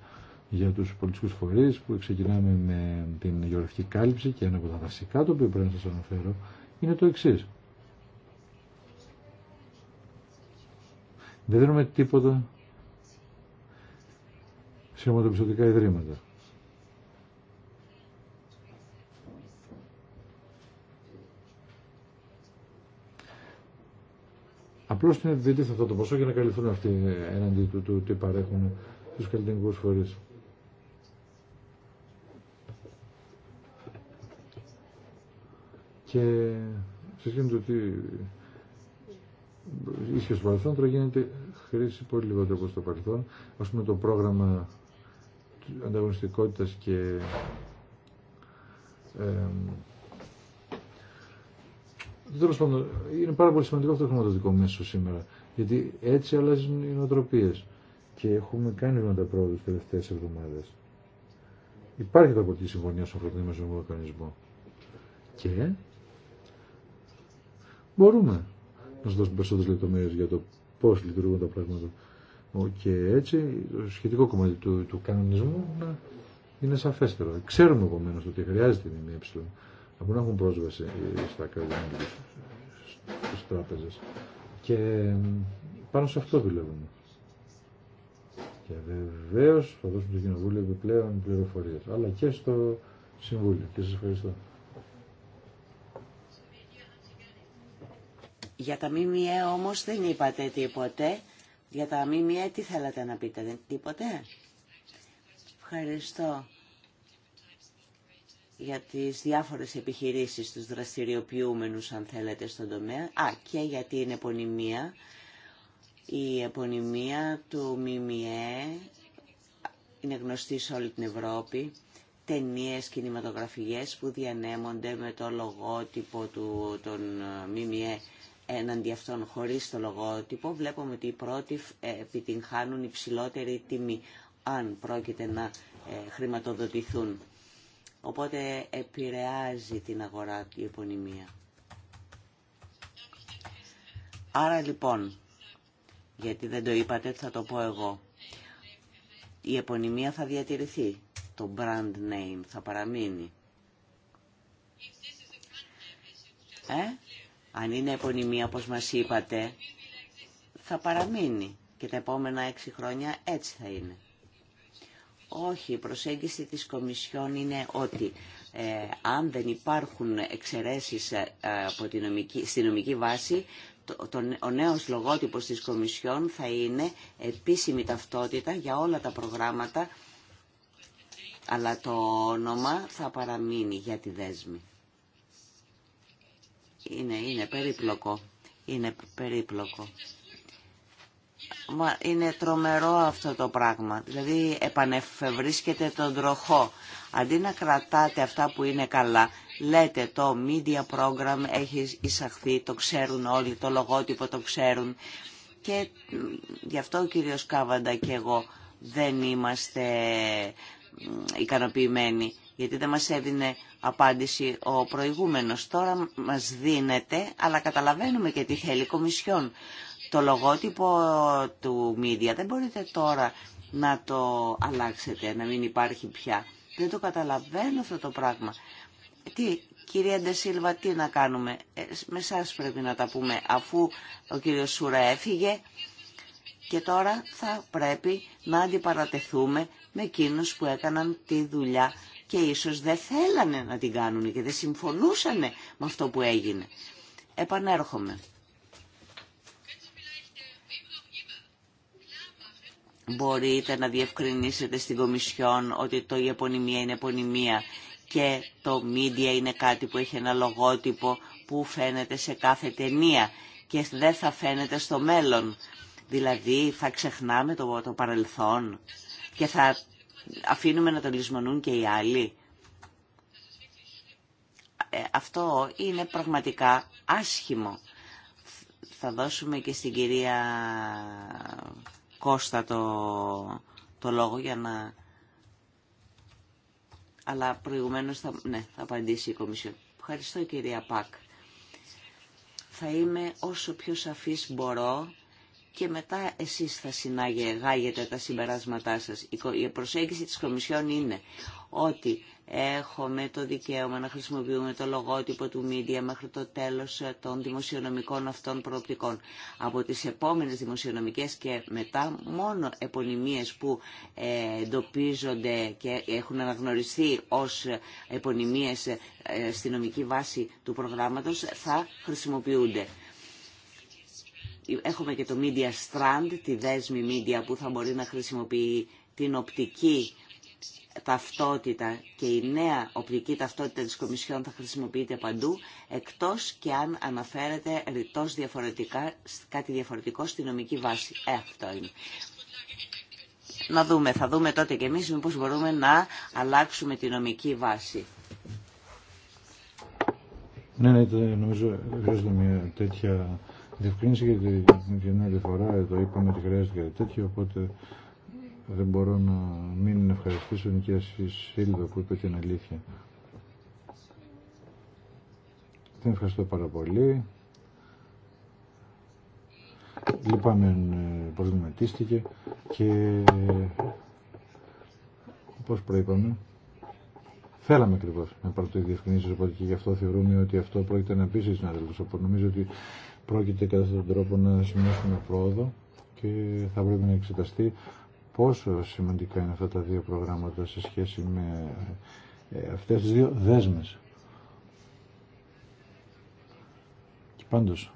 για τους πολιτικούς φορείς που ξεκινάμε με την γεωγραφική κάλυψη και ένα από τα βασικά το οποίο πρέπει να σας αναφέρω είναι το εξή. Δεν δίνουμε τίποτα σε ομοτοπιστωτικά ιδρύματα. Απλώς είναι διτίθεται αυτό το ποσό για να καλυφθούν αυτοί έναντι του τι παρέχουν στου καλλιτεχνικούς φορεί. Και σε σχέση με το ότι ίσχυε στο παρελθόν, τώρα γίνεται χρήση πολύ λιγότερο από στο παρελθόν. Α πούμε το πρόγραμμα ανταγωνιστικότητα και ε, Τέλο πάντων, είναι πάρα πολύ σημαντικό αυτό το χρηματοδοτικό μέσο σήμερα. Γιατί έτσι αλλάζουν οι νοοτροπίε. Και έχουμε κάνει βήματα πρόοδου τι τελευταίε εβδομάδε. Υπάρχει τα αποτελεσματική συμφωνία στον Ευρωπαϊκό Οργανισμό. Και Μπορούμε να σα δώσουμε περισσότερε λεπτομέρειε για το πώ λειτουργούν τα πράγματα. Και έτσι το σχετικό κομμάτι του, του κανονισμού να είναι σαφέστερο. Ξέρουμε επομένω ότι χρειάζεται την ΕΕ να μπορούν να έχουν πρόσβαση στα κρατικά στι τράπεζε. Και πάνω σε αυτό δουλεύουμε. Και βεβαίω θα δώσουμε το Κοινοβούλιο επιπλέον πληροφορίε, αλλά και στο Συμβούλιο. Και σα ευχαριστώ. Για τα ΜΜΕ όμως δεν είπατε τίποτε. Για τα ΜΜΕ τι θέλατε να πείτε, δεν τίποτε. Ευχαριστώ για τις διάφορες επιχειρήσεις, τους δραστηριοποιούμενους αν θέλετε στον τομέα. Α, και για την επωνυμία. Η επωνυμία του ΜΜΕ είναι γνωστή σε όλη την Ευρώπη. Ταινίες κινηματογραφικές που διανέμονται με το λογότυπο του, των ΜΜΕ έναντι αυτών χωρίς το λογότυπο, βλέπουμε ότι οι πρώτοι ε, επιτυγχάνουν υψηλότερη τιμή αν πρόκειται να ε, χρηματοδοτηθούν. Οπότε επηρεάζει την αγορά η επωνυμία. Άρα λοιπόν, γιατί δεν το είπατε, θα το πω εγώ. Η επωνυμία θα διατηρηθεί. Το brand name θα παραμείνει. Ε? αν είναι επωνυμία όπως μας είπατε, θα παραμείνει και τα επόμενα έξι χρόνια έτσι θα είναι. Όχι, η προσέγγιση της Κομισιόν είναι ότι ε, αν δεν υπάρχουν εξαιρέσεις ε, από νομική, στη νομική βάση, το, ο νέος λογότυπος της Κομισιόν θα είναι επίσημη ταυτότητα για όλα τα προγράμματα, αλλά το όνομα θα παραμείνει για τη δέσμη. Είναι, είναι περίπλοκο. Είναι περίπλοκο. Μα είναι τρομερό αυτό το πράγμα. Δηλαδή επανεφευρίσκεται τον τροχό. Αντί να κρατάτε αυτά που είναι καλά, λέτε το media program έχει εισαχθεί, το ξέρουν όλοι, το λογότυπο το ξέρουν. Και γι' αυτό ο κύριος Κάβαντα και εγώ δεν είμαστε ικανοποιημένοι γιατί δεν μας έδινε απάντηση ο προηγούμενος. Τώρα μας δίνεται, αλλά καταλαβαίνουμε και τι θέλει η Κομισιόν. Το λογότυπο του Μίδια δεν μπορείτε τώρα να το αλλάξετε, να μην υπάρχει πια. Δεν το καταλαβαίνω αυτό το πράγμα. Τι, κυρία Ντεσίλβα, τι να κάνουμε. Ε, με σας πρέπει να τα πούμε, αφού ο κύριος Σούρα έφυγε και τώρα θα πρέπει να αντιπαρατεθούμε με εκείνους που έκαναν τη δουλειά και ίσως δεν θέλανε να την κάνουν και δεν συμφωνούσαν με αυτό που έγινε. Επανέρχομαι. Μπορείτε να διευκρινίσετε στην Κομισιόν ότι το η επωνυμία είναι επωνυμία και το media είναι κάτι που έχει ένα λογότυπο που φαίνεται σε κάθε ταινία και δεν θα φαίνεται στο μέλλον. Δηλαδή θα ξεχνάμε το, το παρελθόν και θα αφήνουμε να το λησμονούν και οι άλλοι. Ε, αυτό είναι πραγματικά άσχημο. Θα δώσουμε και στην κυρία Κώστα το, το λόγο για να... Αλλά προηγουμένως θα, ναι, θα απαντήσει η Κομισιόν. Ευχαριστώ κυρία Πακ. Θα είμαι όσο πιο σαφής μπορώ και μετά εσείς θα συνάγετε τα συμπεράσματά σας. Η προσέγγιση της Κομισιόν είναι ότι έχουμε το δικαίωμα να χρησιμοποιούμε το λογότυπο του Media μέχρι το τέλος ε, των δημοσιονομικών αυτών προοπτικών. Από τις επόμενες δημοσιονομικές και μετά μόνο επωνυμίες που ε, εντοπίζονται και έχουν αναγνωριστεί ως ε, επωνυμίες στη νομική βάση του προγράμματος θα χρησιμοποιούνται. Έχουμε και το Media Strand, τη δέσμη Media που θα μπορεί να χρησιμοποιεί την οπτική ταυτότητα και η νέα οπτική ταυτότητα της Κομισιόν θα χρησιμοποιείται παντού, εκτός και αν αναφέρεται ρητός διαφορετικά, κάτι διαφορετικό στη νομική βάση. Ε, αυτό είναι. Να δούμε, θα δούμε τότε και εμείς μήπως μπορούμε να αλλάξουμε τη νομική βάση. Ναι, ναι, νομίζω διευκρίνηση γιατί την άλλη φορά εδώ είπαμε ότι χρειάζεται κάτι τέτοιο, οπότε δεν μπορώ να μην ευχαριστήσω και κυρία Σίλβα που είπε την αλήθεια. Την ευχαριστώ πάρα πολύ. Λυπάμαι, ε, προβληματίστηκε και όπως προείπαμε, Θέλαμε ακριβώ να πάρουμε το διευκρινήσει, οπότε και γι' αυτό θεωρούμε ότι αυτό πρόκειται να πείσει στου συναδέλφου. Οπότε νομίζω ότι Πρόκειται κατά αυτόν τον τρόπο να σημειώσουμε πρόοδο και θα πρέπει να εξεταστεί πόσο σημαντικά είναι αυτά τα δύο προγράμματα σε σχέση με ε, αυτές τις δύο δέσμες. Και πάντως,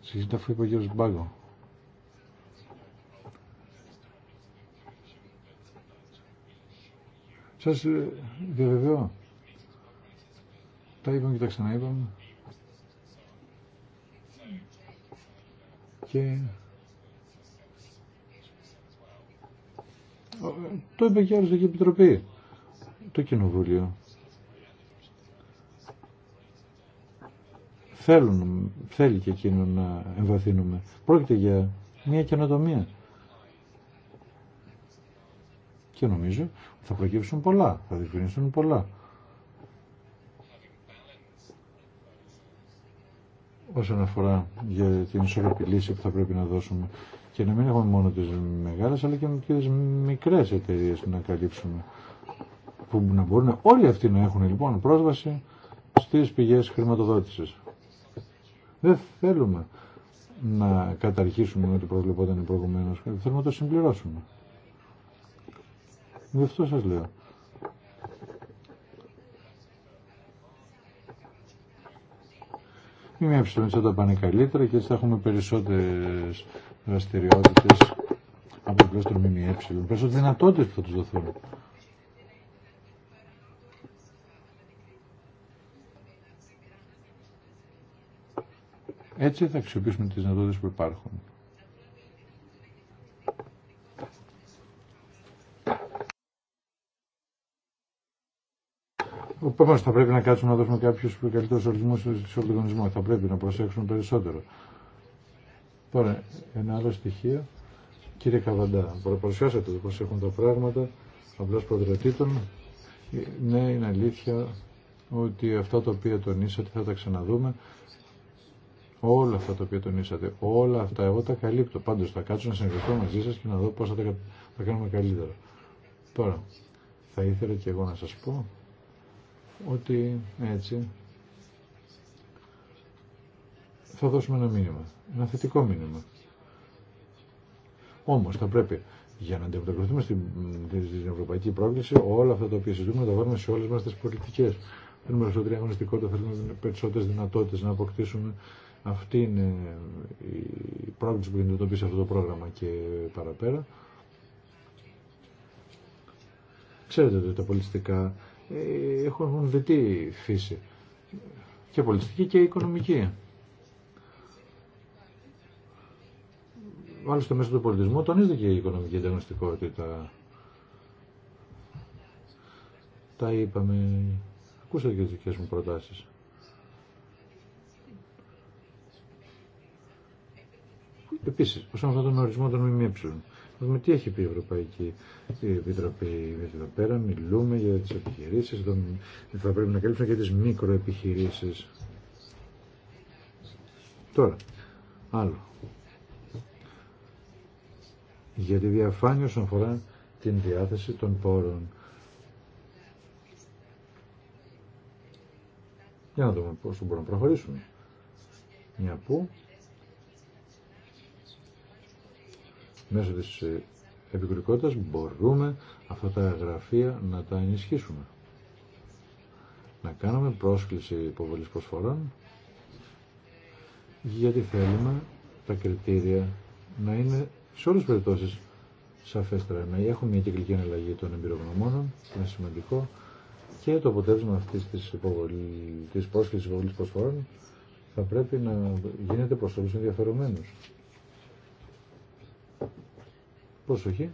συζητά αφού είπε ο κύριος Μπάγκο, Σας ε, διαβεβαιώ. Τα είπαμε και τα ξαναείπαμε. και το είπε και άλλωστε και Επιτροπή, το Κοινοβούλιο. Θέλουν, θέλει και εκείνο να εμβαθύνουμε. Πρόκειται για μια καινοτομία. Και νομίζω θα προκύψουν πολλά, θα διευκρινιστούν πολλά. όσον αφορά για την ισορροπή λύση που θα πρέπει να δώσουμε και να μην έχουμε μόνο τις μεγάλες αλλά και τις μικρές εταιρείες να καλύψουμε που να μπορούν όλοι αυτοί να έχουν λοιπόν πρόσβαση στις πηγές χρηματοδότησης. Δεν θέλουμε να καταρχίσουμε ό,τι προβλεπόταν προηγουμένως, θέλουμε να το συμπληρώσουμε. Γι' αυτό σας λέω. ΜΜΕ θα τα πάνε καλύτερα και έτσι θα έχουμε περισσότερε δραστηριότητε από πλευρά των ΜΜΕ, περισσότερε Δυνατότητε που θα του δοθούν. Έτσι θα αξιοποιήσουμε τις δυνατότητες που υπάρχουν. Επομένω θα πρέπει να κάτσουμε να δώσουμε κάποιου καλύτερου ορισμού στον οργανισμό. Θα πρέπει να προσέξουμε περισσότερο. Τώρα, ένα άλλο στοιχείο. Κύριε Καβαντά, παρουσιάσατε το πώ έχουν τα πράγματα απλώ προδρατήτων. Ναι, είναι αλήθεια ότι αυτά τα οποία τονίσατε θα τα ξαναδούμε. Όλα αυτά τα οποία τονίσατε, όλα αυτά εγώ τα καλύπτω. Πάντω θα κάτσω να συνεργαστώ μαζί σα και να δω πώ θα τα κάνουμε καλύτερα. Τώρα, θα ήθελα και εγώ να σα πω ότι έτσι θα δώσουμε ένα μήνυμα, ένα θετικό μήνυμα. Όμως θα πρέπει για να αντιμετωπιστούμε στην, ευρωπαϊκή πρόκληση όλα αυτά τα οποία συζητούμε να τα βάλουμε σε όλες μας τις πολιτικές. Θέλουμε περισσότερη αγωνιστικότητα, θέλουμε περισσότερες δυνατότητες να αποκτήσουμε. Αυτή είναι η πρόκληση που γίνεται αυτό το πρόγραμμα και παραπέρα. Ξέρετε ότι τα πολιτιστικά έχουν δυτή φύση και πολιτιστική και οικονομική. Μάλιστα μέσα του πολιτισμού τονίζεται και η οικονομική ενταγνωστικότητα. Τα είπαμε. Ακούσατε και τις δικές μου προτάσεις. Επίση, όσον αφορά τον ορισμό των ΜΜΕ, να δούμε τι έχει πει η Ευρωπαϊκή Επιτροπή. εδώ πέρα μιλούμε για τι επιχειρήσει, θα πρέπει να καλύψουμε και τι μικροεπιχειρήσει. Τώρα, άλλο. Για τη διαφάνεια όσον αφορά την διάθεση των πόρων. Για να δούμε πώς μπορούμε να προχωρήσουμε. Μια που μέσω της ε, επικουρικότητας μπορούμε αυτά τα γραφεία να τα ενισχύσουμε. Να κάνουμε πρόσκληση υποβολής προσφορών γιατί θέλουμε τα κριτήρια να είναι σε όλες τις περιπτώσεις σαφέστερα να έχουμε μια κυκλική αναλλαγή των εμπειρογνωμόνων, είναι σημαντικό και το αποτέλεσμα αυτής της, υποβολή, της πρόσκλησης προσφορών θα πρέπει να γίνεται προς του ενδιαφερομένους. Προσοχή.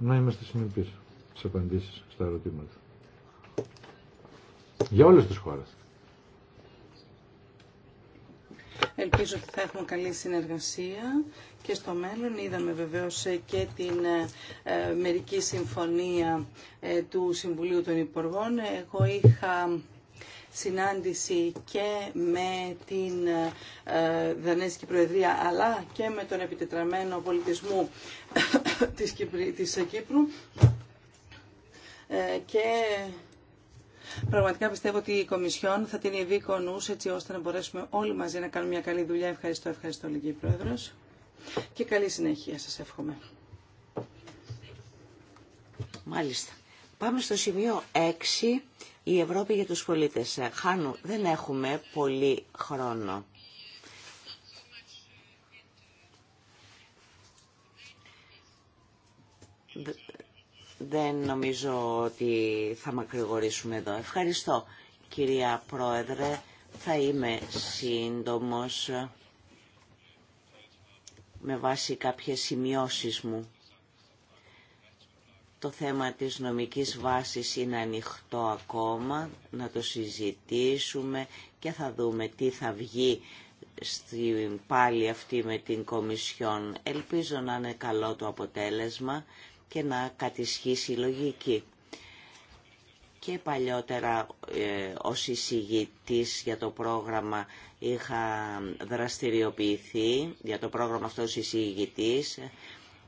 Να είμαστε συνεπείς στις απαντήσεις στα ερωτήματα. Για όλες τις χώρες. Ελπίζω ότι θα έχουμε καλή συνεργασία και στο μέλλον είδαμε βεβαίως ε, και την ε, ε, μερική συμφωνία του Συμβουλίου των Υπουργών. Εγώ είχα συνάντηση και με την ε, Δανέζικη Προεδρία αλλά και με τον επιτετραμένο πολιτισμό της Κύπρου ε, και πραγματικά πιστεύω ότι η Κομισιόν θα την ευήκονους έτσι ώστε να μπορέσουμε όλοι μαζί να κάνουμε μια καλή δουλειά. Ευχαριστώ, ευχαριστώ κύριε Πρόεδρος και καλή συνέχεια σας εύχομαι. Μάλιστα. Πάμε στο σημείο 6 η Ευρώπη για τους πολίτες. Ε, Χάνου, δεν έχουμε πολύ χρόνο. Δεν νομίζω ότι θα μακρηγορήσουμε εδώ. Ευχαριστώ, κυρία Πρόεδρε. Θα είμαι σύντομος με βάση κάποιες σημειώσεις μου. Το θέμα της νομικής βάσης είναι ανοιχτό ακόμα, να το συζητήσουμε και θα δούμε τι θα βγει στην πάλι αυτή με την Κομισιόν. Ελπίζω να είναι καλό το αποτέλεσμα και να κατησχύσει η λογική. Και παλιότερα ε, ως εισηγητής για το πρόγραμμα είχα δραστηριοποιηθεί, για το πρόγραμμα αυτό ως εισηγητής,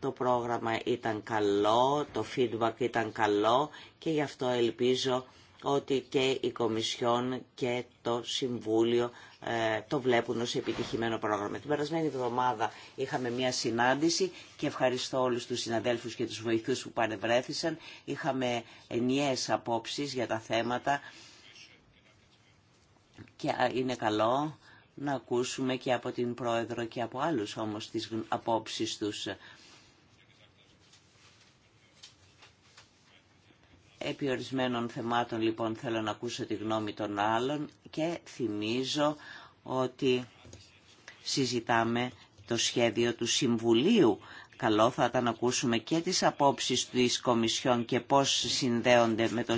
το πρόγραμμα ήταν καλό, το feedback ήταν καλό και γι' αυτό ελπίζω ότι και η Κομισιόν και το Συμβούλιο ε, το βλέπουν ως επιτυχημένο πρόγραμμα. Την περασμένη εβδομάδα είχαμε μια συνάντηση και ευχαριστώ όλους τους συναδέλφους και τους βοηθούς που παρευρέθησαν. Είχαμε ενιαίες απόψεις για τα θέματα και είναι καλό να ακούσουμε και από την Πρόεδρο και από άλλους όμως τις απόψεις τους Επί ορισμένων θεμάτων λοιπόν θέλω να ακούσω τη γνώμη των άλλων και θυμίζω ότι συζητάμε το σχέδιο του Συμβουλίου. Καλό θα ήταν να ακούσουμε και τις απόψεις της Κομισιόν και πώς συνδέονται με, το,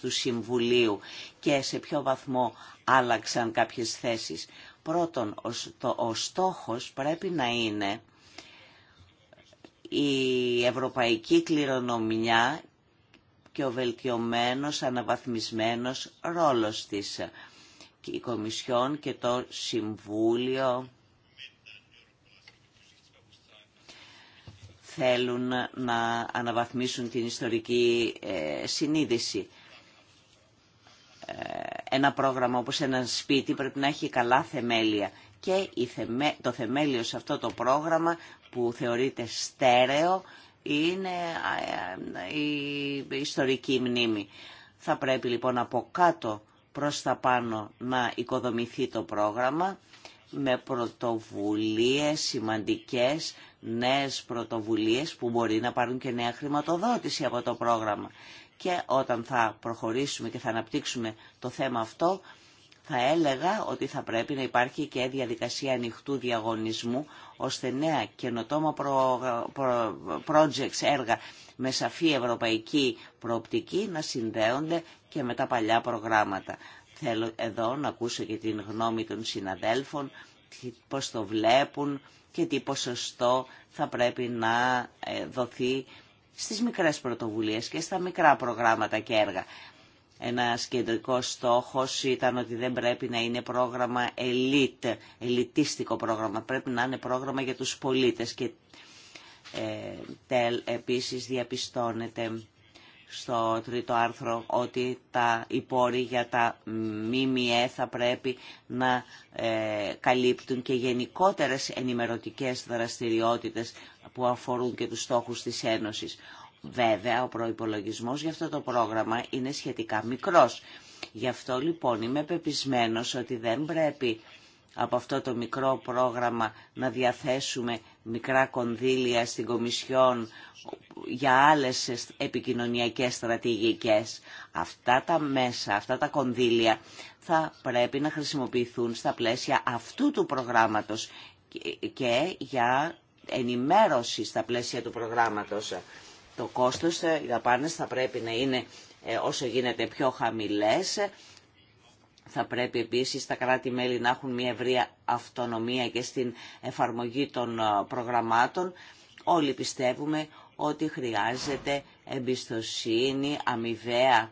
του Συμβουλίου και σε ποιο βαθμό άλλαξαν κάποιες θέσεις. Πρώτον, ο, το, ο στόχος πρέπει να είναι η ευρωπαϊκή κληρονομιά και ο βελτιωμένος αναβαθμισμένος ρόλος της. Η Κομισιόν και το Συμβούλιο θέλουν να αναβαθμίσουν την ιστορική ε, συνείδηση. Ε, ένα πρόγραμμα όπως ένα σπίτι πρέπει να έχει καλά θεμέλια και το θεμέλιο σε αυτό το πρόγραμμα που θεωρείται στέρεο είναι ε, ε, η ιστορική μνήμη. Θα πρέπει λοιπόν από κάτω προς τα πάνω να οικοδομηθεί το πρόγραμμα με πρωτοβουλίες σημαντικές, νέες πρωτοβουλίες που μπορεί να πάρουν και νέα χρηματοδότηση από το πρόγραμμα. Και όταν θα προχωρήσουμε και θα αναπτύξουμε το θέμα αυτό, θα έλεγα ότι θα πρέπει να υπάρχει και διαδικασία ανοιχτού διαγωνισμού, ώστε νέα καινοτόμα προ... projects, έργα με σαφή ευρωπαϊκή προοπτική να συνδέονται και με τα παλιά προγράμματα. Θέλω εδώ να ακούσω και την γνώμη των συναδέλφων, πώς το βλέπουν και τι ποσοστό θα πρέπει να ε, δοθεί στις μικρές πρωτοβουλίες και στα μικρά προγράμματα και έργα. Ένα κεντρικό στόχος ήταν ότι δεν πρέπει να είναι πρόγραμμα ελίτ, ελιτίστικο πρόγραμμα. Πρέπει να είναι πρόγραμμα για τους πολίτες και ε, τελ, επίσης διαπιστώνεται στο τρίτο άρθρο ότι τα υπόροι για τα ΜΜΕ θα πρέπει να ε, καλύπτουν και γενικότερες ενημερωτικές δραστηριότητες που αφορούν και τους στόχους της Ένωσης. Βέβαια, ο προπολογισμό για αυτό το πρόγραμμα είναι σχετικά μικρός. Γι' αυτό λοιπόν είμαι πεπισμένο ότι δεν πρέπει από αυτό το μικρό πρόγραμμα να διαθέσουμε μικρά κονδύλια στην Κομισιόν για άλλες επικοινωνιακές στρατηγικές. Αυτά τα μέσα, αυτά τα κονδύλια θα πρέπει να χρησιμοποιηθούν στα πλαίσια αυτού του προγράμματος και για ενημέρωση στα πλαίσια του προγράμματος το κόστος, ε, οι δαπάνες θα πρέπει να είναι ε, όσο γίνεται πιο χαμηλές. Θα πρέπει επίσης τα κράτη-μέλη να έχουν μια ευρεία αυτονομία και στην εφαρμογή των ε, προγραμμάτων. Όλοι πιστεύουμε ότι χρειάζεται εμπιστοσύνη, αμοιβαία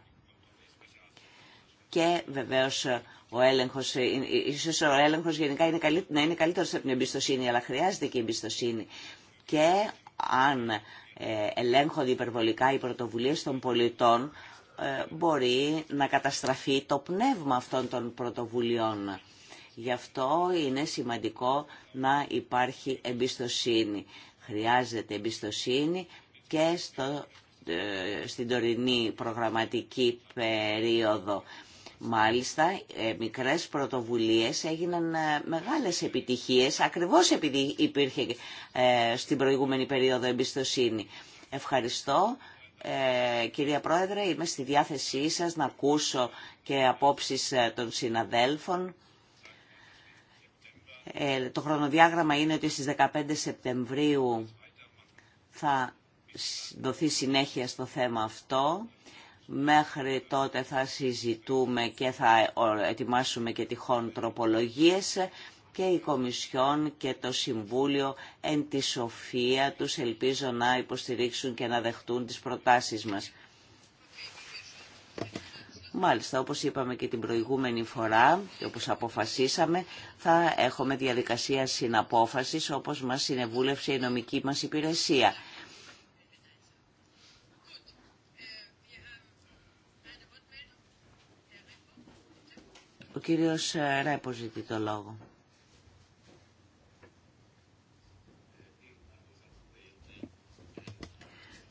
και βεβαίως ο έλεγχος, ίσως ο έλεγχος γενικά είναι καλύτερο, να είναι καλύτερος από την εμπιστοσύνη, αλλά χρειάζεται και εμπιστοσύνη. Και αν ε, ελέγχονται υπερβολικά οι πρωτοβουλίες των πολιτών, ε, μπορεί να καταστραφεί το πνεύμα αυτών των πρωτοβουλειών. Γι' αυτό είναι σημαντικό να υπάρχει εμπιστοσύνη. Χρειάζεται εμπιστοσύνη και στο, ε, στην τωρινή προγραμματική περίοδο Μάλιστα, ε, μικρές πρωτοβουλίες έγιναν ε, μεγάλες επιτυχίες, ακριβώς επειδή υπήρχε ε, στην προηγούμενη περίοδο εμπιστοσύνη. Ευχαριστώ. κυρία Πρόεδρε, είμαι στη διάθεσή σας να ακούσω και απόψεις των συναδέλφων. το χρονοδιάγραμμα είναι ότι στις 15 Σεπτεμβρίου θα δοθεί συνέχεια στο θέμα αυτό. Μέχρι τότε θα συζητούμε και θα ετοιμάσουμε και τυχόν τροπολογίες και η Κομισιόν και το Συμβούλιο εν τη σοφία τους ελπίζω να υποστηρίξουν και να δεχτούν τις προτάσεις μας. Μάλιστα, όπως είπαμε και την προηγούμενη φορά, και όπως αποφασίσαμε, θα έχουμε διαδικασία συναπόφασης όπως μας συνεβούλευσε η νομική μας υπηρεσία. κύριος ε, Ρέπο ζητεί το λόγο.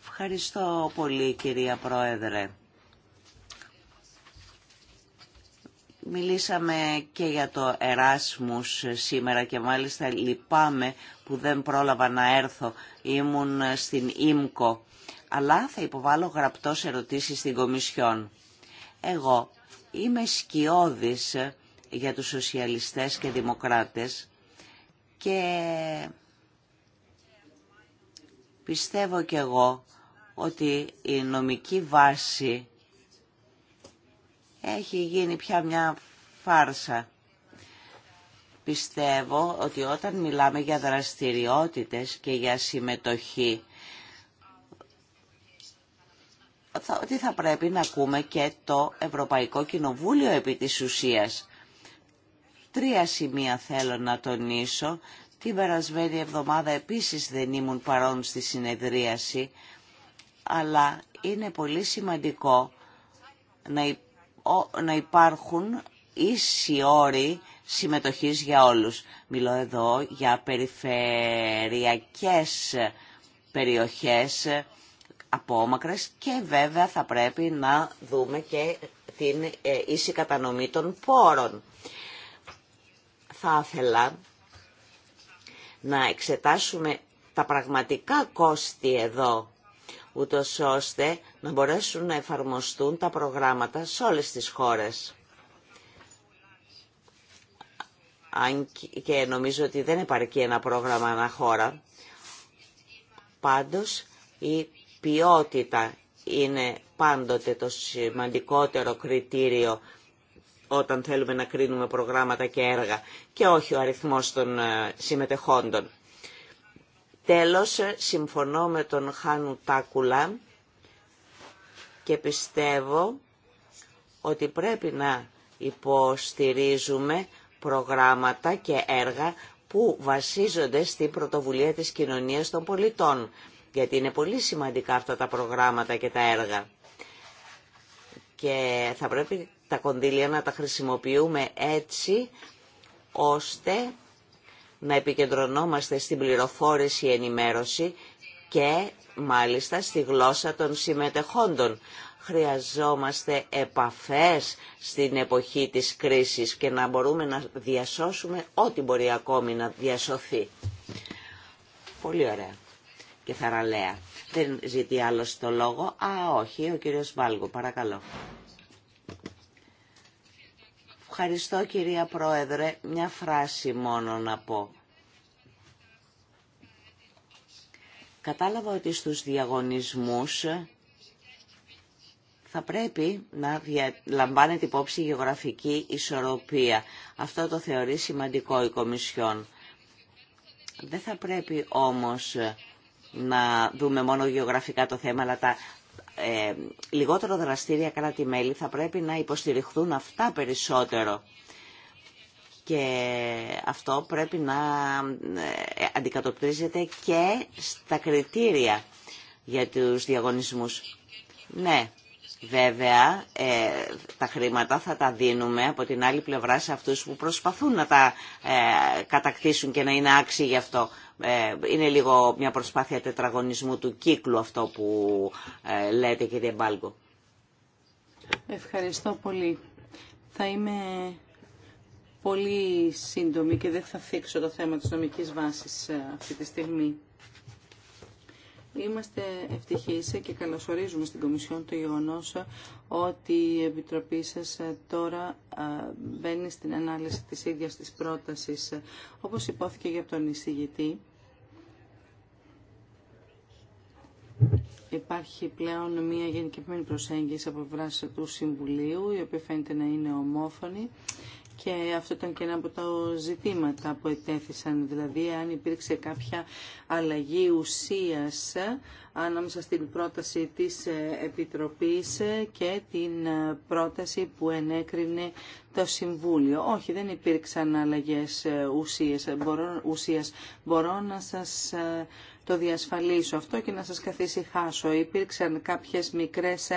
Ευχαριστώ πολύ κυρία Πρόεδρε. Μιλήσαμε και για το Εράσμους σήμερα και μάλιστα λυπάμαι που δεν πρόλαβα να έρθω. Ήμουν στην Ίμκο. Αλλά θα υποβάλω γραπτό ερωτήσεις στην Κομισιόν. Εγώ Είμαι σκιώδης ε, για τους σοσιαλιστές και δημοκράτες και πιστεύω και εγώ ότι η νομική βάση έχει γίνει πια μια φάρσα. Πιστεύω ότι όταν μιλάμε για δραστηριότητες και για συμμετοχή ότι θα πρέπει να ακούμε και το Ευρωπαϊκό Κοινοβούλιο επί της ουσίας. Τρία σημεία θέλω να τονίσω. Την περασμένη εβδομάδα επίσης δεν ήμουν παρόν στη συνεδρίαση, αλλά είναι πολύ σημαντικό να υπάρχουν ίσοι όροι συμμετοχής για όλους. Μιλώ εδώ για περιφερειακές περιοχές, απόμακρες και βέβαια θα πρέπει να δούμε και την ε, ίση κατανομή των πόρων. Θα ήθελα να εξετάσουμε τα πραγματικά κόστη εδώ, ούτως ώστε να μπορέσουν να εφαρμοστούν τα προγράμματα σε όλες τις χώρες. Αν και νομίζω ότι δεν επαρκεί ένα πρόγραμμα ανά χώρα, πάντως η ποιότητα είναι πάντοτε το σημαντικότερο κριτήριο όταν θέλουμε να κρίνουμε προγράμματα και έργα και όχι ο αριθμός των ε, συμμετεχόντων. Τέλος, ε, συμφωνώ με τον Χάνου Τάκουλα και πιστεύω ότι πρέπει να υποστηρίζουμε προγράμματα και έργα που βασίζονται στην πρωτοβουλία της κοινωνίας των πολιτών γιατί είναι πολύ σημαντικά αυτά τα προγράμματα και τα έργα. Και θα πρέπει τα κονδύλια να τα χρησιμοποιούμε έτσι, ώστε να επικεντρωνόμαστε στην πληροφόρηση ενημέρωση και μάλιστα στη γλώσσα των συμμετεχόντων. Χρειαζόμαστε επαφές στην εποχή της κρίσης και να μπορούμε να διασώσουμε ό,τι μπορεί ακόμη να διασωθεί. Πολύ ωραία και θαραλέα. Δεν ζητεί άλλο το λόγο. Α, όχι, ο κύριος Βάλγου, παρακαλώ. Ευχαριστώ κυρία Πρόεδρε. Μια φράση μόνο να πω. Κατάλαβα ότι στους διαγωνισμούς θα πρέπει να λαμβάνεται υπόψη η γεωγραφική ισορροπία. Αυτό το θεωρεί σημαντικό η Κομισιόν. Δεν θα πρέπει όμως να δούμε μόνο γεωγραφικά το θέμα, αλλά τα ε, λιγότερο δραστήρια κράτη-μέλη θα πρέπει να υποστηριχθούν αυτά περισσότερο. Και αυτό πρέπει να ε, αντικατοπτρίζεται και στα κριτήρια για τους διαγωνισμούς. Ναι, Βέβαια, ε, τα χρήματα θα τα δίνουμε από την άλλη πλευρά σε αυτούς που προσπαθούν να τα ε, κατακτήσουν και να είναι άξιοι γι' αυτό. Ε, είναι λίγο μια προσπάθεια τετραγωνισμού του κύκλου αυτό που ε, λέτε κύριε Μπάλκο. Ευχαριστώ πολύ. Θα είμαι πολύ σύντομη και δεν θα θίξω το θέμα της νομικής βάσης αυτή τη στιγμή. Είμαστε ευτυχείς και καλωσορίζουμε στην Κομισιόν το γεγονό ότι η Επιτροπή σας ε, τώρα ε, μπαίνει στην ανάλυση της ίδιας της πρότασης. Ε, όπως υπόθηκε για τον εισηγητή, Υπάρχει πλέον μια γενικευμένη προσέγγιση από βράση του Συμβουλίου, η οποία φαίνεται να είναι ομόφωνη και αυτό ήταν και ένα από τα ζητήματα που ετέθησαν, δηλαδή αν υπήρξε κάποια αλλαγή ουσίας ανάμεσα στην πρόταση της Επιτροπής και την πρόταση που ενέκρινε το Συμβούλιο. Όχι, δεν υπήρξαν αλλαγές ουσίας. Μπορώ, ουσίας. Μπορώ να σας το διασφαλίσω αυτό και να σας καθησυχάσω. Υπήρξαν κάποιες μικρές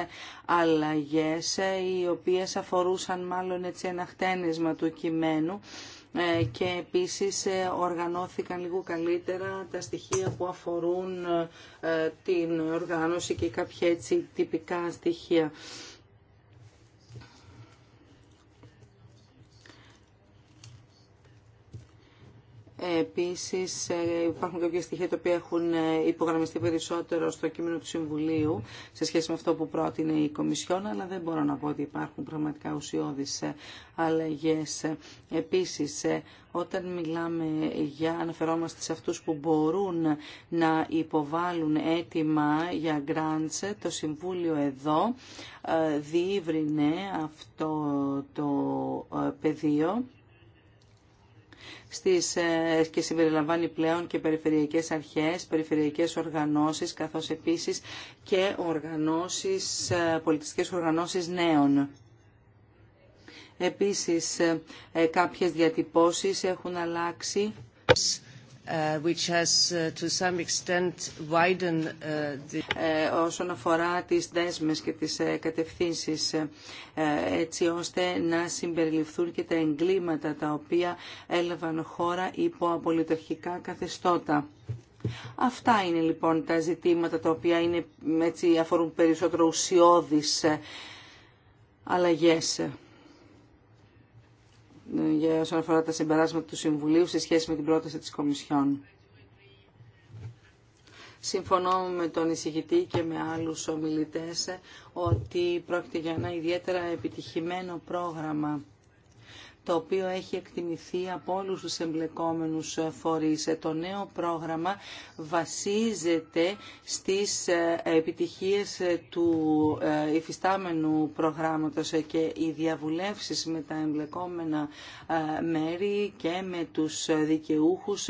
αλλαγές οι οποίες αφορούσαν μάλλον έτσι ένα χτένισμα του κειμένου ε, και επίσης ε, οργανώθηκαν λίγο καλύτερα τα στοιχεία που αφορούν ε, την οργάνωση και κάποια έτσι τυπικά στοιχεία. Επίσης ε, υπάρχουν κάποια στοιχεία τα οποία έχουν ε, υπογραμμιστεί περισσότερο στο κείμενο του Συμβουλίου σε σχέση με αυτό που πρότεινε η Κομισιόν, αλλά δεν μπορώ να πω ότι υπάρχουν πραγματικά ουσιώδεις ε, αλλαγές. Επίσης, όταν μιλάμε για, αναφερόμαστε σε αυτούς που μπορούν να υποβάλουν έτοιμα για grants, το Συμβούλιο εδώ διήβρινε αυτό το πεδίο στις, ε, και συμπεριλαμβάνει πλέον και περιφερειακές αρχές, περιφερειακές οργανώσεις, καθώς επίσης και οργανώσεις, ε, πολιτιστικές οργανώσεις νέων. Επίσης, ε, κάποιες διατυπώσεις έχουν αλλάξει to όσον αφορά τις δέσμες και τις ε, κατευθύνσεις ε, ε, έτσι ώστε να συμπεριληφθούν και τα εγκλήματα τα οποία έλαβαν χώρα υπό απολυταρχικά καθεστώτα. Αυτά είναι λοιπόν τα ζητήματα τα οποία είναι, έτσι, αφορούν περισσότερο ουσιώδεις αλλαγές για όσον αφορά τα συμπεράσματα του Συμβουλίου σε σχέση με την πρόταση της Κομισιόν. Συμφωνώ με τον εισηγητή και με άλλους ομιλητές ότι πρόκειται για ένα ιδιαίτερα επιτυχημένο πρόγραμμα το οποίο έχει εκτιμηθεί από όλους τους εμπλεκόμενους φορείς. Ε, το νέο πρόγραμμα βασίζεται στις ε, επιτυχίες ε, του υφιστάμενου προγράμματος και οι διαβουλεύσεις με τα εμπλεκόμενα μέρη και με τους δικαιούχους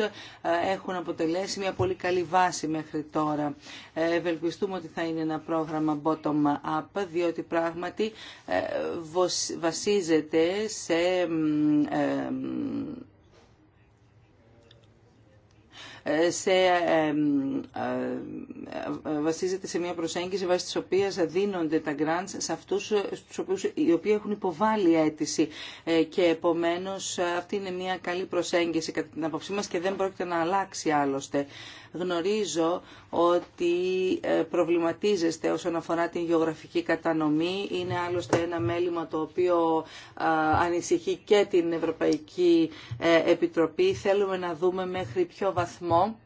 έχουν αποτελέσει μια πολύ καλή βάση μέχρι τώρα. Ευελπιστούμε ότι θα είναι ένα πρόγραμμα bottom-up, διότι πράγματι βασίζεται σε σε, ε, ε, βασίζεται σε μια προσέγγιση βάσει της οποίας δίνονται τα grants σε αυτούς στους οποίους, οι οποίοι έχουν υποβάλει αίτηση ε, και επομένως αυτή είναι μια καλή προσέγγιση κατά την απόψή μας και δεν πρόκειται να αλλάξει άλλωστε. Γνωρίζω ότι ε, προβληματίζεστε όσον αφορά την γεωγραφική κατανομή. Είναι άλλωστε ένα μέλημα το οποίο ε, ανησυχεί και την Ευρωπαϊκή ε, Επιτροπή. Θέλουμε να δούμε μέχρι ποιο βαθμό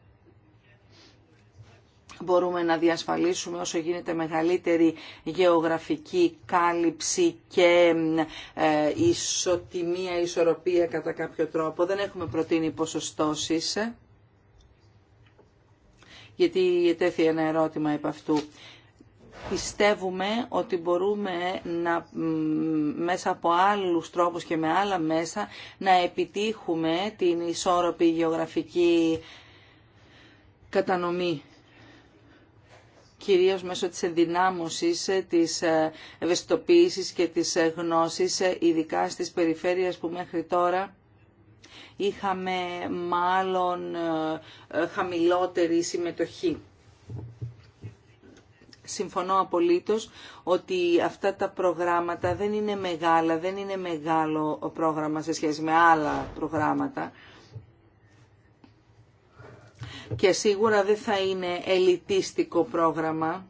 μπορούμε να διασφαλίσουμε όσο γίνεται μεγαλύτερη γεωγραφική κάλυψη και ισοτιμία, ισορροπία κατά κάποιο τρόπο. Δεν έχουμε προτείνει ποσοστώσεις γιατί τέθη ένα ερώτημα επ' αυτού. Πιστεύουμε ότι μπορούμε να, μέσα από άλλους τρόπους και με άλλα μέσα να επιτύχουμε την ισόρροπη γεωγραφική κατανομή κυρίως μέσω της ενδυνάμωσης, της ε, ευαισθητοποίησης και της ε, γνώσης, ε, ειδικά στις περιφέρειες που μέχρι τώρα είχαμε μάλλον ε, χαμηλότερη συμμετοχή. Συμφωνώ απολύτως ότι αυτά τα προγράμματα δεν είναι μεγάλα, δεν είναι μεγάλο πρόγραμμα σε σχέση με άλλα προγράμματα και σίγουρα δεν θα είναι ελιτίστικο πρόγραμμα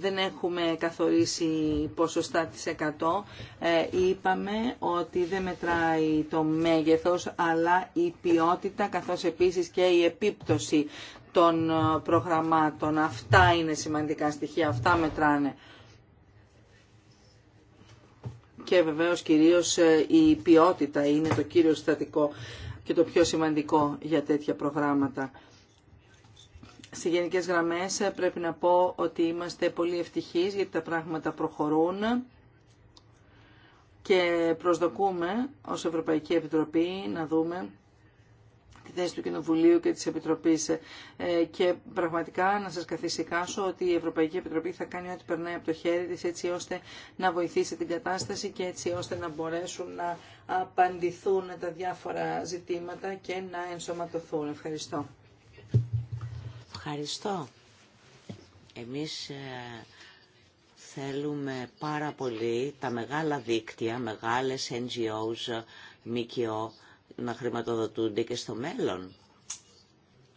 δεν έχουμε καθορίσει ποσοστά της 100. Ε, είπαμε ότι δεν μετράει το μέγεθος, αλλά η ποιότητα, καθώς επίσης και η επίπτωση των ε, προγραμμάτων. Αυτά είναι σημαντικά στοιχεία, αυτά μετράνε. Και βεβαίως κυρίως ε, η ποιότητα είναι το κύριο στατικό και το πιο σημαντικό για τέτοια προγράμματα σε γενικές γραμμές ε, πρέπει να πω ότι είμαστε πολύ ευτυχείς γιατί τα πράγματα προχωρούν και προσδοκούμε ως Ευρωπαϊκή Επιτροπή να δούμε τη θέση του Κοινοβουλίου και της Επιτροπής ε, και πραγματικά να σας καθησικάσω ότι η Ευρωπαϊκή Επιτροπή θα κάνει ό,τι περνάει από το χέρι της έτσι ώστε να βοηθήσει την κατάσταση και έτσι ώστε να μπορέσουν να απαντηθούν τα διάφορα ζητήματα και να ενσωματωθούν. Ευχαριστώ. Ευχαριστώ. Εμείς ε, θέλουμε πάρα πολύ τα μεγάλα δίκτυα, μεγάλες NGOs, ΜΚΟ, να χρηματοδοτούνται και στο μέλλον.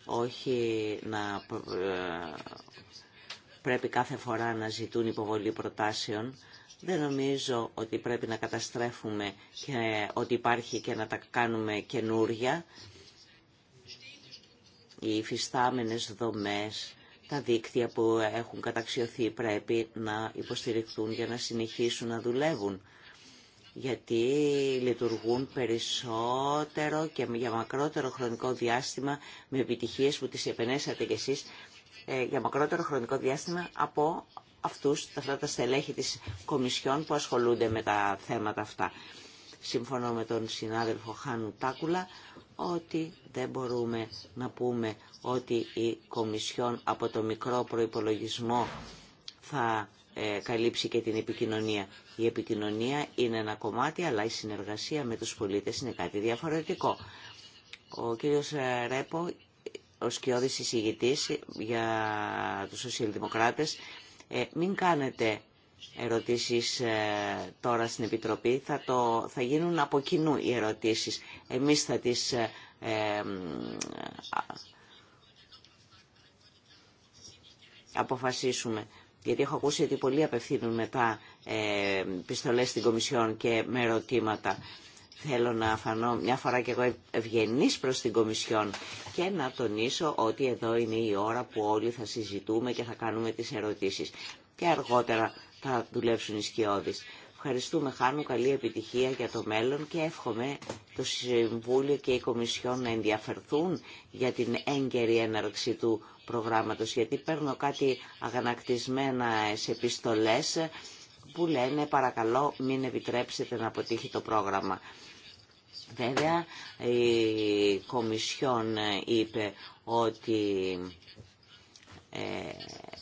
Όχι να ε, πρέπει κάθε φορά να ζητούν υποβολή προτάσεων. Δεν νομίζω ότι πρέπει να καταστρέφουμε και ότι υπάρχει και να τα κάνουμε καινούρια οι υφιστάμενες δομές, τα δίκτυα που έχουν καταξιωθεί πρέπει να υποστηριχθούν για να συνεχίσουν να δουλεύουν γιατί λειτουργούν περισσότερο και για μακρότερο χρονικό διάστημα με επιτυχίες που τις επενέσατε κι εσείς ε, για μακρότερο χρονικό διάστημα από αυτούς, αυτά τα στελέχη της Κομισιόν που ασχολούνται με τα θέματα αυτά. Σύμφωνα με τον συνάδελφο Χάνου Τάκουλα ότι δεν μπορούμε να πούμε ότι η Κομισιόν από το μικρό προϋπολογισμό θα ε, καλύψει και την επικοινωνία. Η επικοινωνία είναι ένα κομμάτι, αλλά η συνεργασία με τους πολίτες είναι κάτι διαφορετικό. Ο κύριος ε, Ρέπο, ο σκιώδης εισηγητής για τους σοσιαλδημοκράτες, ε, μην κάνετε ερωτήσεις ε, τώρα στην Επιτροπή. Θα, το, θα γίνουν από κοινού οι ερωτήσεις. Εμείς θα τις... Ε, ε, αποφασίσουμε. Γιατί έχω ακούσει ότι πολλοί απευθύνουν μετά ε, πιστολές στην Κομισιόν και με ερωτήματα. Θέλω να φανώ μια φορά και εγώ ευγενής προς την Κομισιόν και να τονίσω ότι εδώ είναι η ώρα που όλοι θα συζητούμε και θα κάνουμε τις ερωτήσεις. Και αργότερα θα δουλέψουν οι σκιώδεις. Ευχαριστούμε Χάνου, καλή επιτυχία για το μέλλον και εύχομαι το Συμβούλιο και η Κομισιόν να ενδιαφερθούν για την έγκαιρη έναρξη του προγράμματος, γιατί παίρνω κάτι αγανακτισμένα σε επιστολές που λένε παρακαλώ μην επιτρέψετε να αποτύχει το πρόγραμμα. Βέβαια η Κομισιόν είπε ότι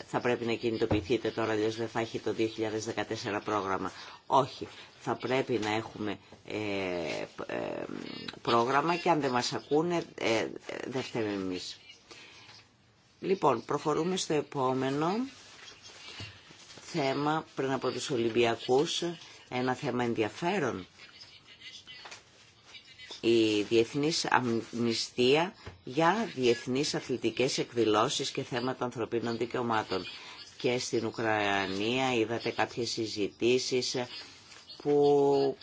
θα πρέπει να κινητοποιηθείτε τώρα, αλλιώς δεν θα έχει το 2014 πρόγραμμα. Όχι, θα πρέπει να έχουμε ε, ε, πρόγραμμα και αν δεν μας ακούνε, ε, δεν φταίμε εμείς. Λοιπόν, προχωρούμε στο επόμενο θέμα πριν από τους Ολυμπιακούς, ένα θέμα ενδιαφέρον η Διεθνής Αμνηστία για διεθνείς αθλητικές εκδηλώσεις και θέματα ανθρωπίνων δικαιωμάτων. Και στην Ουκρανία είδατε κάποιες συζητήσεις που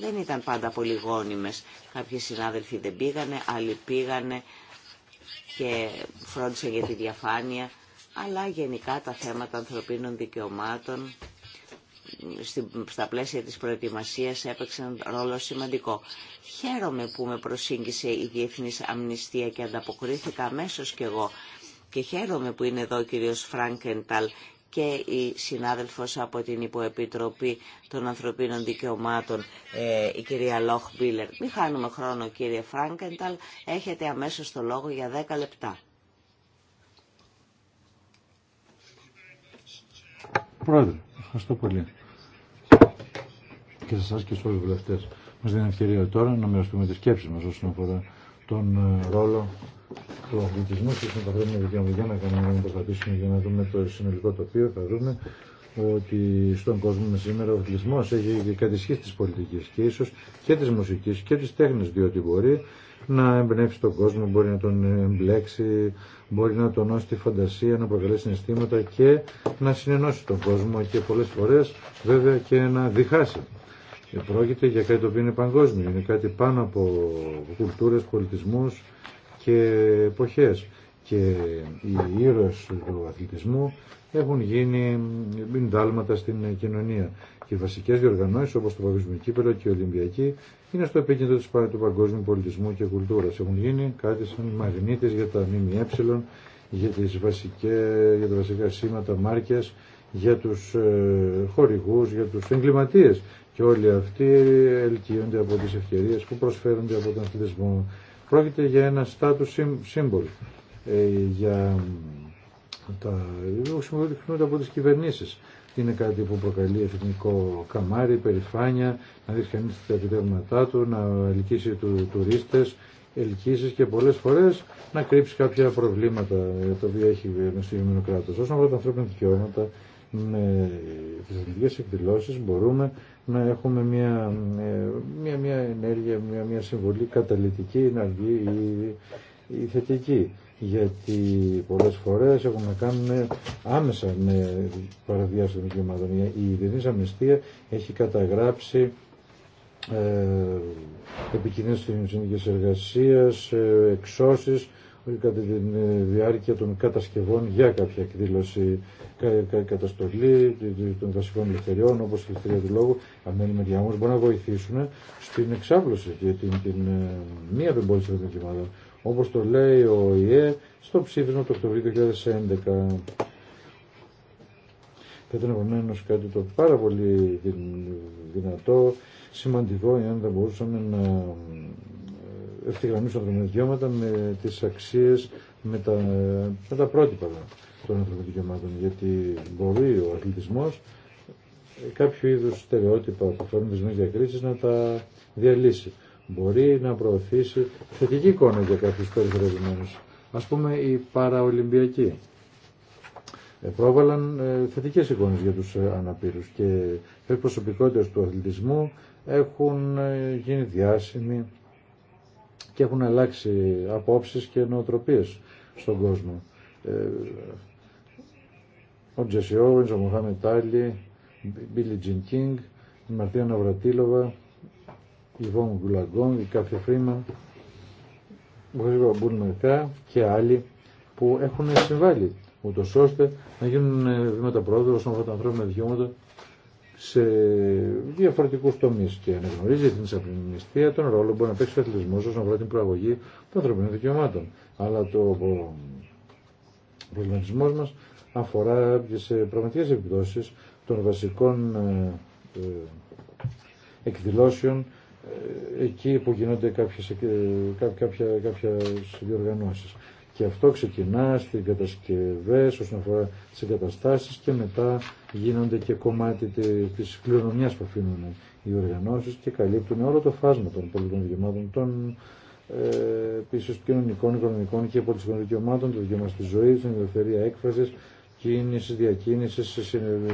δεν ήταν πάντα πολύ γόνιμες. Κάποιοι συνάδελφοι δεν πήγανε, άλλοι πήγανε και φρόντισαν για τη διαφάνεια, αλλά γενικά τα θέματα ανθρωπίνων δικαιωμάτων στα πλαίσια της προετοιμασίας έπαιξαν ρόλο σημαντικό. Χαίρομαι που με προσήγησε η Διεθνής Αμνηστία και ανταποκρίθηκα αμέσω κι εγώ. Και χαίρομαι που είναι εδώ ο κύριος Φράγκενταλ και η συνάδελφος από την Υποεπιτροπή των Ανθρωπίνων Δικαιωμάτων, ε, η κυρία Λόχ Μπίλερ. Μην χάνουμε χρόνο κύριε Φράγκενταλ, έχετε αμέσως το λόγο για 10 λεπτά. Πρόεδρε, ευχαριστώ πολύ και σε εσά και σε όλου του βουλευτέ. Μα δίνει ευκαιρία τώρα να μοιραστούμε τι σκέψει μα όσον αφορά τον ε, ρόλο του αθλητισμού και όσον αφορά την δικιά μου για να κάνουμε να προσπαθήσουμε για να δούμε το συνολικό τοπίο. Θα δούμε ότι στον κόσμο σήμερα ο αθλητισμό έχει κατησχίσει τη πολιτική και ίσω και τη μουσική και τη τέχνη, διότι μπορεί να εμπνεύσει τον κόσμο, μπορεί να τον εμπλέξει, μπορεί να τονώσει τη φαντασία, να προκαλέσει συναισθήματα και να συνενώσει τον κόσμο και πολλές φορές βέβαια και να διχάσει. Ε, πρόκειται για κάτι το οποίο είναι παγκόσμιο, είναι κάτι πάνω από κουλτούρες, πολιτισμούς και εποχές. Και οι ήρωες του αθλητισμού έχουν γίνει δάλματα στην κοινωνία. Και οι βασικές διοργανώσεις όπως το Παγκόσμιο Κύπελο και η Ολυμπιακή είναι στο επίκεντρο του παγκόσμιου πολιτισμού και κουλτούρας. Έχουν γίνει κάτι σαν μαγνήτες για τα ΜΜΕ, για, τις για τα βασικά σήματα, μάρκες, για τους ε, χορηγούς, για τους εγκληματίες και όλοι αυτοί ελκύονται από τις ευκαιρίες που προσφέρονται από τον αθλητισμό. Πρόκειται για ένα status symbol, ε, για τα χρησιμοποιούνται από τις κυβερνήσεις. Είναι κάτι που προκαλεί εθνικό καμάρι, περηφάνεια, να δεις κανείς τα επιτεύγματά του, να ελκύσει του, τουρίστες, ελκύσεις και πολλές φορές να κρύψει κάποια προβλήματα ε, τα οποία έχει με συγκεκριμένο κράτος. Όσον αφορά τα ανθρώπινα δικαιώματα, με τις εθνικές εκδηλώσεις μπορούμε να έχουμε μια, ε, μια, μια ενέργεια, μια, μια συμβολή καταλητική, να η, θετική. Γιατί πολλές φορές έχουμε να κάνουμε άμεσα με παραβιάσεις των Η ιδινή Αμνηστία έχει καταγράψει ε, επικοινωνίες εργασίας, ε, κατά τη διάρκεια των κατασκευών για κάποια εκδήλωση καταστολή των βασικών ελευθεριών όπως η ελευθερία του λόγου Αν την μεριά μπορεί να βοηθήσουν στην εξάπλωση και την, την ε, μία απεμπόληση των δικαιωμάτων όπως το λέει ο ΙΕ στο ψήφισμα του Οκτωβρίου 2011. Θα ήταν επομένω κάτι το πάρα πολύ δυνατό, σημαντικό, εάν δεν μπορούσαμε να ευθυγραμμίσουν τα δικαιώματα με τις αξίες, με τα, τα πρότυπα των ανθρώπινων δικαιωμάτων. Γιατί μπορεί ο αθλητισμός κάποιο είδους στερεότυπα που φέρνουν τις διακρίσεις να τα διαλύσει. Μπορεί να προωθήσει θετική εικόνα για κάποιους περιφερειασμένους. Ας πούμε οι παραολυμπιακοί πρόβαλαν ε, θετικές εικόνες για τους ε, αναπήρους και οι προσωπικότητες του αθλητισμού έχουν ε, γίνει διάσημοι και έχουν αλλάξει απόψεις και νοοτροπίες στον κόσμο. Ε, ο Τζεσι Όβενς, ο Μουχάμε Τάλι, Μπίλι Τζιν Κίνγκ, η Μαρτία Ναυρατήλοβα, η Βόμ Γκουλαγκόν, η Κάφια Φρίμα, ο Μπούλ Μπουλμερκά και άλλοι που έχουν συμβάλει ούτως ώστε να γίνουν ε, βήματα πρόοδου όσον αφορά τα ανθρώπινα δικαιώματα σε διαφορετικούς τομείς και αναγνωρίζει την εισαπληνιστία τον ρόλο που μπορεί να παίξει ο αθλητισμό όσον αφορά την προαγωγή των ανθρωπινών δικαιωμάτων. Αλλά το προβληματισμό μας αφορά σε πραγματικέ επιπτώσεις των βασικών ε, ε, εκδηλώσεων ε, εκεί που γίνονται κάποιες, κάποια, διοργανώσεις. Και αυτό ξεκινά στις κατασκευές όσον αφορά τις εγκαταστάσεις και μετά γίνονται και κομμάτι της κληρονομιάς που αφήνουν οι οργανώσεις και καλύπτουν όλο το φάσμα των πολιτικών δικαιωμάτων, των ε, κοινωνικών, οικονομικών και πολιτικών δικαιωμάτων, το δικαίωμα στη ζωή, την ελευθερία έκφραση, κίνηση, διακίνηση,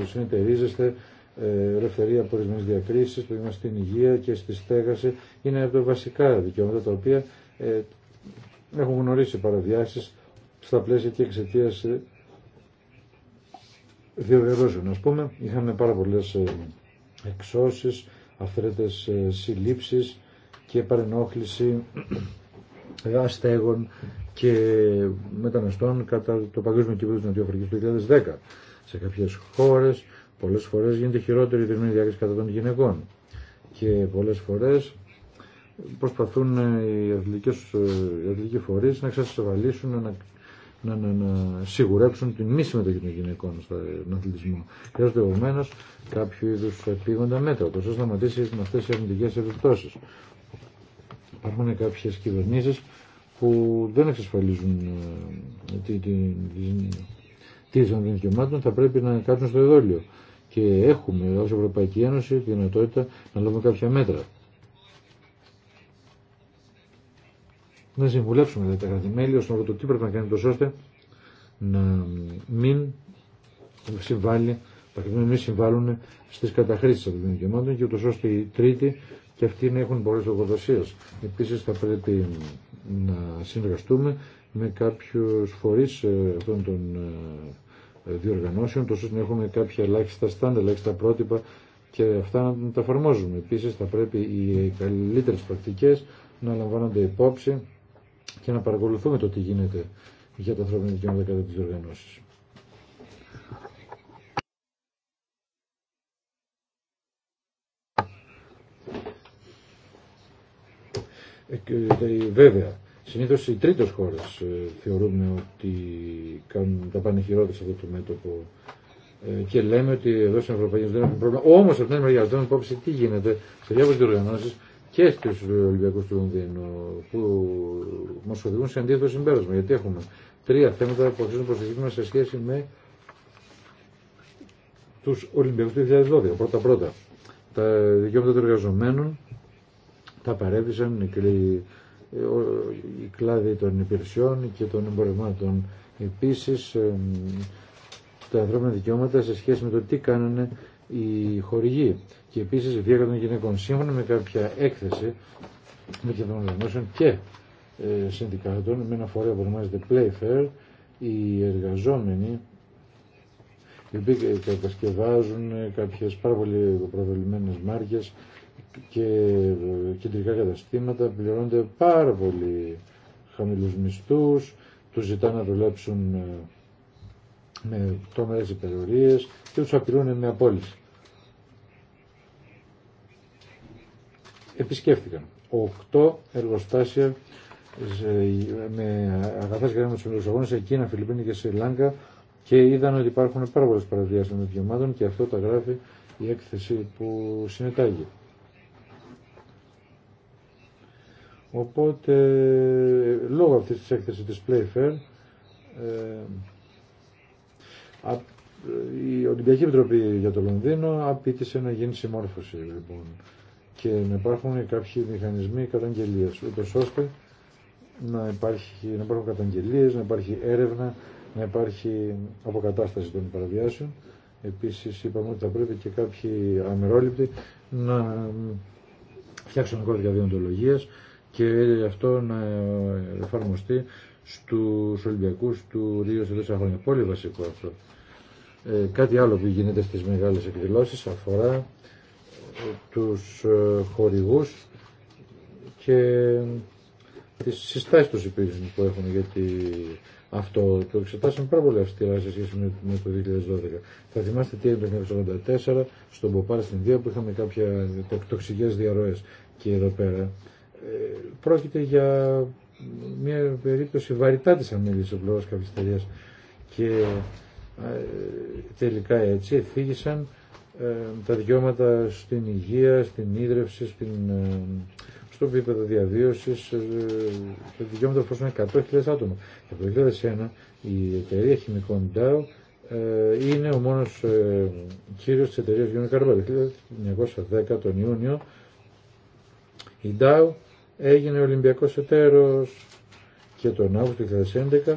συνεταιρίζεστε, ε, ελευθερία από ορισμένε διακρίσει, το δικαίωμα στην υγεία και στη στέγαση, είναι από τα βασικά δικαιώματα τα οποία ε, έχουν γνωρίσει παραδιάσει στα πλαίσια και εξαιτία διοργανώσεων. α πούμε, είχαμε πάρα πολλέ ε, εξώσει, αυθαίρετε ε, συλλήψει και παρενόχληση ε, αστέγων και μεταναστών κατά το παγκόσμιο κύπρο της Νοτιοαφρικής του 2010. Σε κάποιες χώρες πολλές φορές γίνεται χειρότερη η δεσμενή διάκριση κατά των γυναικών και πολλές φορές προσπαθούν οι οι αθλητικοί φορείς να εξασφαλίσουν, να να, να, να σιγουρέψουν την μη συμμετοχή των γυναικών στον αθλητισμό. Χρειάζονται επομένω κάποιο είδου επίγοντα μέτρα, ώστε να σταματήσει με αυτέ οι αρνητικέ επιπτώσει. Υπάρχουν κάποιε κυβερνήσει που δεν εξασφαλίζουν ε, τη, ζωή των δικαιωμάτων, θα πρέπει να κάτσουν στο εδόλιο. Και έχουμε ω Ευρωπαϊκή Ένωση τη δυνατότητα να λάβουμε κάποια μέτρα. να συμβουλεύσουμε δηλαδή, τα κρατημέλη όσον αφορά το τι πρέπει να κάνει τόσο ώστε να μην συμβάλλει, τα μην συμβάλλουν στις καταχρήσεις των δικαιωμάτων και ούτως ώστε οι τρίτοι και αυτοί να έχουν πολλές λογοδοσίες. Επίσης θα πρέπει να συνεργαστούμε με κάποιους φορείς ε, αυτών των ε, διοργανώσεων, τόσο ώστε να έχουμε κάποια ελάχιστα στάντα, ελάχιστα πρότυπα και αυτά να τα εφαρμόζουμε. Επίσης θα πρέπει οι καλύτερες πρακτικές να λαμβάνονται υπόψη και να παρακολουθούμε το τι γίνεται για τα ανθρώπινα δικαιώματα κατά τις οργανώσεις. Ε, βέβαια, συνήθως οι τρίτες χώρες ε, θεωρούμε ότι κάνουν τα πάνε σε αυτό το μέτωπο ε, και λέμε ότι εδώ στην Ευρωπαϊκή δεν έχουμε πρόβλημα. Όμω από την άλλη μεριά, υπόψη τι γίνεται σε διάφορε διοργανώσει και στους Ολυμπιακούς του Λονδίνου που μας οδηγούν σε αντίθετο συμπέρασμα γιατί έχουμε τρία θέματα που αξίζουν προσοχή σε σχέση με τους Ολυμπιακούς του 2012. Πρώτα πρώτα τα δικαιώματα των εργαζομένων τα παρέβησαν οι κλάδοι των υπηρεσιών και των εμπορευμάτων. Επίσης τα ανθρώπινα δικαιώματα σε σχέση με το τι κάνανε οι χορηγοί και επίση η βία των γυναικών. Σύμφωνα με κάποια έκθεση με οργανώσεων και ε, συνδικάτων, με ένα φορέα που ονομάζεται Playfair, οι εργαζόμενοι οι οποίοι κατασκευάζουν ε, κάποιε πάρα πολύ προβλημένε μάρκε και ε, κεντρικά καταστήματα πληρώνονται πάρα πολύ χαμηλού μισθού, του ζητάνε να δουλέψουν ε, με τρομερέ υπερορίε και του απειλούν με απόλυση. επισκέφθηκαν. Οκτώ εργοστάσια με αγαθά και στους στου σε Κίνα, Φιλιππίνη και Σιλάνκα και είδαν ότι υπάρχουν πάρα πολλέ παραβιάσει των δικαιωμάτων και αυτό τα γράφει η έκθεση που συνετάγει. Οπότε, λόγω αυτής της έκθεσης της Playfair, ε, η Ολυμπιακή Επιτροπή για το Λονδίνο απίτησε να γίνει συμμόρφωση λοιπόν και να υπάρχουν κάποιοι μηχανισμοί καταγγελία, ούτω ώστε να, υπάρχει, να υπάρχουν καταγγελίε, να υπάρχει έρευνα, να υπάρχει αποκατάσταση των παραβιάσεων. Επίση είπαμε ότι θα πρέπει και κάποιοι αμερόληπτοι να φτιάξουν κώδικα διοντολογία και αυτό να εφαρμοστεί στου ολυμπιακού του Ρίο σε τέσσερα χρόνια. Πολύ βασικό αυτό. Ε, κάτι άλλο που γίνεται στι μεγάλε εκδηλώσει αφορά τους ε, χορηγούς και τις συστάσεις τους υπήρχαν που έχουν γιατί αυτό το εξετάσαμε πάρα πολύ αυστηρά σε σχέση με, το 2012. Θα θυμάστε τι έγινε το 1984 στον Ποπάρα στην Ινδία που είχαμε κάποια τοξικές διαρροές και εδώ πέρα ε, πρόκειται για μια περίπτωση βαριτά της αμήλης ο λόγω καυστερίας και ε, τελικά έτσι εφήγησαν ε, τα δικαιώματα στην υγεία, στην ίδρυυση, στην, ε, στο επίπεδο διαβίωση, ε, τα δικαιώματα που 100.000 άτομα. Και από το 2001 η εταιρεία χημικών Dow είναι ο μόνος ε, κύριος της εταιρείας Γιώργη Καρβάλη. Το 1910 τον Ιούνιο η Dow έγινε Ολυμπιακός εταίρο και τον Αύγουστο του 2011 ε,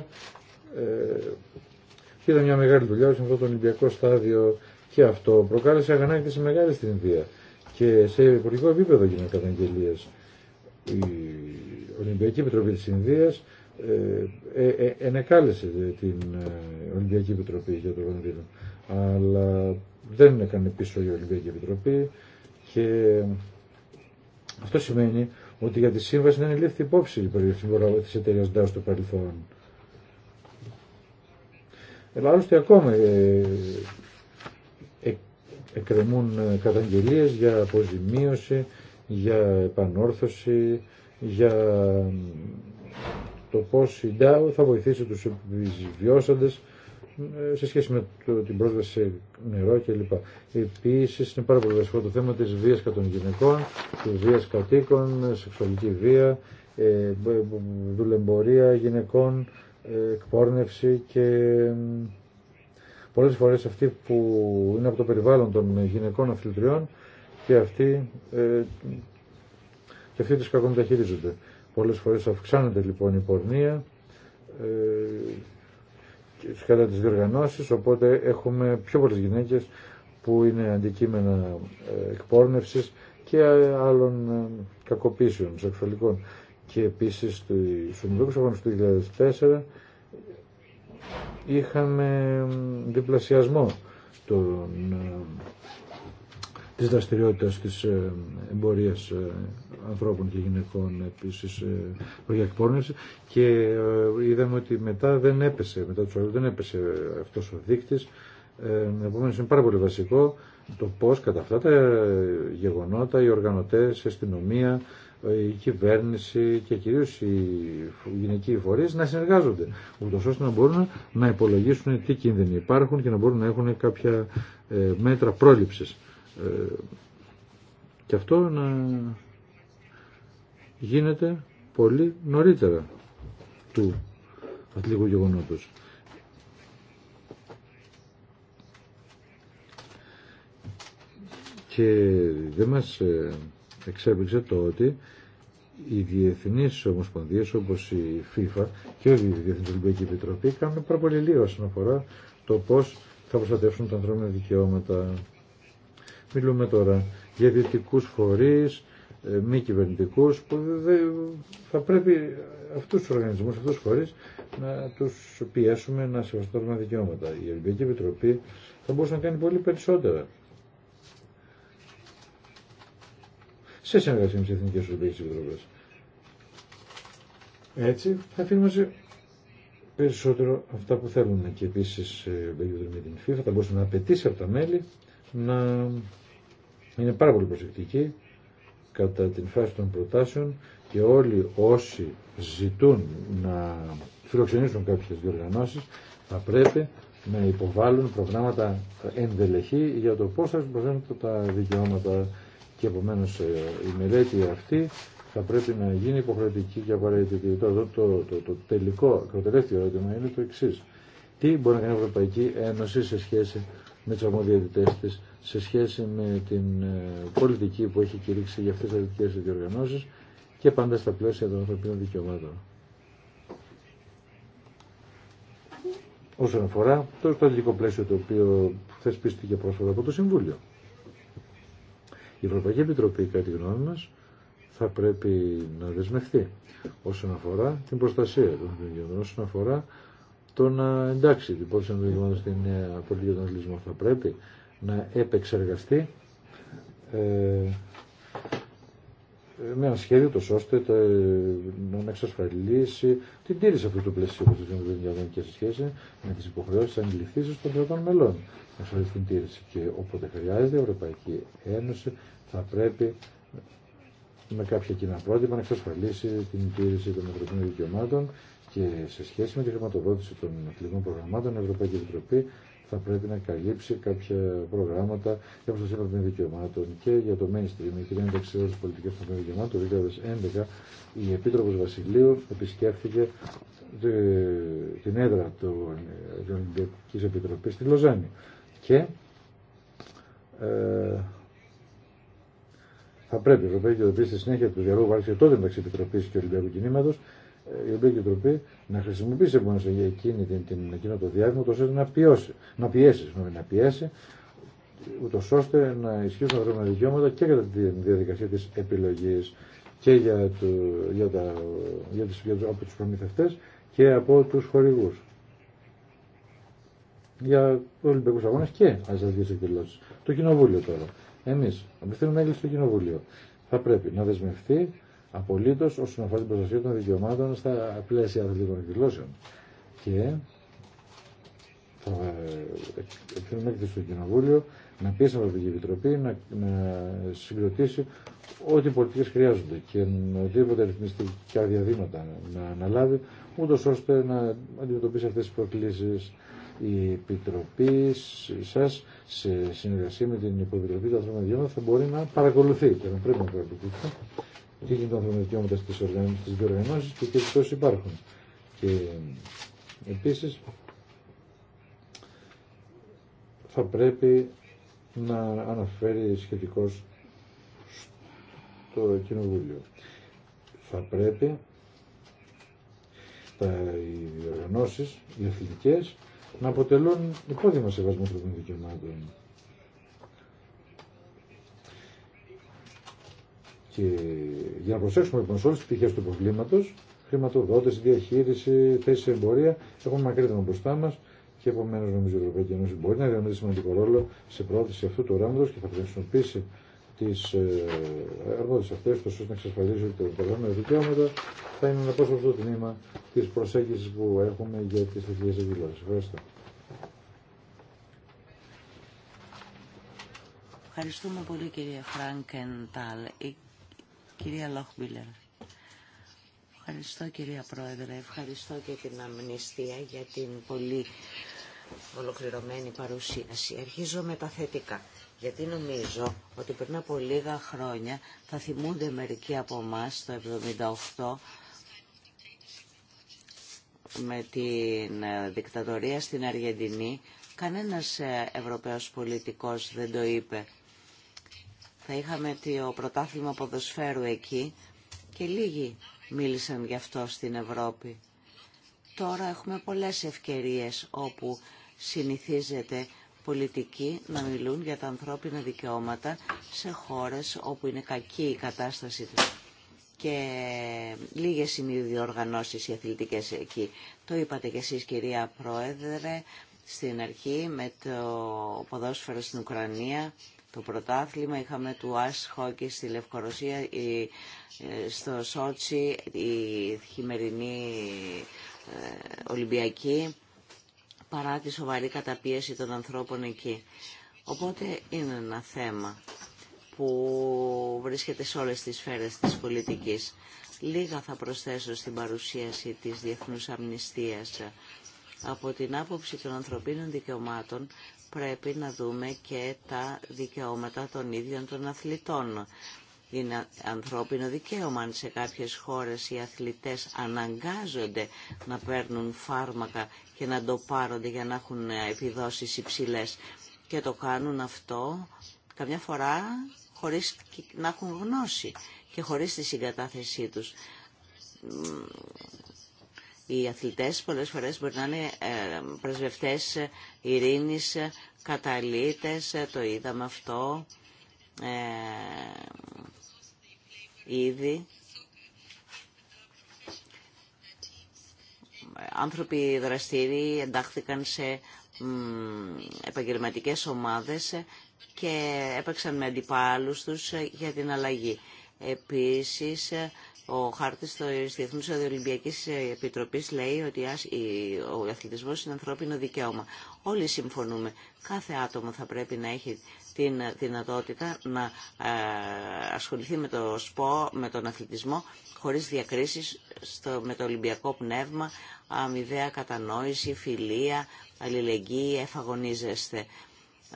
είδα μια μεγάλη δουλειά σε αυτό το Ολυμπιακό στάδιο και αυτό προκάλεσε αγανάκτηση μεγάλη στην Ινδία. Και σε υπουργικό επίπεδο γίνανε καταγγελίε. Η Ολυμπιακή Επιτροπή τη Ινδία ε, ε, ε, ενεκάλεσε την ε, Ολυμπιακή Επιτροπή για το Βενδίνο. Αλλά δεν έκανε πίσω η Ολυμπιακή Επιτροπή και αυτό σημαίνει ότι για τη σύμβαση δεν λήφθη υπόψη η περιοχή τη εταιρεία Ντάου στο παρελθόν. ακόμα εκκρεμούν ε, καταγγελίες για αποζημίωση, για επανόρθωση, για το πώς η ΝΤΑΟ θα βοηθήσει τους επιβιώσαντες ε, σε σχέση με την πρόσβαση σε νερό κλπ. Επίση, είναι πάρα πολύ βασικό το θέμα της βίας κατά των γυναικών, της βία κατοίκων, σεξουαλική βία, ε, δουλεμπορία γυναικών, εκπόρνευση και πολλές φορές αυτοί που είναι από το περιβάλλον των γυναικών αθλητριών και αυτοί, ε, και αυτοί τους κακομεταχειρίζονται. Πολλές φορές αυξάνεται λοιπόν η πορνεία ε, κατά τις διοργανώσεις, οπότε έχουμε πιο πολλές γυναίκες που είναι αντικείμενα ε, εκπόρνευσης και άλλων ε, κακοποίησεων σεξουαλικών. Και επίσης στους Ολυμπιακούς Αγώνες του 2004 είχαμε διπλασιασμό των, ε, της δραστηριότητας της ε, εμπορίας ε, ανθρώπων και γυναικών επίσης για και είδαμε ότι μετά δεν έπεσε, μετά τους δεν έπεσε αυτός ο δείκτης Επομένω είναι πάρα πολύ βασικό το πώς κατά αυτά τα γεγονότα οι οργανωτές, η αστυνομία, ε, η κυβέρνηση και κυρίως οι γυναικοί φορεί να συνεργάζονται, ούτω ώστε να μπορούν να υπολογίσουν τι κίνδυνοι υπάρχουν και να μπορούν να έχουν κάποια ε, μέτρα πρόληψης. Ε, και αυτό να γίνεται πολύ νωρίτερα του αθλητικού γεγονότος. Και δεν μας εξέπληξε το ότι οι διεθνεί ομοσπονδίε όπω η FIFA και η Διεθνή Ολυμπιακή Επιτροπή κάνουν πάρα πολύ λίγο όσον αφορά το πώ θα προστατεύσουν τα ανθρώπινα δικαιώματα. Μιλούμε τώρα για διεθνικού φορεί, ε, μη κυβερνητικού, που θα πρέπει αυτού του οργανισμού, αυτού του φορεί να του πιέσουμε να σεβαστούν τα δικαιώματα. Η Ολυμπιακή Επιτροπή θα μπορούσε να κάνει πολύ περισσότερα. σε συνεργασία με τι Εθνικέ Ολυμπιακέ Επιτροπέ. Έτσι θα αφήνουμε περισσότερο αυτά που θέλουμε και επίση ε, με την FIFA θα μπορούσε να απαιτήσει από τα μέλη να είναι πάρα πολύ προσεκτικοί κατά την φάση των προτάσεων και όλοι όσοι ζητούν να φιλοξενήσουν κάποιε διοργανώσει, θα πρέπει να υποβάλουν προγράμματα ενδελεχή για το πώς θα συμπροσθέσουν τα δικαιώματα και επομένω, ε, η μελέτη αυτή θα πρέπει να γίνει υποχρεωτική και απαραίτητη. το, το, το, το τελικό, τελευταίο ερώτημα είναι το εξή. Τι μπορεί να κάνει η Ευρωπαϊκή Ένωση σε σχέση με τι αρμοδιότητέ τη, σε σχέση με την ε, πολιτική που έχει κηρύξει για αυτέ τι αρνητικέ διοργανώσει και πάντα στα πλαίσια των ανθρωπίνων δικαιωμάτων. Όσον αφορά το στρατηγικό πλαίσιο το οποίο θεσπίστηκε πρόσφατα από το Συμβούλιο. Η Ευρωπαϊκή Επιτροπή, κατά τη γνώμη μας, θα πρέπει να δεσμευτεί όσον αφορά την προστασία των δικαιωμάτων, όσον αφορά το να εντάξει την πόλη των δικαιωμάτων στην νέα πολιτική αθλητισμών. θα πρέπει να επεξεργαστεί ε, με ένα σχέδιο τόσο ώστε ε, να εξασφαλίσει την τήρηση αυτού του πλαισίου που συζητούμε την σε σχέση με τι υποχρεώσει τη των κρατών μελών. Να εξασφαλίσει την τήρηση και όποτε χρειάζεται η Ευρωπαϊκή Ένωση θα πρέπει με κάποια κοινά πρότυπα να εξασφαλίσει την τήρηση των ευρωπαϊκών δικαιωμάτων και σε σχέση με τη χρηματοδότηση των εθνικών προγραμμάτων η Ευρωπαϊκή Επιτροπή θα πρέπει να καλύψει κάποια προγράμματα για προστασία των δικαιωμάτων και για το mainstream και την ένταξη τη πολιτική των δικαιωμάτων. Το 2011 η Επίτροπος Βασιλείου επισκέφθηκε ε, την έδρα του ε, Ολυμπιακής Επιτροπής στη Λοζάνη και ε, θα πρέπει η Ευρωπαϊκή Επιτροπή στη συνέχεια του διαλόγου άρχισε τότε μεταξύ Επιτροπή και Ολυμπιακού Κινήματο ε, η Ευρωπαϊκή Επιτροπή να χρησιμοποιήσει μόνο για εκείνη την, την, εκείνο το διάστημα, ώστε να, πιώσει, να πιέσει, συγγνώμη, να πιέσει, ούτω ώστε να ισχύσουν τα ανθρώπινα δικαιώματα και κατά τη διαδικασία τη επιλογή και για, το, για, τα, για, από τους προμηθευτές και από τους χορηγούς. Για Ολυμπιακούς Αγώνες και αζαδικές εκδηλώσεις. Το Κοινοβούλιο τώρα. Εμείς να έγκληση στο Κοινοβούλιο. Θα πρέπει να δεσμευτεί απολύτω όσον αφορά την προστασία των δικαιωμάτων στα πλαίσια αθλητικών εκδηλώσεων. Και θα ε, εκφέρουμε έκθεση στο Κοινοβούλιο να πιέσει την Ευρωπαϊκή Επιτροπή να, να συγκροτήσει ό,τι οι πολιτικέ χρειάζονται και οτιδήποτε ρυθμιστικά διαδήματα να αναλάβει, ούτω ώστε να αντιμετωπίσει αυτέ τι προκλήσει η Επιτροπή σα σε συνεργασία με την Υποεπιτροπή του Ανθρώπινου θα μπορεί να παρακολουθεί και να πρέπει να παρακολουθεί τι γίνεται με τα δικαιώματα στις, και τι επιπτώσεις υπάρχουν. Και επίσης θα πρέπει να αναφέρει σχετικώς στο Κοινοβούλιο. Θα πρέπει τα, οι οργανώσεις, οι αθλητικές, να αποτελούν υπόδειγμα σεβασμού των δικαιωμάτων. Και για να προσέξουμε λοιπόν σε όλε τι πτυχέ του προβλήματο, χρηματοδότηση, διαχείριση, θέση εμπορία, έχουμε μακρύτερα μπροστά μα και επομένω νομίζω η Ευρωπαϊκή Ένωση μπορεί να διαμετρήσει σημαντικό ρόλο σε πρόθεση αυτού του οράματο και θα χρησιμοποιήσει τι ε, αρμόδιε αυτέ, ώστε να εξασφαλίσει ότι τα δικαιώματα θα είναι ένα πρόσωπο τμήμα τη προσέγγιση που έχουμε για τι θετικέ εκδηλώσει. Ευχαριστώ. Ευχαριστούμε πολύ κύριε Κυρία Λόχμπιλερ. Ευχαριστώ κυρία Πρόεδρε, ευχαριστώ και την αμνηστία για την πολύ ολοκληρωμένη παρουσίαση. Αρχίζω με τα θετικά, γιατί νομίζω ότι πριν από λίγα χρόνια θα θυμούνται μερικοί από εμά το 1978 με την ε, δικτατορία στην Αργεντινή. Κανένας ε, Ευρωπαίος πολιτικός δεν το είπε θα είχαμε το πρωτάθλημα ποδοσφαίρου εκεί και λίγοι μίλησαν γι' αυτό στην Ευρώπη. Τώρα έχουμε πολλές ευκαιρίες όπου συνηθίζεται πολιτικοί να μιλούν για τα ανθρώπινα δικαιώματα σε χώρες όπου είναι κακή η κατάσταση Και λίγες είναι οι διοργανώσεις οι αθλητικές εκεί. Το είπατε κι εσείς κυρία Πρόεδρε στην αρχή με το ποδόσφαιρο στην Ουκρανία το πρωτάθλημα, είχαμε του Άσ Χόκκι στη Λευκορωσία, ε, στο Σότσι η χειμερινή ε, Ολυμπιακή, παρά τη σοβαρή καταπίεση των ανθρώπων εκεί. Οπότε είναι ένα θέμα που βρίσκεται σε όλες τις σφαίρες της πολιτικής. Λίγα θα προσθέσω στην παρουσίαση της Διεθνούς Αμνηστίας. Από την άποψη των ανθρωπίνων δικαιωμάτων πρέπει να δούμε και τα δικαιώματα των ίδιων των αθλητών. Είναι ανθρώπινο δικαίωμα αν σε κάποιες χώρες οι αθλητές αναγκάζονται να παίρνουν φάρμακα και να το πάρονται για να έχουν επιδόσεις υψηλές. Και το κάνουν αυτό καμιά φορά χωρίς να έχουν γνώση και χωρίς τη συγκατάθεσή τους. Οι αθλητές πολλές φορές μπορεί να είναι ε, πρεσβευτές ε, ειρήνης, ε, καταλήτες, το είδαμε αυτό ήδη. Άνθρωποι δραστήριοι εντάχθηκαν σε επαγγελματικές ομάδες και έπαιξαν με αντιπάλους τους για την αλλαγή. Επίσης ο χάρτης τη Διεθνού Ολυμπιακής Επιτροπή λέει ότι ο αθλητισμός είναι ανθρώπινο δικαίωμα. Όλοι συμφωνούμε. Κάθε άτομο θα πρέπει να έχει την δυνατότητα να ε, ασχοληθεί με το σπο, με τον αθλητισμό, χωρίς διακρίσεις, στο, με το ολυμπιακό πνεύμα, αμοιβαία κατανόηση, φιλία, αλληλεγγύη, εφαγωνίζεστε.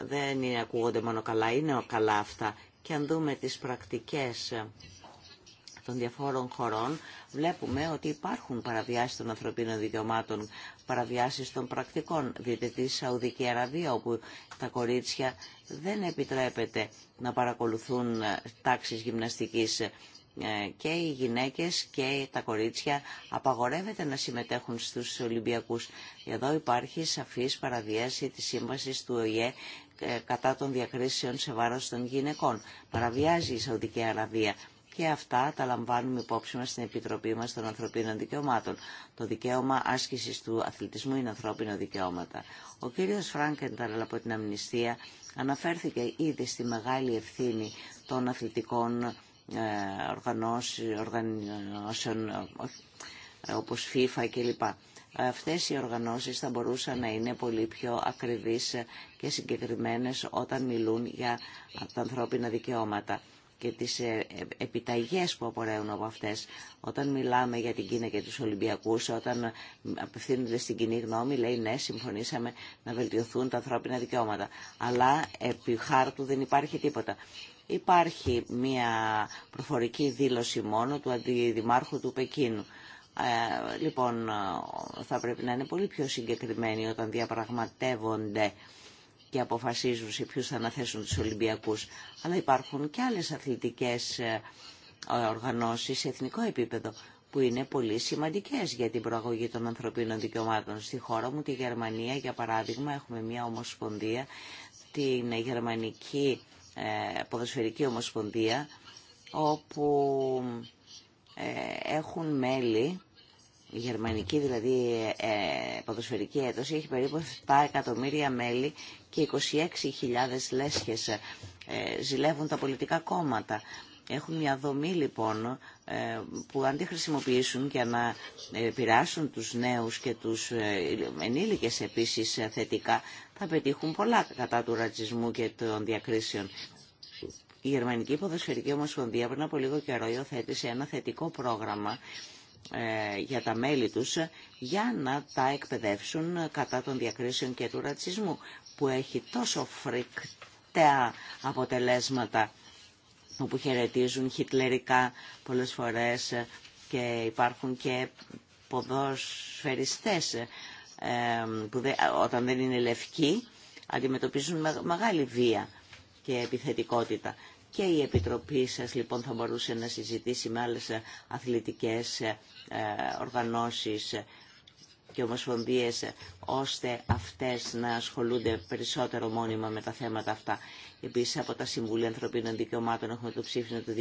Δεν ακούγονται μόνο καλά, είναι καλά αυτά. Και αν δούμε τις πρακτικές των διαφόρων χωρών βλέπουμε ότι υπάρχουν παραβιάσεις των ανθρωπίνων δικαιωμάτων, παραβιάσεις των πρακτικών. Δείτε τη Σαουδική Αραβία όπου τα κορίτσια δεν επιτρέπεται να παρακολουθούν ε, τάξεις γυμναστικής ε, και οι γυναίκες και τα κορίτσια απαγορεύεται να συμμετέχουν στους Ολυμπιακούς. Εδώ υπάρχει σαφής παραβίαση της σύμβασης του ΟΗΕ ε, κατά των διακρίσεων σε βάρος των γυναικών. Παραβιάζει η Σαουδική Αραβία και αυτά τα λαμβάνουμε υπόψη μας στην Επιτροπή μας των Ανθρωπίνων Δικαιωμάτων. Το δικαίωμα άσκησης του αθλητισμού είναι ανθρώπινα δικαιώματα. Ο κύριος Φράγκενταλ από την Αμνηστία αναφέρθηκε ήδη στη μεγάλη ευθύνη των αθλητικών ε, οργανώσεων ε, όπως FIFA κλπ. Αυτές οι οργανώσεις θα μπορούσαν να είναι πολύ πιο ακριβείς και συγκεκριμένες όταν μιλούν για τα ανθρώπινα δικαιώματα και τις ε, επιταγές που απορρέουν από αυτές. Όταν μιλάμε για την Κίνα και τους Ολυμπιακούς, όταν απευθύνονται στην κοινή γνώμη, λέει ναι, συμφωνήσαμε να βελτιωθούν τα ανθρώπινα δικαιώματα. Αλλά επί χάρτου δεν υπάρχει τίποτα. Υπάρχει μια προφορική δήλωση μόνο του αντιδημάρχου του Πεκίνου. Ε, λοιπόν, θα πρέπει να είναι πολύ πιο συγκεκριμένοι όταν διαπραγματεύονται και αποφασίζουν σε ποιους θα αναθέσουν τους Ολυμπιακούς. Αλλά υπάρχουν και άλλες αθλητικές ε, οργανώσεις σε εθνικό επίπεδο που είναι πολύ σημαντικές για την προαγωγή των ανθρωπίνων δικαιωμάτων. Στη χώρα μου, τη Γερμανία, για παράδειγμα, έχουμε μια ομοσπονδία, την Γερμανική ε, Ποδοσφαιρική Ομοσπονδία, όπου ε, έχουν μέλη η γερμανική δηλαδή ε, ποδοσφαιρική έτος έχει περίπου 7 εκατομμύρια μέλη και 26.000 λέσχες ε, ζηλεύουν τα πολιτικά κόμματα. Έχουν μια δομή λοιπόν ε, που αν τη χρησιμοποιήσουν για να πειράσουν τους νέους και τους ενήλικες επίσης θετικά θα πετύχουν πολλά κατά του ρατσισμού και των διακρίσεων. Η Γερμανική Ποδοσφαιρική Ομοσπονδία πριν από λίγο καιρό υιοθέτησε ένα θετικό πρόγραμμα ε, για τα μέλη τους για να τα εκπαιδεύσουν κατά των διακρίσεων και του ρατσισμού που έχει τόσο φρικτά αποτελέσματα όπου χαιρετίζουν χιτλερικά πολλές φορές και υπάρχουν και ποδοσφαιριστές ε, που όταν δεν είναι λευκοί αντιμετωπίζουν μεγάλη βία και επιθετικότητα και η Επιτροπή σας λοιπόν θα μπορούσε να συζητήσει με άλλες αθλητικές ε, οργανώσεις και ομοσπονδίες ώστε αυτές να ασχολούνται περισσότερο μόνιμα με τα θέματα αυτά. Επίσης από τα Συμβούλια Ανθρωπίνων Δικαιωμάτων έχουμε το ψήφισμα του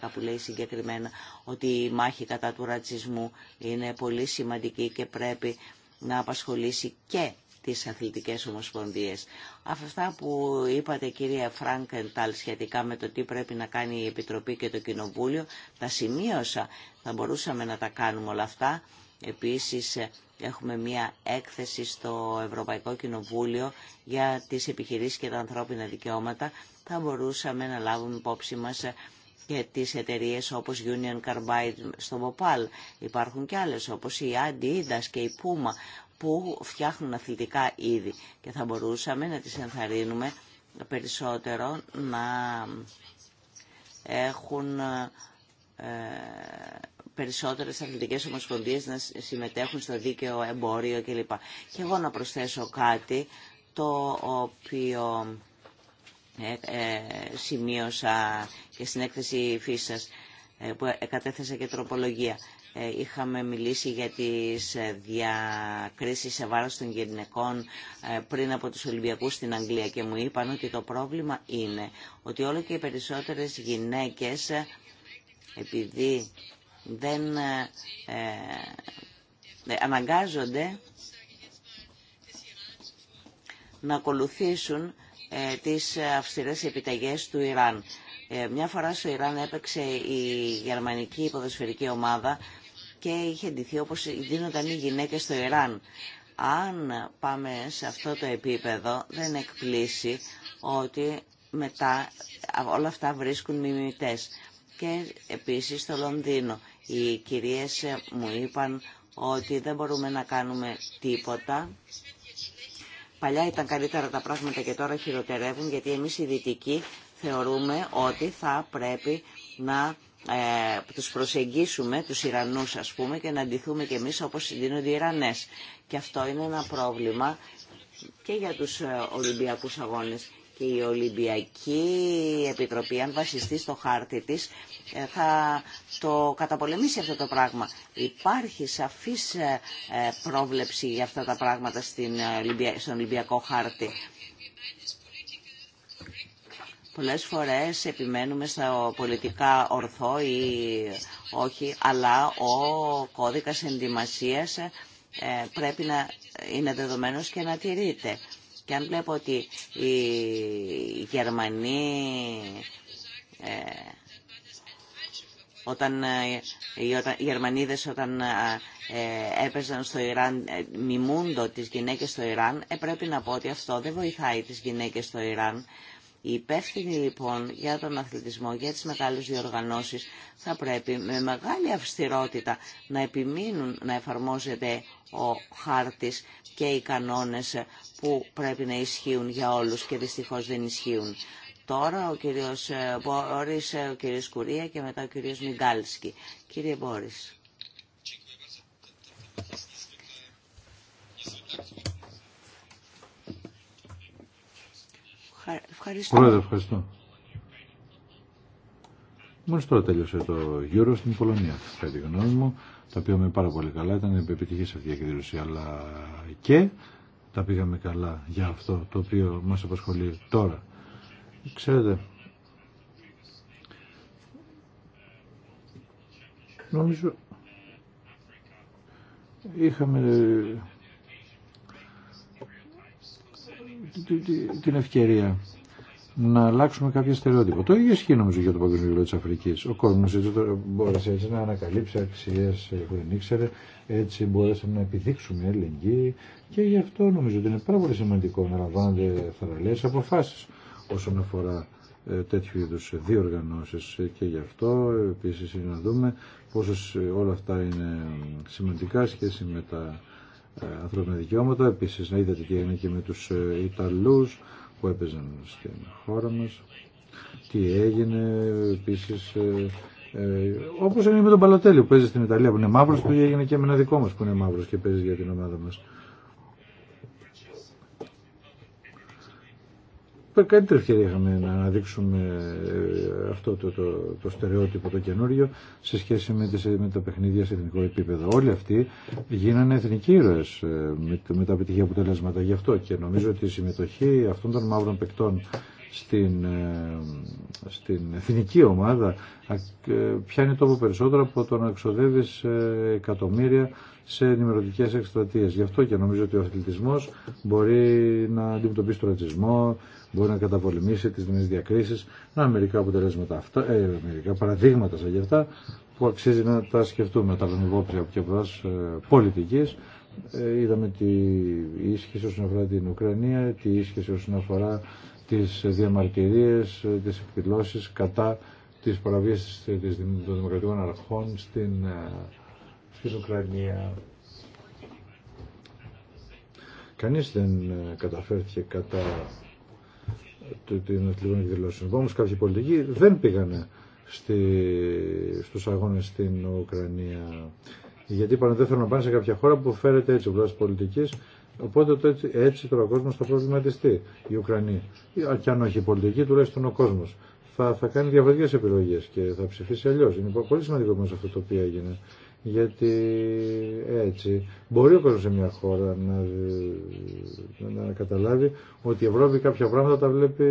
2010 που λέει συγκεκριμένα ότι η μάχη κατά του ρατσισμού είναι πολύ σημαντική και πρέπει να απασχολήσει και τις αθλητικές ομοσπονδίες. Αυτά που είπατε κυρία Φράγκενταλ σχετικά με το τι πρέπει να κάνει η Επιτροπή και το Κοινοβούλιο, τα σημείωσα, θα μπορούσαμε να τα κάνουμε όλα αυτά. Επίσης έχουμε μία έκθεση στο Ευρωπαϊκό Κοινοβούλιο για τις επιχειρήσεις και τα ανθρώπινα δικαιώματα. Θα μπορούσαμε να λάβουμε υπόψη μας και τις εταιρείες όπως Union Carbide στο Βοπάλ. Υπάρχουν και άλλες όπως η Adidas και η Puma που φτιάχνουν αθλητικά είδη και θα μπορούσαμε να τις ενθαρρύνουμε περισσότερο να έχουν ε, περισσότερες αθλητικές ομοσπονδίες να συμμετέχουν στο δίκαιο εμπόριο κλπ. Και εγώ να προσθέσω κάτι το οποίο ε, ε, σημείωσα και στην έκθεση φύσας που κατέθεσα και τροπολογία. Ε, είχαμε μιλήσει για τις ε, διακρίσεις σε βάρος των γυναικών ε, πριν από τους Ολυμπιακούς στην Αγγλία και μου είπαν ότι το πρόβλημα είναι ότι όλο και οι περισσότερες γυναίκες επειδή δεν αναγκάζονται να ακολουθήσουν ε, τις αυστηρές επιταγές του Ιράν. μια φορά στο Ιράν έπαιξε η γερμανική ποδοσφαιρική ομάδα και είχε ντυθεί όπως δίνονταν οι γυναίκες στο Ιράν. Αν πάμε σε αυτό το επίπεδο δεν εκπλήσει ότι μετά όλα αυτά βρίσκουν μιμητές. Και επίσης στο Λονδίνο οι κυρίες μου είπαν ότι δεν μπορούμε να κάνουμε τίποτα. Παλιά ήταν καλύτερα τα πράγματα και τώρα χειροτερεύουν γιατί εμείς οι δυτικοί θεωρούμε ότι θα πρέπει να ε, τους προσεγγίσουμε, τους Ιρανούς ας πούμε, και να αντιθούμε και εμείς όπως συντείνονται οι Ιρανές. Και αυτό είναι ένα πρόβλημα και για τους ε, Ολυμπιακούς Αγώνες. Και η Ολυμπιακή Επιτροπή, αν βασιστεί στο χάρτη της, ε, θα το καταπολεμήσει αυτό το πράγμα. Υπάρχει σαφής ε, πρόβλεψη για αυτά τα πράγματα στην, στον Ολυμπιακό χάρτη. Πολλές φορές επιμένουμε στα πολιτικά ορθό ή όχι, αλλά ο κώδικας ενδυμασίας ε, πρέπει να είναι δεδομένος και να τηρείται. Και αν βλέπω ότι οι Γερμανοί ε, όταν ε, οι Γερμανίδες όταν έπαιζαν στο Ιράν, μιμούντο τις γυναίκες στο Ιράν, πρέπει να πω ότι αυτό δεν βοηθάει τις γυναίκες στο Ιράν οι υπεύθυνοι λοιπόν για τον αθλητισμό, για τις μεγάλες διοργανώσεις θα πρέπει με μεγάλη αυστηρότητα να επιμείνουν να εφαρμόζεται ο χάρτης και οι κανόνες που πρέπει να ισχύουν για όλους και δυστυχώς δεν ισχύουν. Τώρα ο κύριος Μπόρις, ο κύριος Κουρία και μετά ο κύριος Μιγκάλσκι. Κύριε Μπόρις. Ευχαριστώ. Πρόεδρε, ευχαριστώ. Μόλι τώρα τέλειωσε το γύρο στην Πολωνία, κατά τη γνώμη μου. Τα πήγαμε πάρα πολύ καλά, ήταν επιτυχή αυτή η εκδήλωση, αλλά και τα πήγαμε καλά για αυτό το οποίο μας απασχολεί τώρα. Ξέρετε, νομίζω είχαμε την ευκαιρία να αλλάξουμε κάποια στερεότυπα. Το ίδιο ισχύει νομίζω για το Παγκόσμιο Βιβλίο τη Αφρική. Ο κόσμο έτσι μπόρεσε έτσι να ανακαλύψει αξίε που δεν ήξερε, έτσι μπόρεσε να επιδείξουμε ελεγγύη και γι' αυτό νομίζω ότι είναι πάρα πολύ σημαντικό να λαμβάνονται θαραλέε αποφάσει όσον αφορά ε, τέτοιου είδου διοργανώσει και γι' αυτό επίση να δούμε πόσο ε, όλα αυτά είναι σημαντικά σχέση με τα ανθρώπινα δικαιώματα. επίση να είδατε τι έγινε και με τους ε, Ιταλού που έπαιζαν στην χώρα μας. Τι έγινε επίσης... Ε, ε Όπω έγινε με τον Παλατέλη που παίζει στην Ιταλία που είναι μαύρο, που έγινε και με ένα δικό μα που είναι μαύρο και παίζει για την ομάδα μα. Καλύτερη ευκαιρία είχαμε να αναδείξουμε ε, αυτό το, το, στερεότυπο, το καινούριο, σε σχέση με, τις, με τα παιχνίδια σε εθνικό επίπεδο. Όλοι αυτοί γίνανε εθνικοί ήρωε ε, με, με τα επιτυχία αποτελέσματα. Γι' αυτό και νομίζω ότι η συμμετοχή αυτών των μαύρων παικτών στην, ε, στην εθνική ομάδα ε, πιάνει τόπο περισσότερο από το να εξοδεύει ε, εκατομμύρια σε ενημερωτικέ εκστρατείε. Γι' αυτό και νομίζω ότι ο αθλητισμό μπορεί να αντιμετωπίσει τον ρατσισμό, μπορεί να καταπολεμήσει τι νέε διακρίσει Να μερικά αποτελέσματα αυτά, ε, μερικά παραδείγματα σαν γι' αυτά που αξίζει να τα σκεφτούμε, τα λάβουμε από πολιτική. πολιτικής. είδαμε τη ίσχυσε όσον αφορά την Ουκρανία, τη ίσχυσε όσον αφορά τις διαμαρτυρίες, τις εκδηλώσει κατά της παραβίασης των δημοκρατικών αρχών στην, ε, Ουκρανία. Κανείς δεν ε, καταφέρθηκε κατά ε, την αθλητικών εκδηλώσεων. Όμω κάποιοι πολιτικοί δεν πήγαν στου στους αγώνες στην Ουκρανία. Γιατί είπαν δεν θέλουν να πάνε σε κάποια χώρα που φέρεται έτσι ο πολιτικής Οπότε έτσι, έτσι τώρα ο κόσμο θα προβληματιστεί. Οι Ουκρανοί, και αν όχι η πολιτική, τουλάχιστον ο κόσμο, θα, θα κάνει διαφορετικέ επιλογέ και θα ψηφίσει αλλιώ. Είναι πολύ σημαντικό μέσα αυτό το οποίο έγινε. Γιατί έτσι μπορεί ο κόσμο σε μια χώρα να, να καταλάβει ότι η Ευρώπη κάποια πράγματα τα βλέπει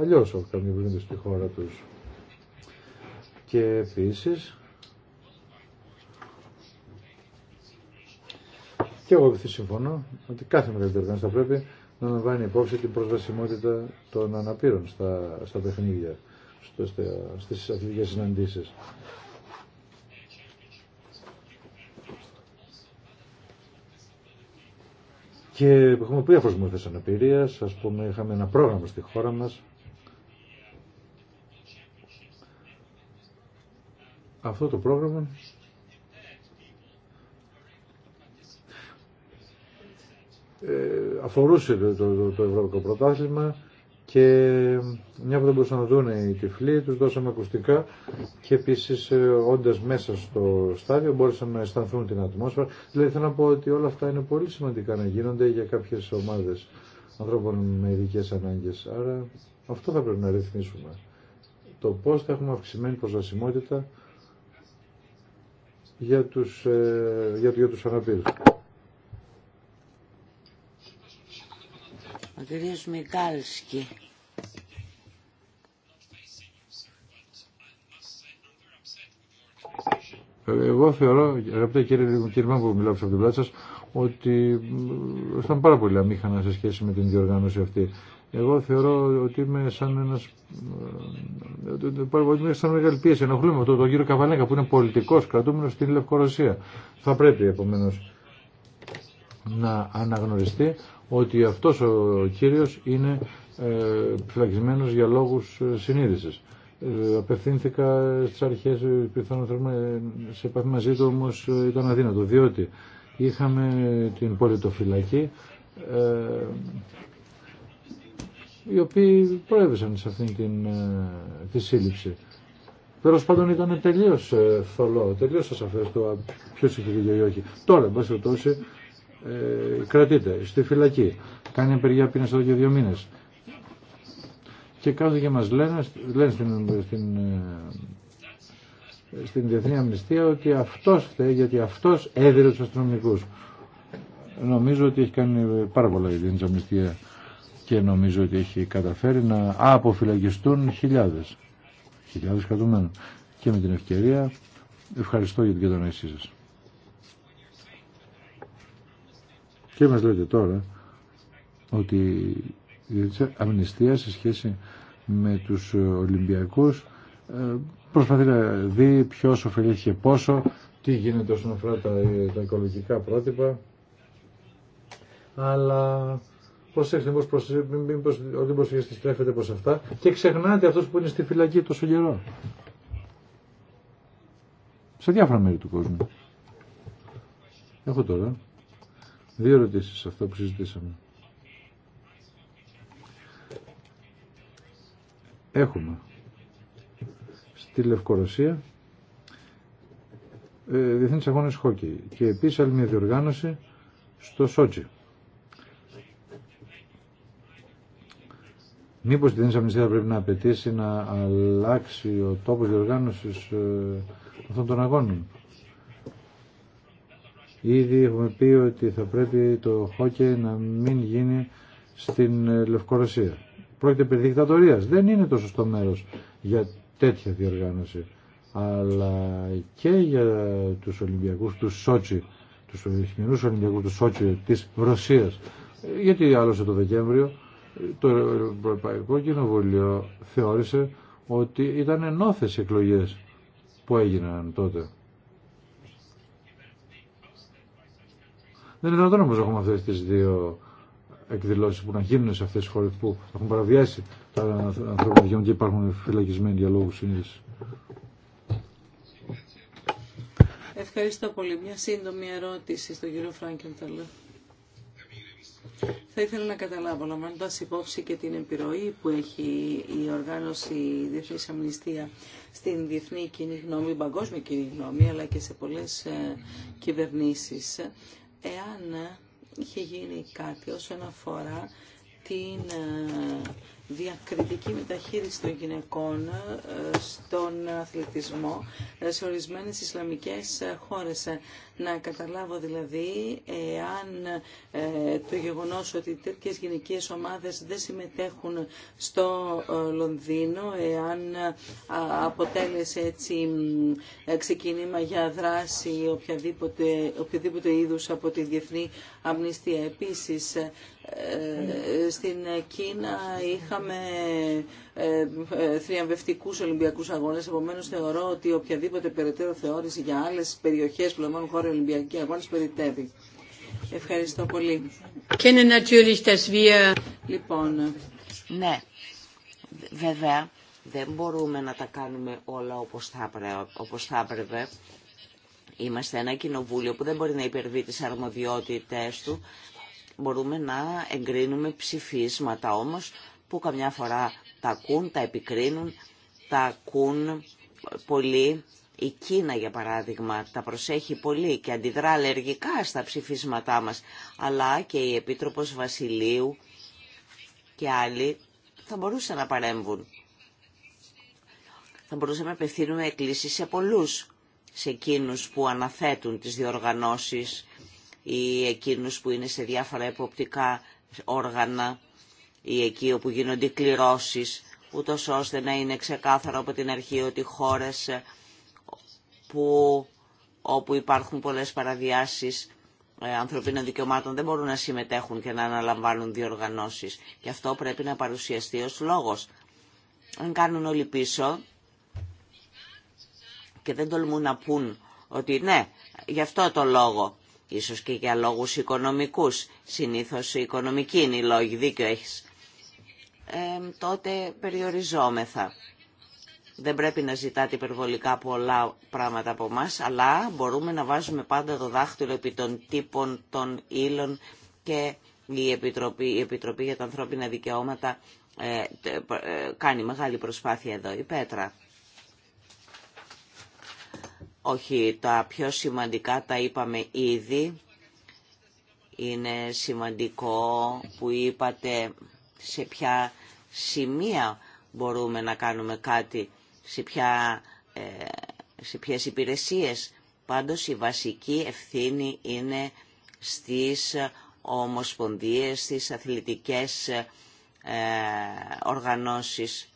αλλιώ όταν βρίσκεται στη χώρα του. Και επίση Και εγώ συμφωνώ ότι κάθε μεγαλύτερη θα πρέπει να λαμβάνει υπόψη την προσβασιμότητα των αναπήρων στα, στα παιχνίδια, στο, στα, στις αθλητικές συναντήσεις. Και έχουμε διάφορε μορφέ αναπηρία. Α πούμε, είχαμε ένα πρόγραμμα στη χώρα μα. Αυτό το πρόγραμμα Ε, αφορούσε το, το, Ευρωπαϊκό Πρωτάθλημα και μια που δεν μπορούσαν να δουν οι τυφλοί, τους δώσαμε ακουστικά και επίσης ε, όντας μέσα στο στάδιο μπορούσαν να αισθανθούν την ατμόσφαιρα. Δηλαδή θέλω να πω ότι όλα αυτά είναι πολύ σημαντικά να γίνονται για κάποιες ομάδες ανθρώπων με ειδικέ ανάγκες. Άρα αυτό θα πρέπει να ρυθμίσουμε. Το πώς θα έχουμε αυξημένη προσβασιμότητα για τους, ε, για, τους αναπήρους. Ο κ. Ε, εγώ θεωρώ, αγαπητέ κύριε Δημοκυρμά που μιλάω από την πλάτη ότι ήταν πάρα πολύ αμήχανα σε σχέση με την διοργάνωση αυτή. Εγώ θεωρώ ότι είμαι σαν ένα. Πάρα πολύ σαν μεγάλη πίεση. Ενοχλούμε αυτό τον κύριο Καβαλέγκα που είναι πολιτικό κρατούμενο στην Λευκορωσία. Θα πρέπει επομένω να αναγνωριστεί ότι αυτός ο κύριος είναι ε, φυλακισμένος για λόγους ε, συνείδησης. Ε, απευθύνθηκα στις αρχές, πιθανόν σε επαφή μαζί του όμως ήταν αδύνατο, διότι είχαμε την πολιτοφυλακή οι οποίοι προέβησαν σε αυτήν την, τη σύλληψη. Τέλο πάντων ήταν τελείω θολό, τελείω ασαφέ το ποιο είχε δίκιο ή όχι. Τώρα, εν πάση ε, κρατείται στη φυλακή. Κάνει απεργία πείνα εδώ και δύο μήνε. Και κάθονται και μα λένε, λένε στην, στην, ε, στην Διεθνή Αμνηστία ότι αυτό φταίει γιατί αυτό έδειρε του αστυνομικού. Νομίζω ότι έχει κάνει πάρα πολλά η Διεθνή Αμνηστία και νομίζω ότι έχει καταφέρει να αποφυλακιστούν χιλιάδε. Χιλιάδε κρατουμένων και με την ευκαιρία ευχαριστώ για την κατανοησή σα. Και μας λέτε τώρα ότι η αμνηστία σε σχέση με τους Ολυμπιακούς ε, προσπαθεί να δει ποιος ωφελήθηκε πόσο, τι γίνεται όσον αφορά τα, τα οικολογικά πρότυπα. Αλλά προσέξτε μήπως, μήπως ο Ολύμπος στρέφεται προς αυτά και ξεχνάτε αυτός που είναι στη φυλακή τόσο καιρό. Σε διάφορα μέρη του κόσμου. Έχω τώρα Δύο ερωτήσει σε αυτό που συζητήσαμε. Έχουμε στη Λευκορωσία ε, διεθνείς αγώνες χόκι και επίσης άλλη μια διοργάνωση στο Σότσι. Μήπω η Διεθνή Αμνηστία πρέπει να απαιτήσει να αλλάξει ο τόπο διοργάνωσης ε, αυτών των αγώνων. Ήδη έχουμε πει ότι θα πρέπει το χόκε να μην γίνει στην ε, Λευκορωσία. Πρόκειται περί δικτατορίας. Δεν είναι το σωστό μέρος για τέτοια διοργάνωση. Αλλά και για τους Ολυμπιακούς του Σότσι, τους χειμερούς Ολυμπιακούς του Σότσι της Ρωσίας. Γιατί άλλωστε το Δεκέμβριο το Ευρωπαϊκό Κοινοβούλιο θεώρησε ότι ήταν ενώθες εκλογές που έγιναν τότε. Δεν είναι δυνατόν όμω έχουμε αυτέ τι δύο εκδηλώσει που να γίνουν σε αυτέ τι χώρε που έχουν παραβιάσει τα ανθρώπινα δικαιώματα και υπάρχουν φυλακισμένοι για λόγου συνείδηση. Ευχαριστώ πολύ. Μια σύντομη ερώτηση στον κύριο Φράγκενταλ. Θα ήθελα να καταλάβω, λαμβάνοντα υπόψη και την επιρροή που έχει η οργάνωση Διεθνή Αμνηστία στην διεθνή κοινή γνώμη, παγκόσμια κοινή γνώμη, αλλά και σε πολλέ ε, κυβερνήσει εάν είχε γίνει κάτι όσον αφορά την ε, διακριτική μεταχείριση των γυναικών ε, στον αθλητισμό ε, σε ορισμένες Ισλαμικές χώρες. Να καταλάβω δηλαδή εάν ε, το γεγονός ότι τέτοιες γυναικείες ομάδες δεν συμμετέχουν στο ε, Λονδίνο, εάν ε, αποτέλεσε έτσι ξεκίνημα για δράση οποιαδήποτε, οποιοδήποτε είδους από τη Διεθνή Αμνηστία. Επίσης, στην Κίνα είχαμε ε, ε, θριαμβευτικούς Ολυμπιακούς Αγώνες. Επομένως θεωρώ ότι οποιαδήποτε περαιτέρω θεώρηση για άλλες περιοχές που λαμβάνουν χώρα Ολυμπιακοί Αγώνες περιτεύει. Ευχαριστώ πολύ. Λοιπόν, ναι, βέβαια δεν μπορούμε να τα κάνουμε όλα όπως θα, όπως θα έπρεπε. Είμαστε ένα κοινοβούλιο που δεν μπορεί να υπερβεί τις αρμοδιότητες του. Μπορούμε να εγκρίνουμε ψηφίσματα όμως που καμιά φορά τα ακούν, τα επικρίνουν, τα ακούν πολύ. Η Κίνα, για παράδειγμα, τα προσέχει πολύ και αντιδρά αλλεργικά στα ψηφίσματά μας. Αλλά και η Επίτροπος Βασιλείου και άλλοι θα μπορούσαν να παρέμβουν. Θα μπορούσαμε να απευθύνουμε εκκλήσει σε πολλούς, σε εκείνους που αναθέτουν τις διοργανώσεις ή εκείνους που είναι σε διάφορα εποπτικά όργανα ή εκεί όπου γίνονται κληρώσεις, ούτω ώστε να είναι ξεκάθαρο από την αρχή ότι χώρες ε, που, όπου υπάρχουν πολλές παραδιάσεις ε, ανθρωπίνων δικαιωμάτων δεν μπορούν να συμμετέχουν και να αναλαμβάνουν διοργανώσεις. Και αυτό πρέπει να παρουσιαστεί ως λόγος. Αν κάνουν όλοι πίσω και δεν τολμούν να πούν ότι ναι, γι' αυτό το λόγο, ίσως και για λόγους οικονομικούς, συνήθως οι οικονομικοί είναι οι λόγοι, δίκιο έχεις τότε περιοριζόμεθα. Δεν πρέπει να ζητάτε υπερβολικά πολλά πράγματα από εμά, αλλά μπορούμε να βάζουμε πάντα το δάχτυλο επί των τύπων, των ύλων και η Επιτροπή, Επιτροπή για τα Ανθρώπινα Δικαιώματα ε, ε, κάνει μεγάλη προσπάθεια εδώ. Η Πέτρα. Όχι, τα πιο σημαντικά τα είπαμε ήδη. Είναι σημαντικό που είπατε σε ποια σημεία μπορούμε να κάνουμε κάτι, σε, ποια, ε, σε ποιες υπηρεσίες. Πάντως η βασική ευθύνη είναι στις ομοσπονδίες, στις αθλητικές ε, οργανώσεις.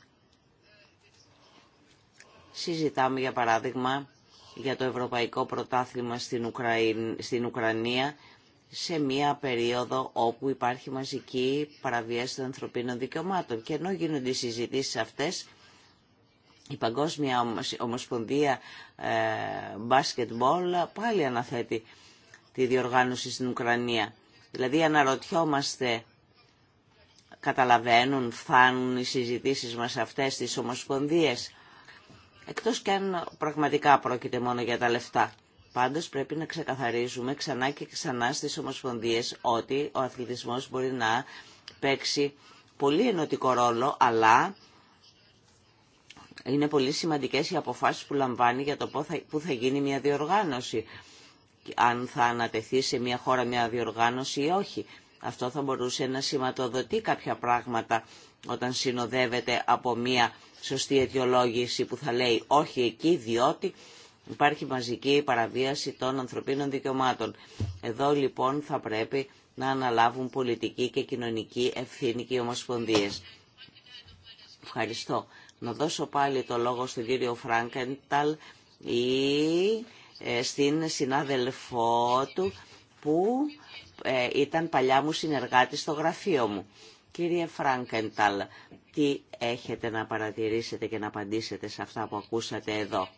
Συζητάμε για παράδειγμα για το Ευρωπαϊκό Πρωτάθλημα στην, στην Ουκρανία σε μια περίοδο όπου υπάρχει μαζική παραβίαση των ανθρωπίνων δικαιωμάτων. Και ενώ γίνονται οι συζητήσεις αυτές, η Παγκόσμια Ομοσπονδία Μπολ, ε, πάλι αναθέτει τη διοργάνωση στην Ουκρανία. Δηλαδή αναρωτιόμαστε, καταλαβαίνουν, φτάνουν οι συζητήσεις μας αυτές τις ομοσπονδίες, εκτός και αν πραγματικά πρόκειται μόνο για τα λεφτά. Πάντως πρέπει να ξεκαθαρίζουμε ξανά και ξανά στις ομοσπονδίες ότι ο αθλητισμός μπορεί να παίξει πολύ ενωτικό ρόλο, αλλά είναι πολύ σημαντικές οι αποφάσεις που λαμβάνει για το πού θα γίνει μια διοργάνωση. Αν θα ανατεθεί σε μια χώρα μια διοργάνωση ή όχι. Αυτό θα μπορούσε να σηματοδοτεί κάποια πράγματα όταν συνοδεύεται από μια σωστή αιτιολόγηση που θα λέει όχι εκεί διότι υπάρχει μαζική παραβίαση των ανθρωπίνων δικαιωμάτων. Εδώ λοιπόν θα πρέπει να αναλάβουν πολιτική και κοινωνική ευθύνη και οι ομοσπονδίες. Ευχαριστώ. Να δώσω πάλι το λόγο στον κύριο Φράγκενταλ ή ε, στην συνάδελφό του που ε, ήταν παλιά μου συνεργάτη στο γραφείο μου. Κύριε Φράγκενταλ, τι έχετε να παρατηρήσετε και να απαντήσετε σε αυτά που ακούσατε εδώ.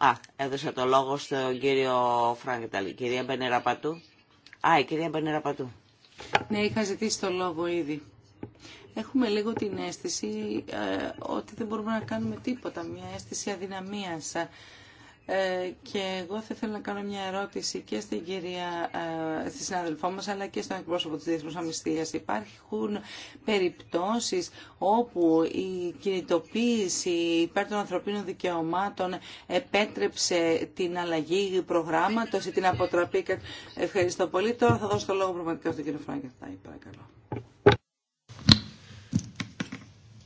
Α, έδωσα το λόγο στον κύριο Φραγκεταλή. Κυρία Μπενεραπατού. Α, η κυρία Μπενεραπατού. Ναι, είχα ζητήσει το λόγο ήδη. Έχουμε λίγο την αίσθηση ε, ότι δεν μπορούμε να κάνουμε τίποτα, μια αίσθηση αδυναμίας. Ε, και εγώ θα ήθελα να κάνω μια ερώτηση και στην κυρία, ε, στη συνάδελφό μας, αλλά και στον εκπρόσωπο της Διεθνούς Αμυστίας. Υπάρχουν περιπτώσεις όπου η κινητοποίηση υπέρ των ανθρωπίνων δικαιωμάτων επέτρεψε την αλλαγή προγράμματος ή την αποτροπή. Ευχαριστώ πολύ. Τώρα θα δώσω το λόγο πραγματικά στον κύριο Φράγκερ. Παρακαλώ.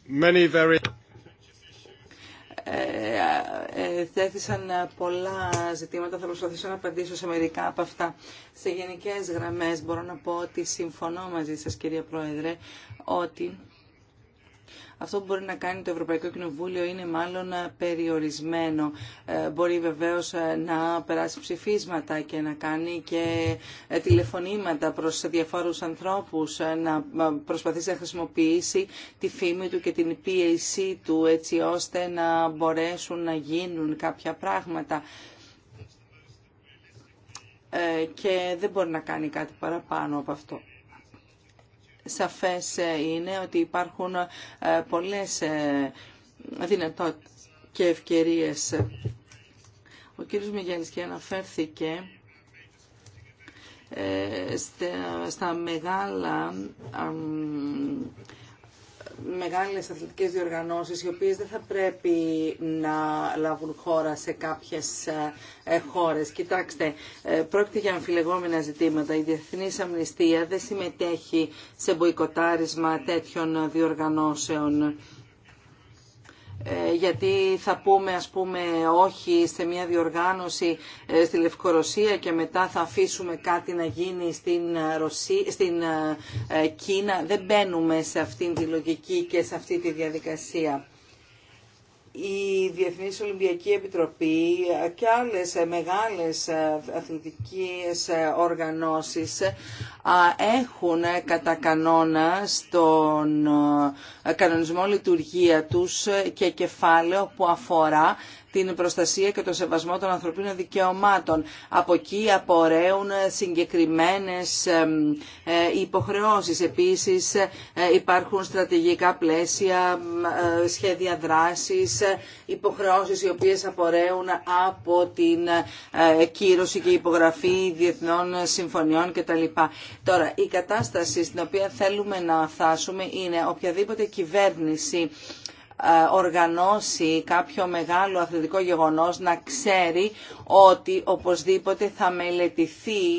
Many very... Ε, ε, θέθησαν πολλά ζητήματα, θα προσπαθήσω να απαντήσω σε μερικά από αυτά. Σε γενικές γραμμές μπορώ να πω ότι συμφωνώ μαζί σας κυρία Πρόεδρε ότι αυτό που μπορεί να κάνει το Ευρωπαϊκό Κοινοβούλιο είναι μάλλον ε, περιορισμένο. Ε, μπορεί βεβαίως ε, να περάσει ψηφίσματα και να κάνει και τηλεφωνήματα προς διαφόρους ανθρώπους, να προσπαθήσει να χρησιμοποιήσει τη φήμη του και την πίεση του έτσι ώστε να μπορέσουν να γίνουν κάποια πράγματα και δεν μπορεί να κάνει κάτι παραπάνω από αυτό. Σαφές ε, είναι ότι υπάρχουν ε, πολλές ε, δυνατότητες και ευκαιρίες. Ο κύριος Μιγιάννης και αναφέρθηκε στα μεγάλα μεγάλες αθλητικές διοργανώσεις οι οποίες δεν θα πρέπει να λάβουν χώρα σε κάποιες ε, ε, χώρες. Κοιτάξτε, ε, πρόκειται για αμφιλεγόμενα ζητήματα. Η Διεθνής Αμνηστία δεν συμμετέχει σε μποϊκοτάρισμα τέτοιων διοργανώσεων. Ε, γιατί θα πούμε ας πούμε όχι σε μια διοργάνωση ε, στη Λευκορωσία και μετά θα αφήσουμε κάτι να γίνει στην, ε, στην Κίνα. Δεν μπαίνουμε σε αυτή τη λογική και σε αυτή τη διαδικασία η Διεθνής Ολυμπιακή Επιτροπή και άλλες μεγάλες αθλητικές οργανώσεις ε, έχουν κατά κανόνα στον ε, κανονισμό λειτουργία τους ε, και κεφάλαιο που αφορά την προστασία και τον σεβασμό των ανθρωπίνων δικαιωμάτων. Από εκεί απορρέουν συγκεκριμένες ε, υποχρεώσεις. Επίσης ε, υπάρχουν στρατηγικά πλαίσια, ε, σχέδια δράσης, υποχρεώσεις οι οποίες απορρέουν από την κύρωση και υπογραφή διεθνών συμφωνιών κτλ. Τώρα, η κατάσταση στην οποία θέλουμε να φτάσουμε είναι οποιαδήποτε κυβέρνηση ε, οργανώσει κάποιο μεγάλο αθλητικό γεγονός να ξέρει ότι οπωσδήποτε θα μελετηθεί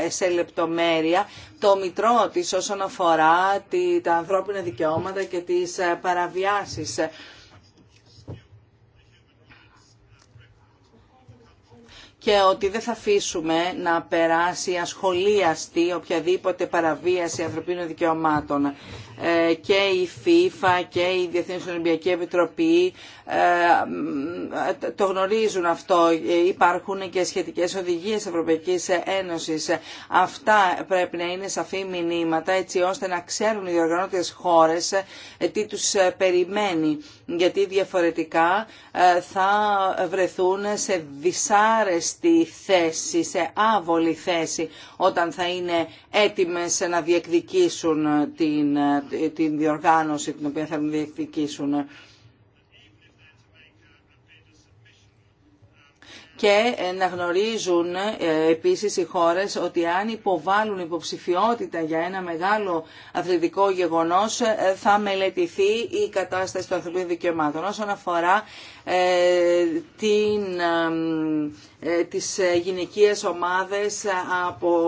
ε, σε λεπτομέρεια το μητρό της όσον αφορά τα ανθρώπινα δικαιώματα και τις ε, παραβιάσεις. και ότι δεν θα αφήσουμε να περάσει ασχολίαστη οποιαδήποτε παραβίαση ανθρωπίνων δικαιωμάτων. Ε, και η FIFA και η Διεθνής Ολυμπιακή Επιτροπή ε, το γνωρίζουν αυτό. Ε, υπάρχουν και σχετικές οδηγίες Ευρωπαϊκής Ένωσης. Αυτά πρέπει να είναι σαφή μηνύματα έτσι ώστε να ξέρουν οι διοργανώτες χώρες τι τους περιμένει. Γιατί διαφορετικά θα βρεθούν σε δυσάρεστη θέση, σε άβολη θέση όταν θα είναι έτοιμες να διεκδικήσουν την την διοργάνωση την οποία θα διεκδικήσουν. και ε, να γνωρίζουν ε, επίσης οι χώρες ότι αν υποβάλουν υποψηφιότητα για ένα μεγάλο αθλητικό γεγονός ε, θα μελετηθεί η κατάσταση των ανθρωπίνων δικαιωμάτων. Όσον αφορά ε, την, ε, τις ε, γυναικείες ομάδες από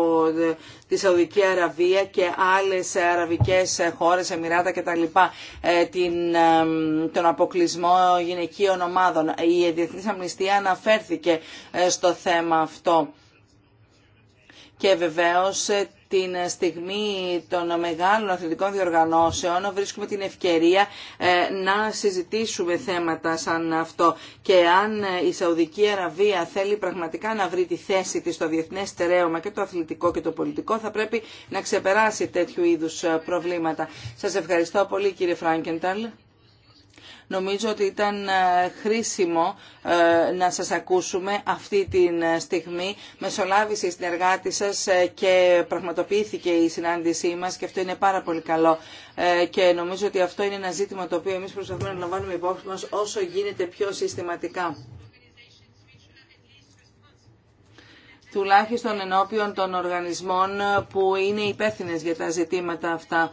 τη Σαουδική Αραβία και άλλες αραβικές χώρες, Εμμυράτα κτλ. Την, τον αποκλεισμό γυναικείων ομάδων. Η Διεθνής Αμνηστία αναφέρθηκε στο θέμα αυτό. Και βεβαίως την στιγμή των μεγάλων αθλητικών διοργανώσεων βρίσκουμε την ευκαιρία ε, να συζητήσουμε θέματα σαν αυτό και αν η Σαουδική Αραβία θέλει πραγματικά να βρει τη θέση της στο διεθνές στερέωμα και το αθλητικό και το πολιτικό θα πρέπει να ξεπεράσει τέτοιου είδους ε, προβλήματα. Σας ευχαριστώ πολύ κύριε Φράγκενταλ. Νομίζω ότι ήταν ε, χρήσιμο ε, να σας ακούσουμε αυτή τη ε, στιγμή. Μεσολάβησε η συνεργάτη σας και πραγματοποιήθηκε η συνάντησή μας και αυτό είναι πάρα πολύ καλό. Και νομίζω ότι αυτό είναι ένα ζήτημα το οποίο εμείς προσπαθούμε να λαμβάνουμε υπόψη μας όσο γίνεται πιο συστηματικά. τουλάχιστον ενώπιον των οργανισμών που είναι υπεύθυνε για τα ζητήματα αυτά.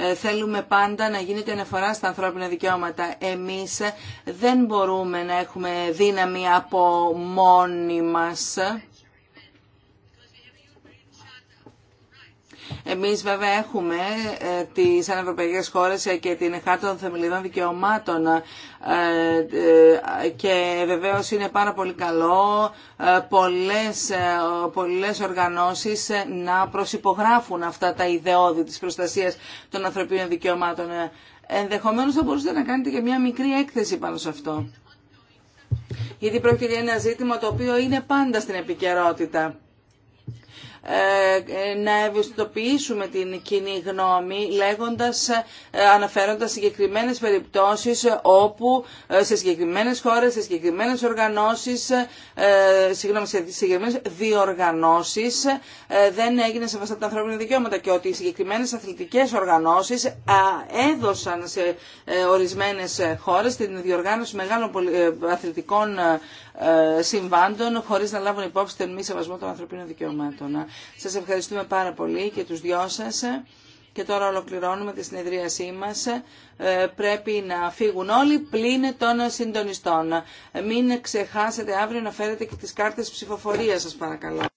Ε, θέλουμε πάντα να γίνεται αναφορά στα ανθρώπινα δικαιώματα. Εμείς δεν μπορούμε να έχουμε δύναμη από μόνοι μας Εμείς βέβαια έχουμε ε, τις ανευρωπαϊκές χώρες ε, και την Χάρτα των Θεμελιδών Δικαιωμάτων ε, και βεβαίως είναι πάρα πολύ καλό πολλές, πολλές οργανώσεις να προσυπογράφουν αυτά τα ιδεώδη της προστασίας των ανθρωπίνων δικαιωμάτων. Ενδεχομένως θα μπορούσατε να κάνετε και μια μικρή έκθεση πάνω σε αυτό. Γιατί πρόκειται για ένα ζήτημα το οποίο είναι πάντα στην επικαιρότητα να ευαισθητοποιήσουμε την κοινή γνώμη λέγοντας, ε, αναφέροντας συγκεκριμένες περιπτώσεις όπου ε, σε συγκεκριμένες χώρες, σε συγκεκριμένες οργανώσεις, ε, συγγνώμη, σε συγκεκριμένες διοργανώσεις δεν έγινε σεβαστά τα ανθρώπινα δικαιώματα και ότι οι συγκεκριμένες αθλητικές οργανώσεις έδωσαν σε ορισμένες χώρες την διοργάνωση μεγάλων αθλητικών ε, συμβάντων χωρίς να λάβουν υπόψη τον μη σεβασμό των ανθρωπίνων δικαιωμάτων. Σας ευχαριστούμε πάρα πολύ και τους δυο σας. Και τώρα ολοκληρώνουμε τη συνεδρίασή μας. Ε, πρέπει να φύγουν όλοι πλην των συντονιστών. Μην ξεχάσετε αύριο να φέρετε και τις κάρτες ψηφοφορίας σας παρακαλώ.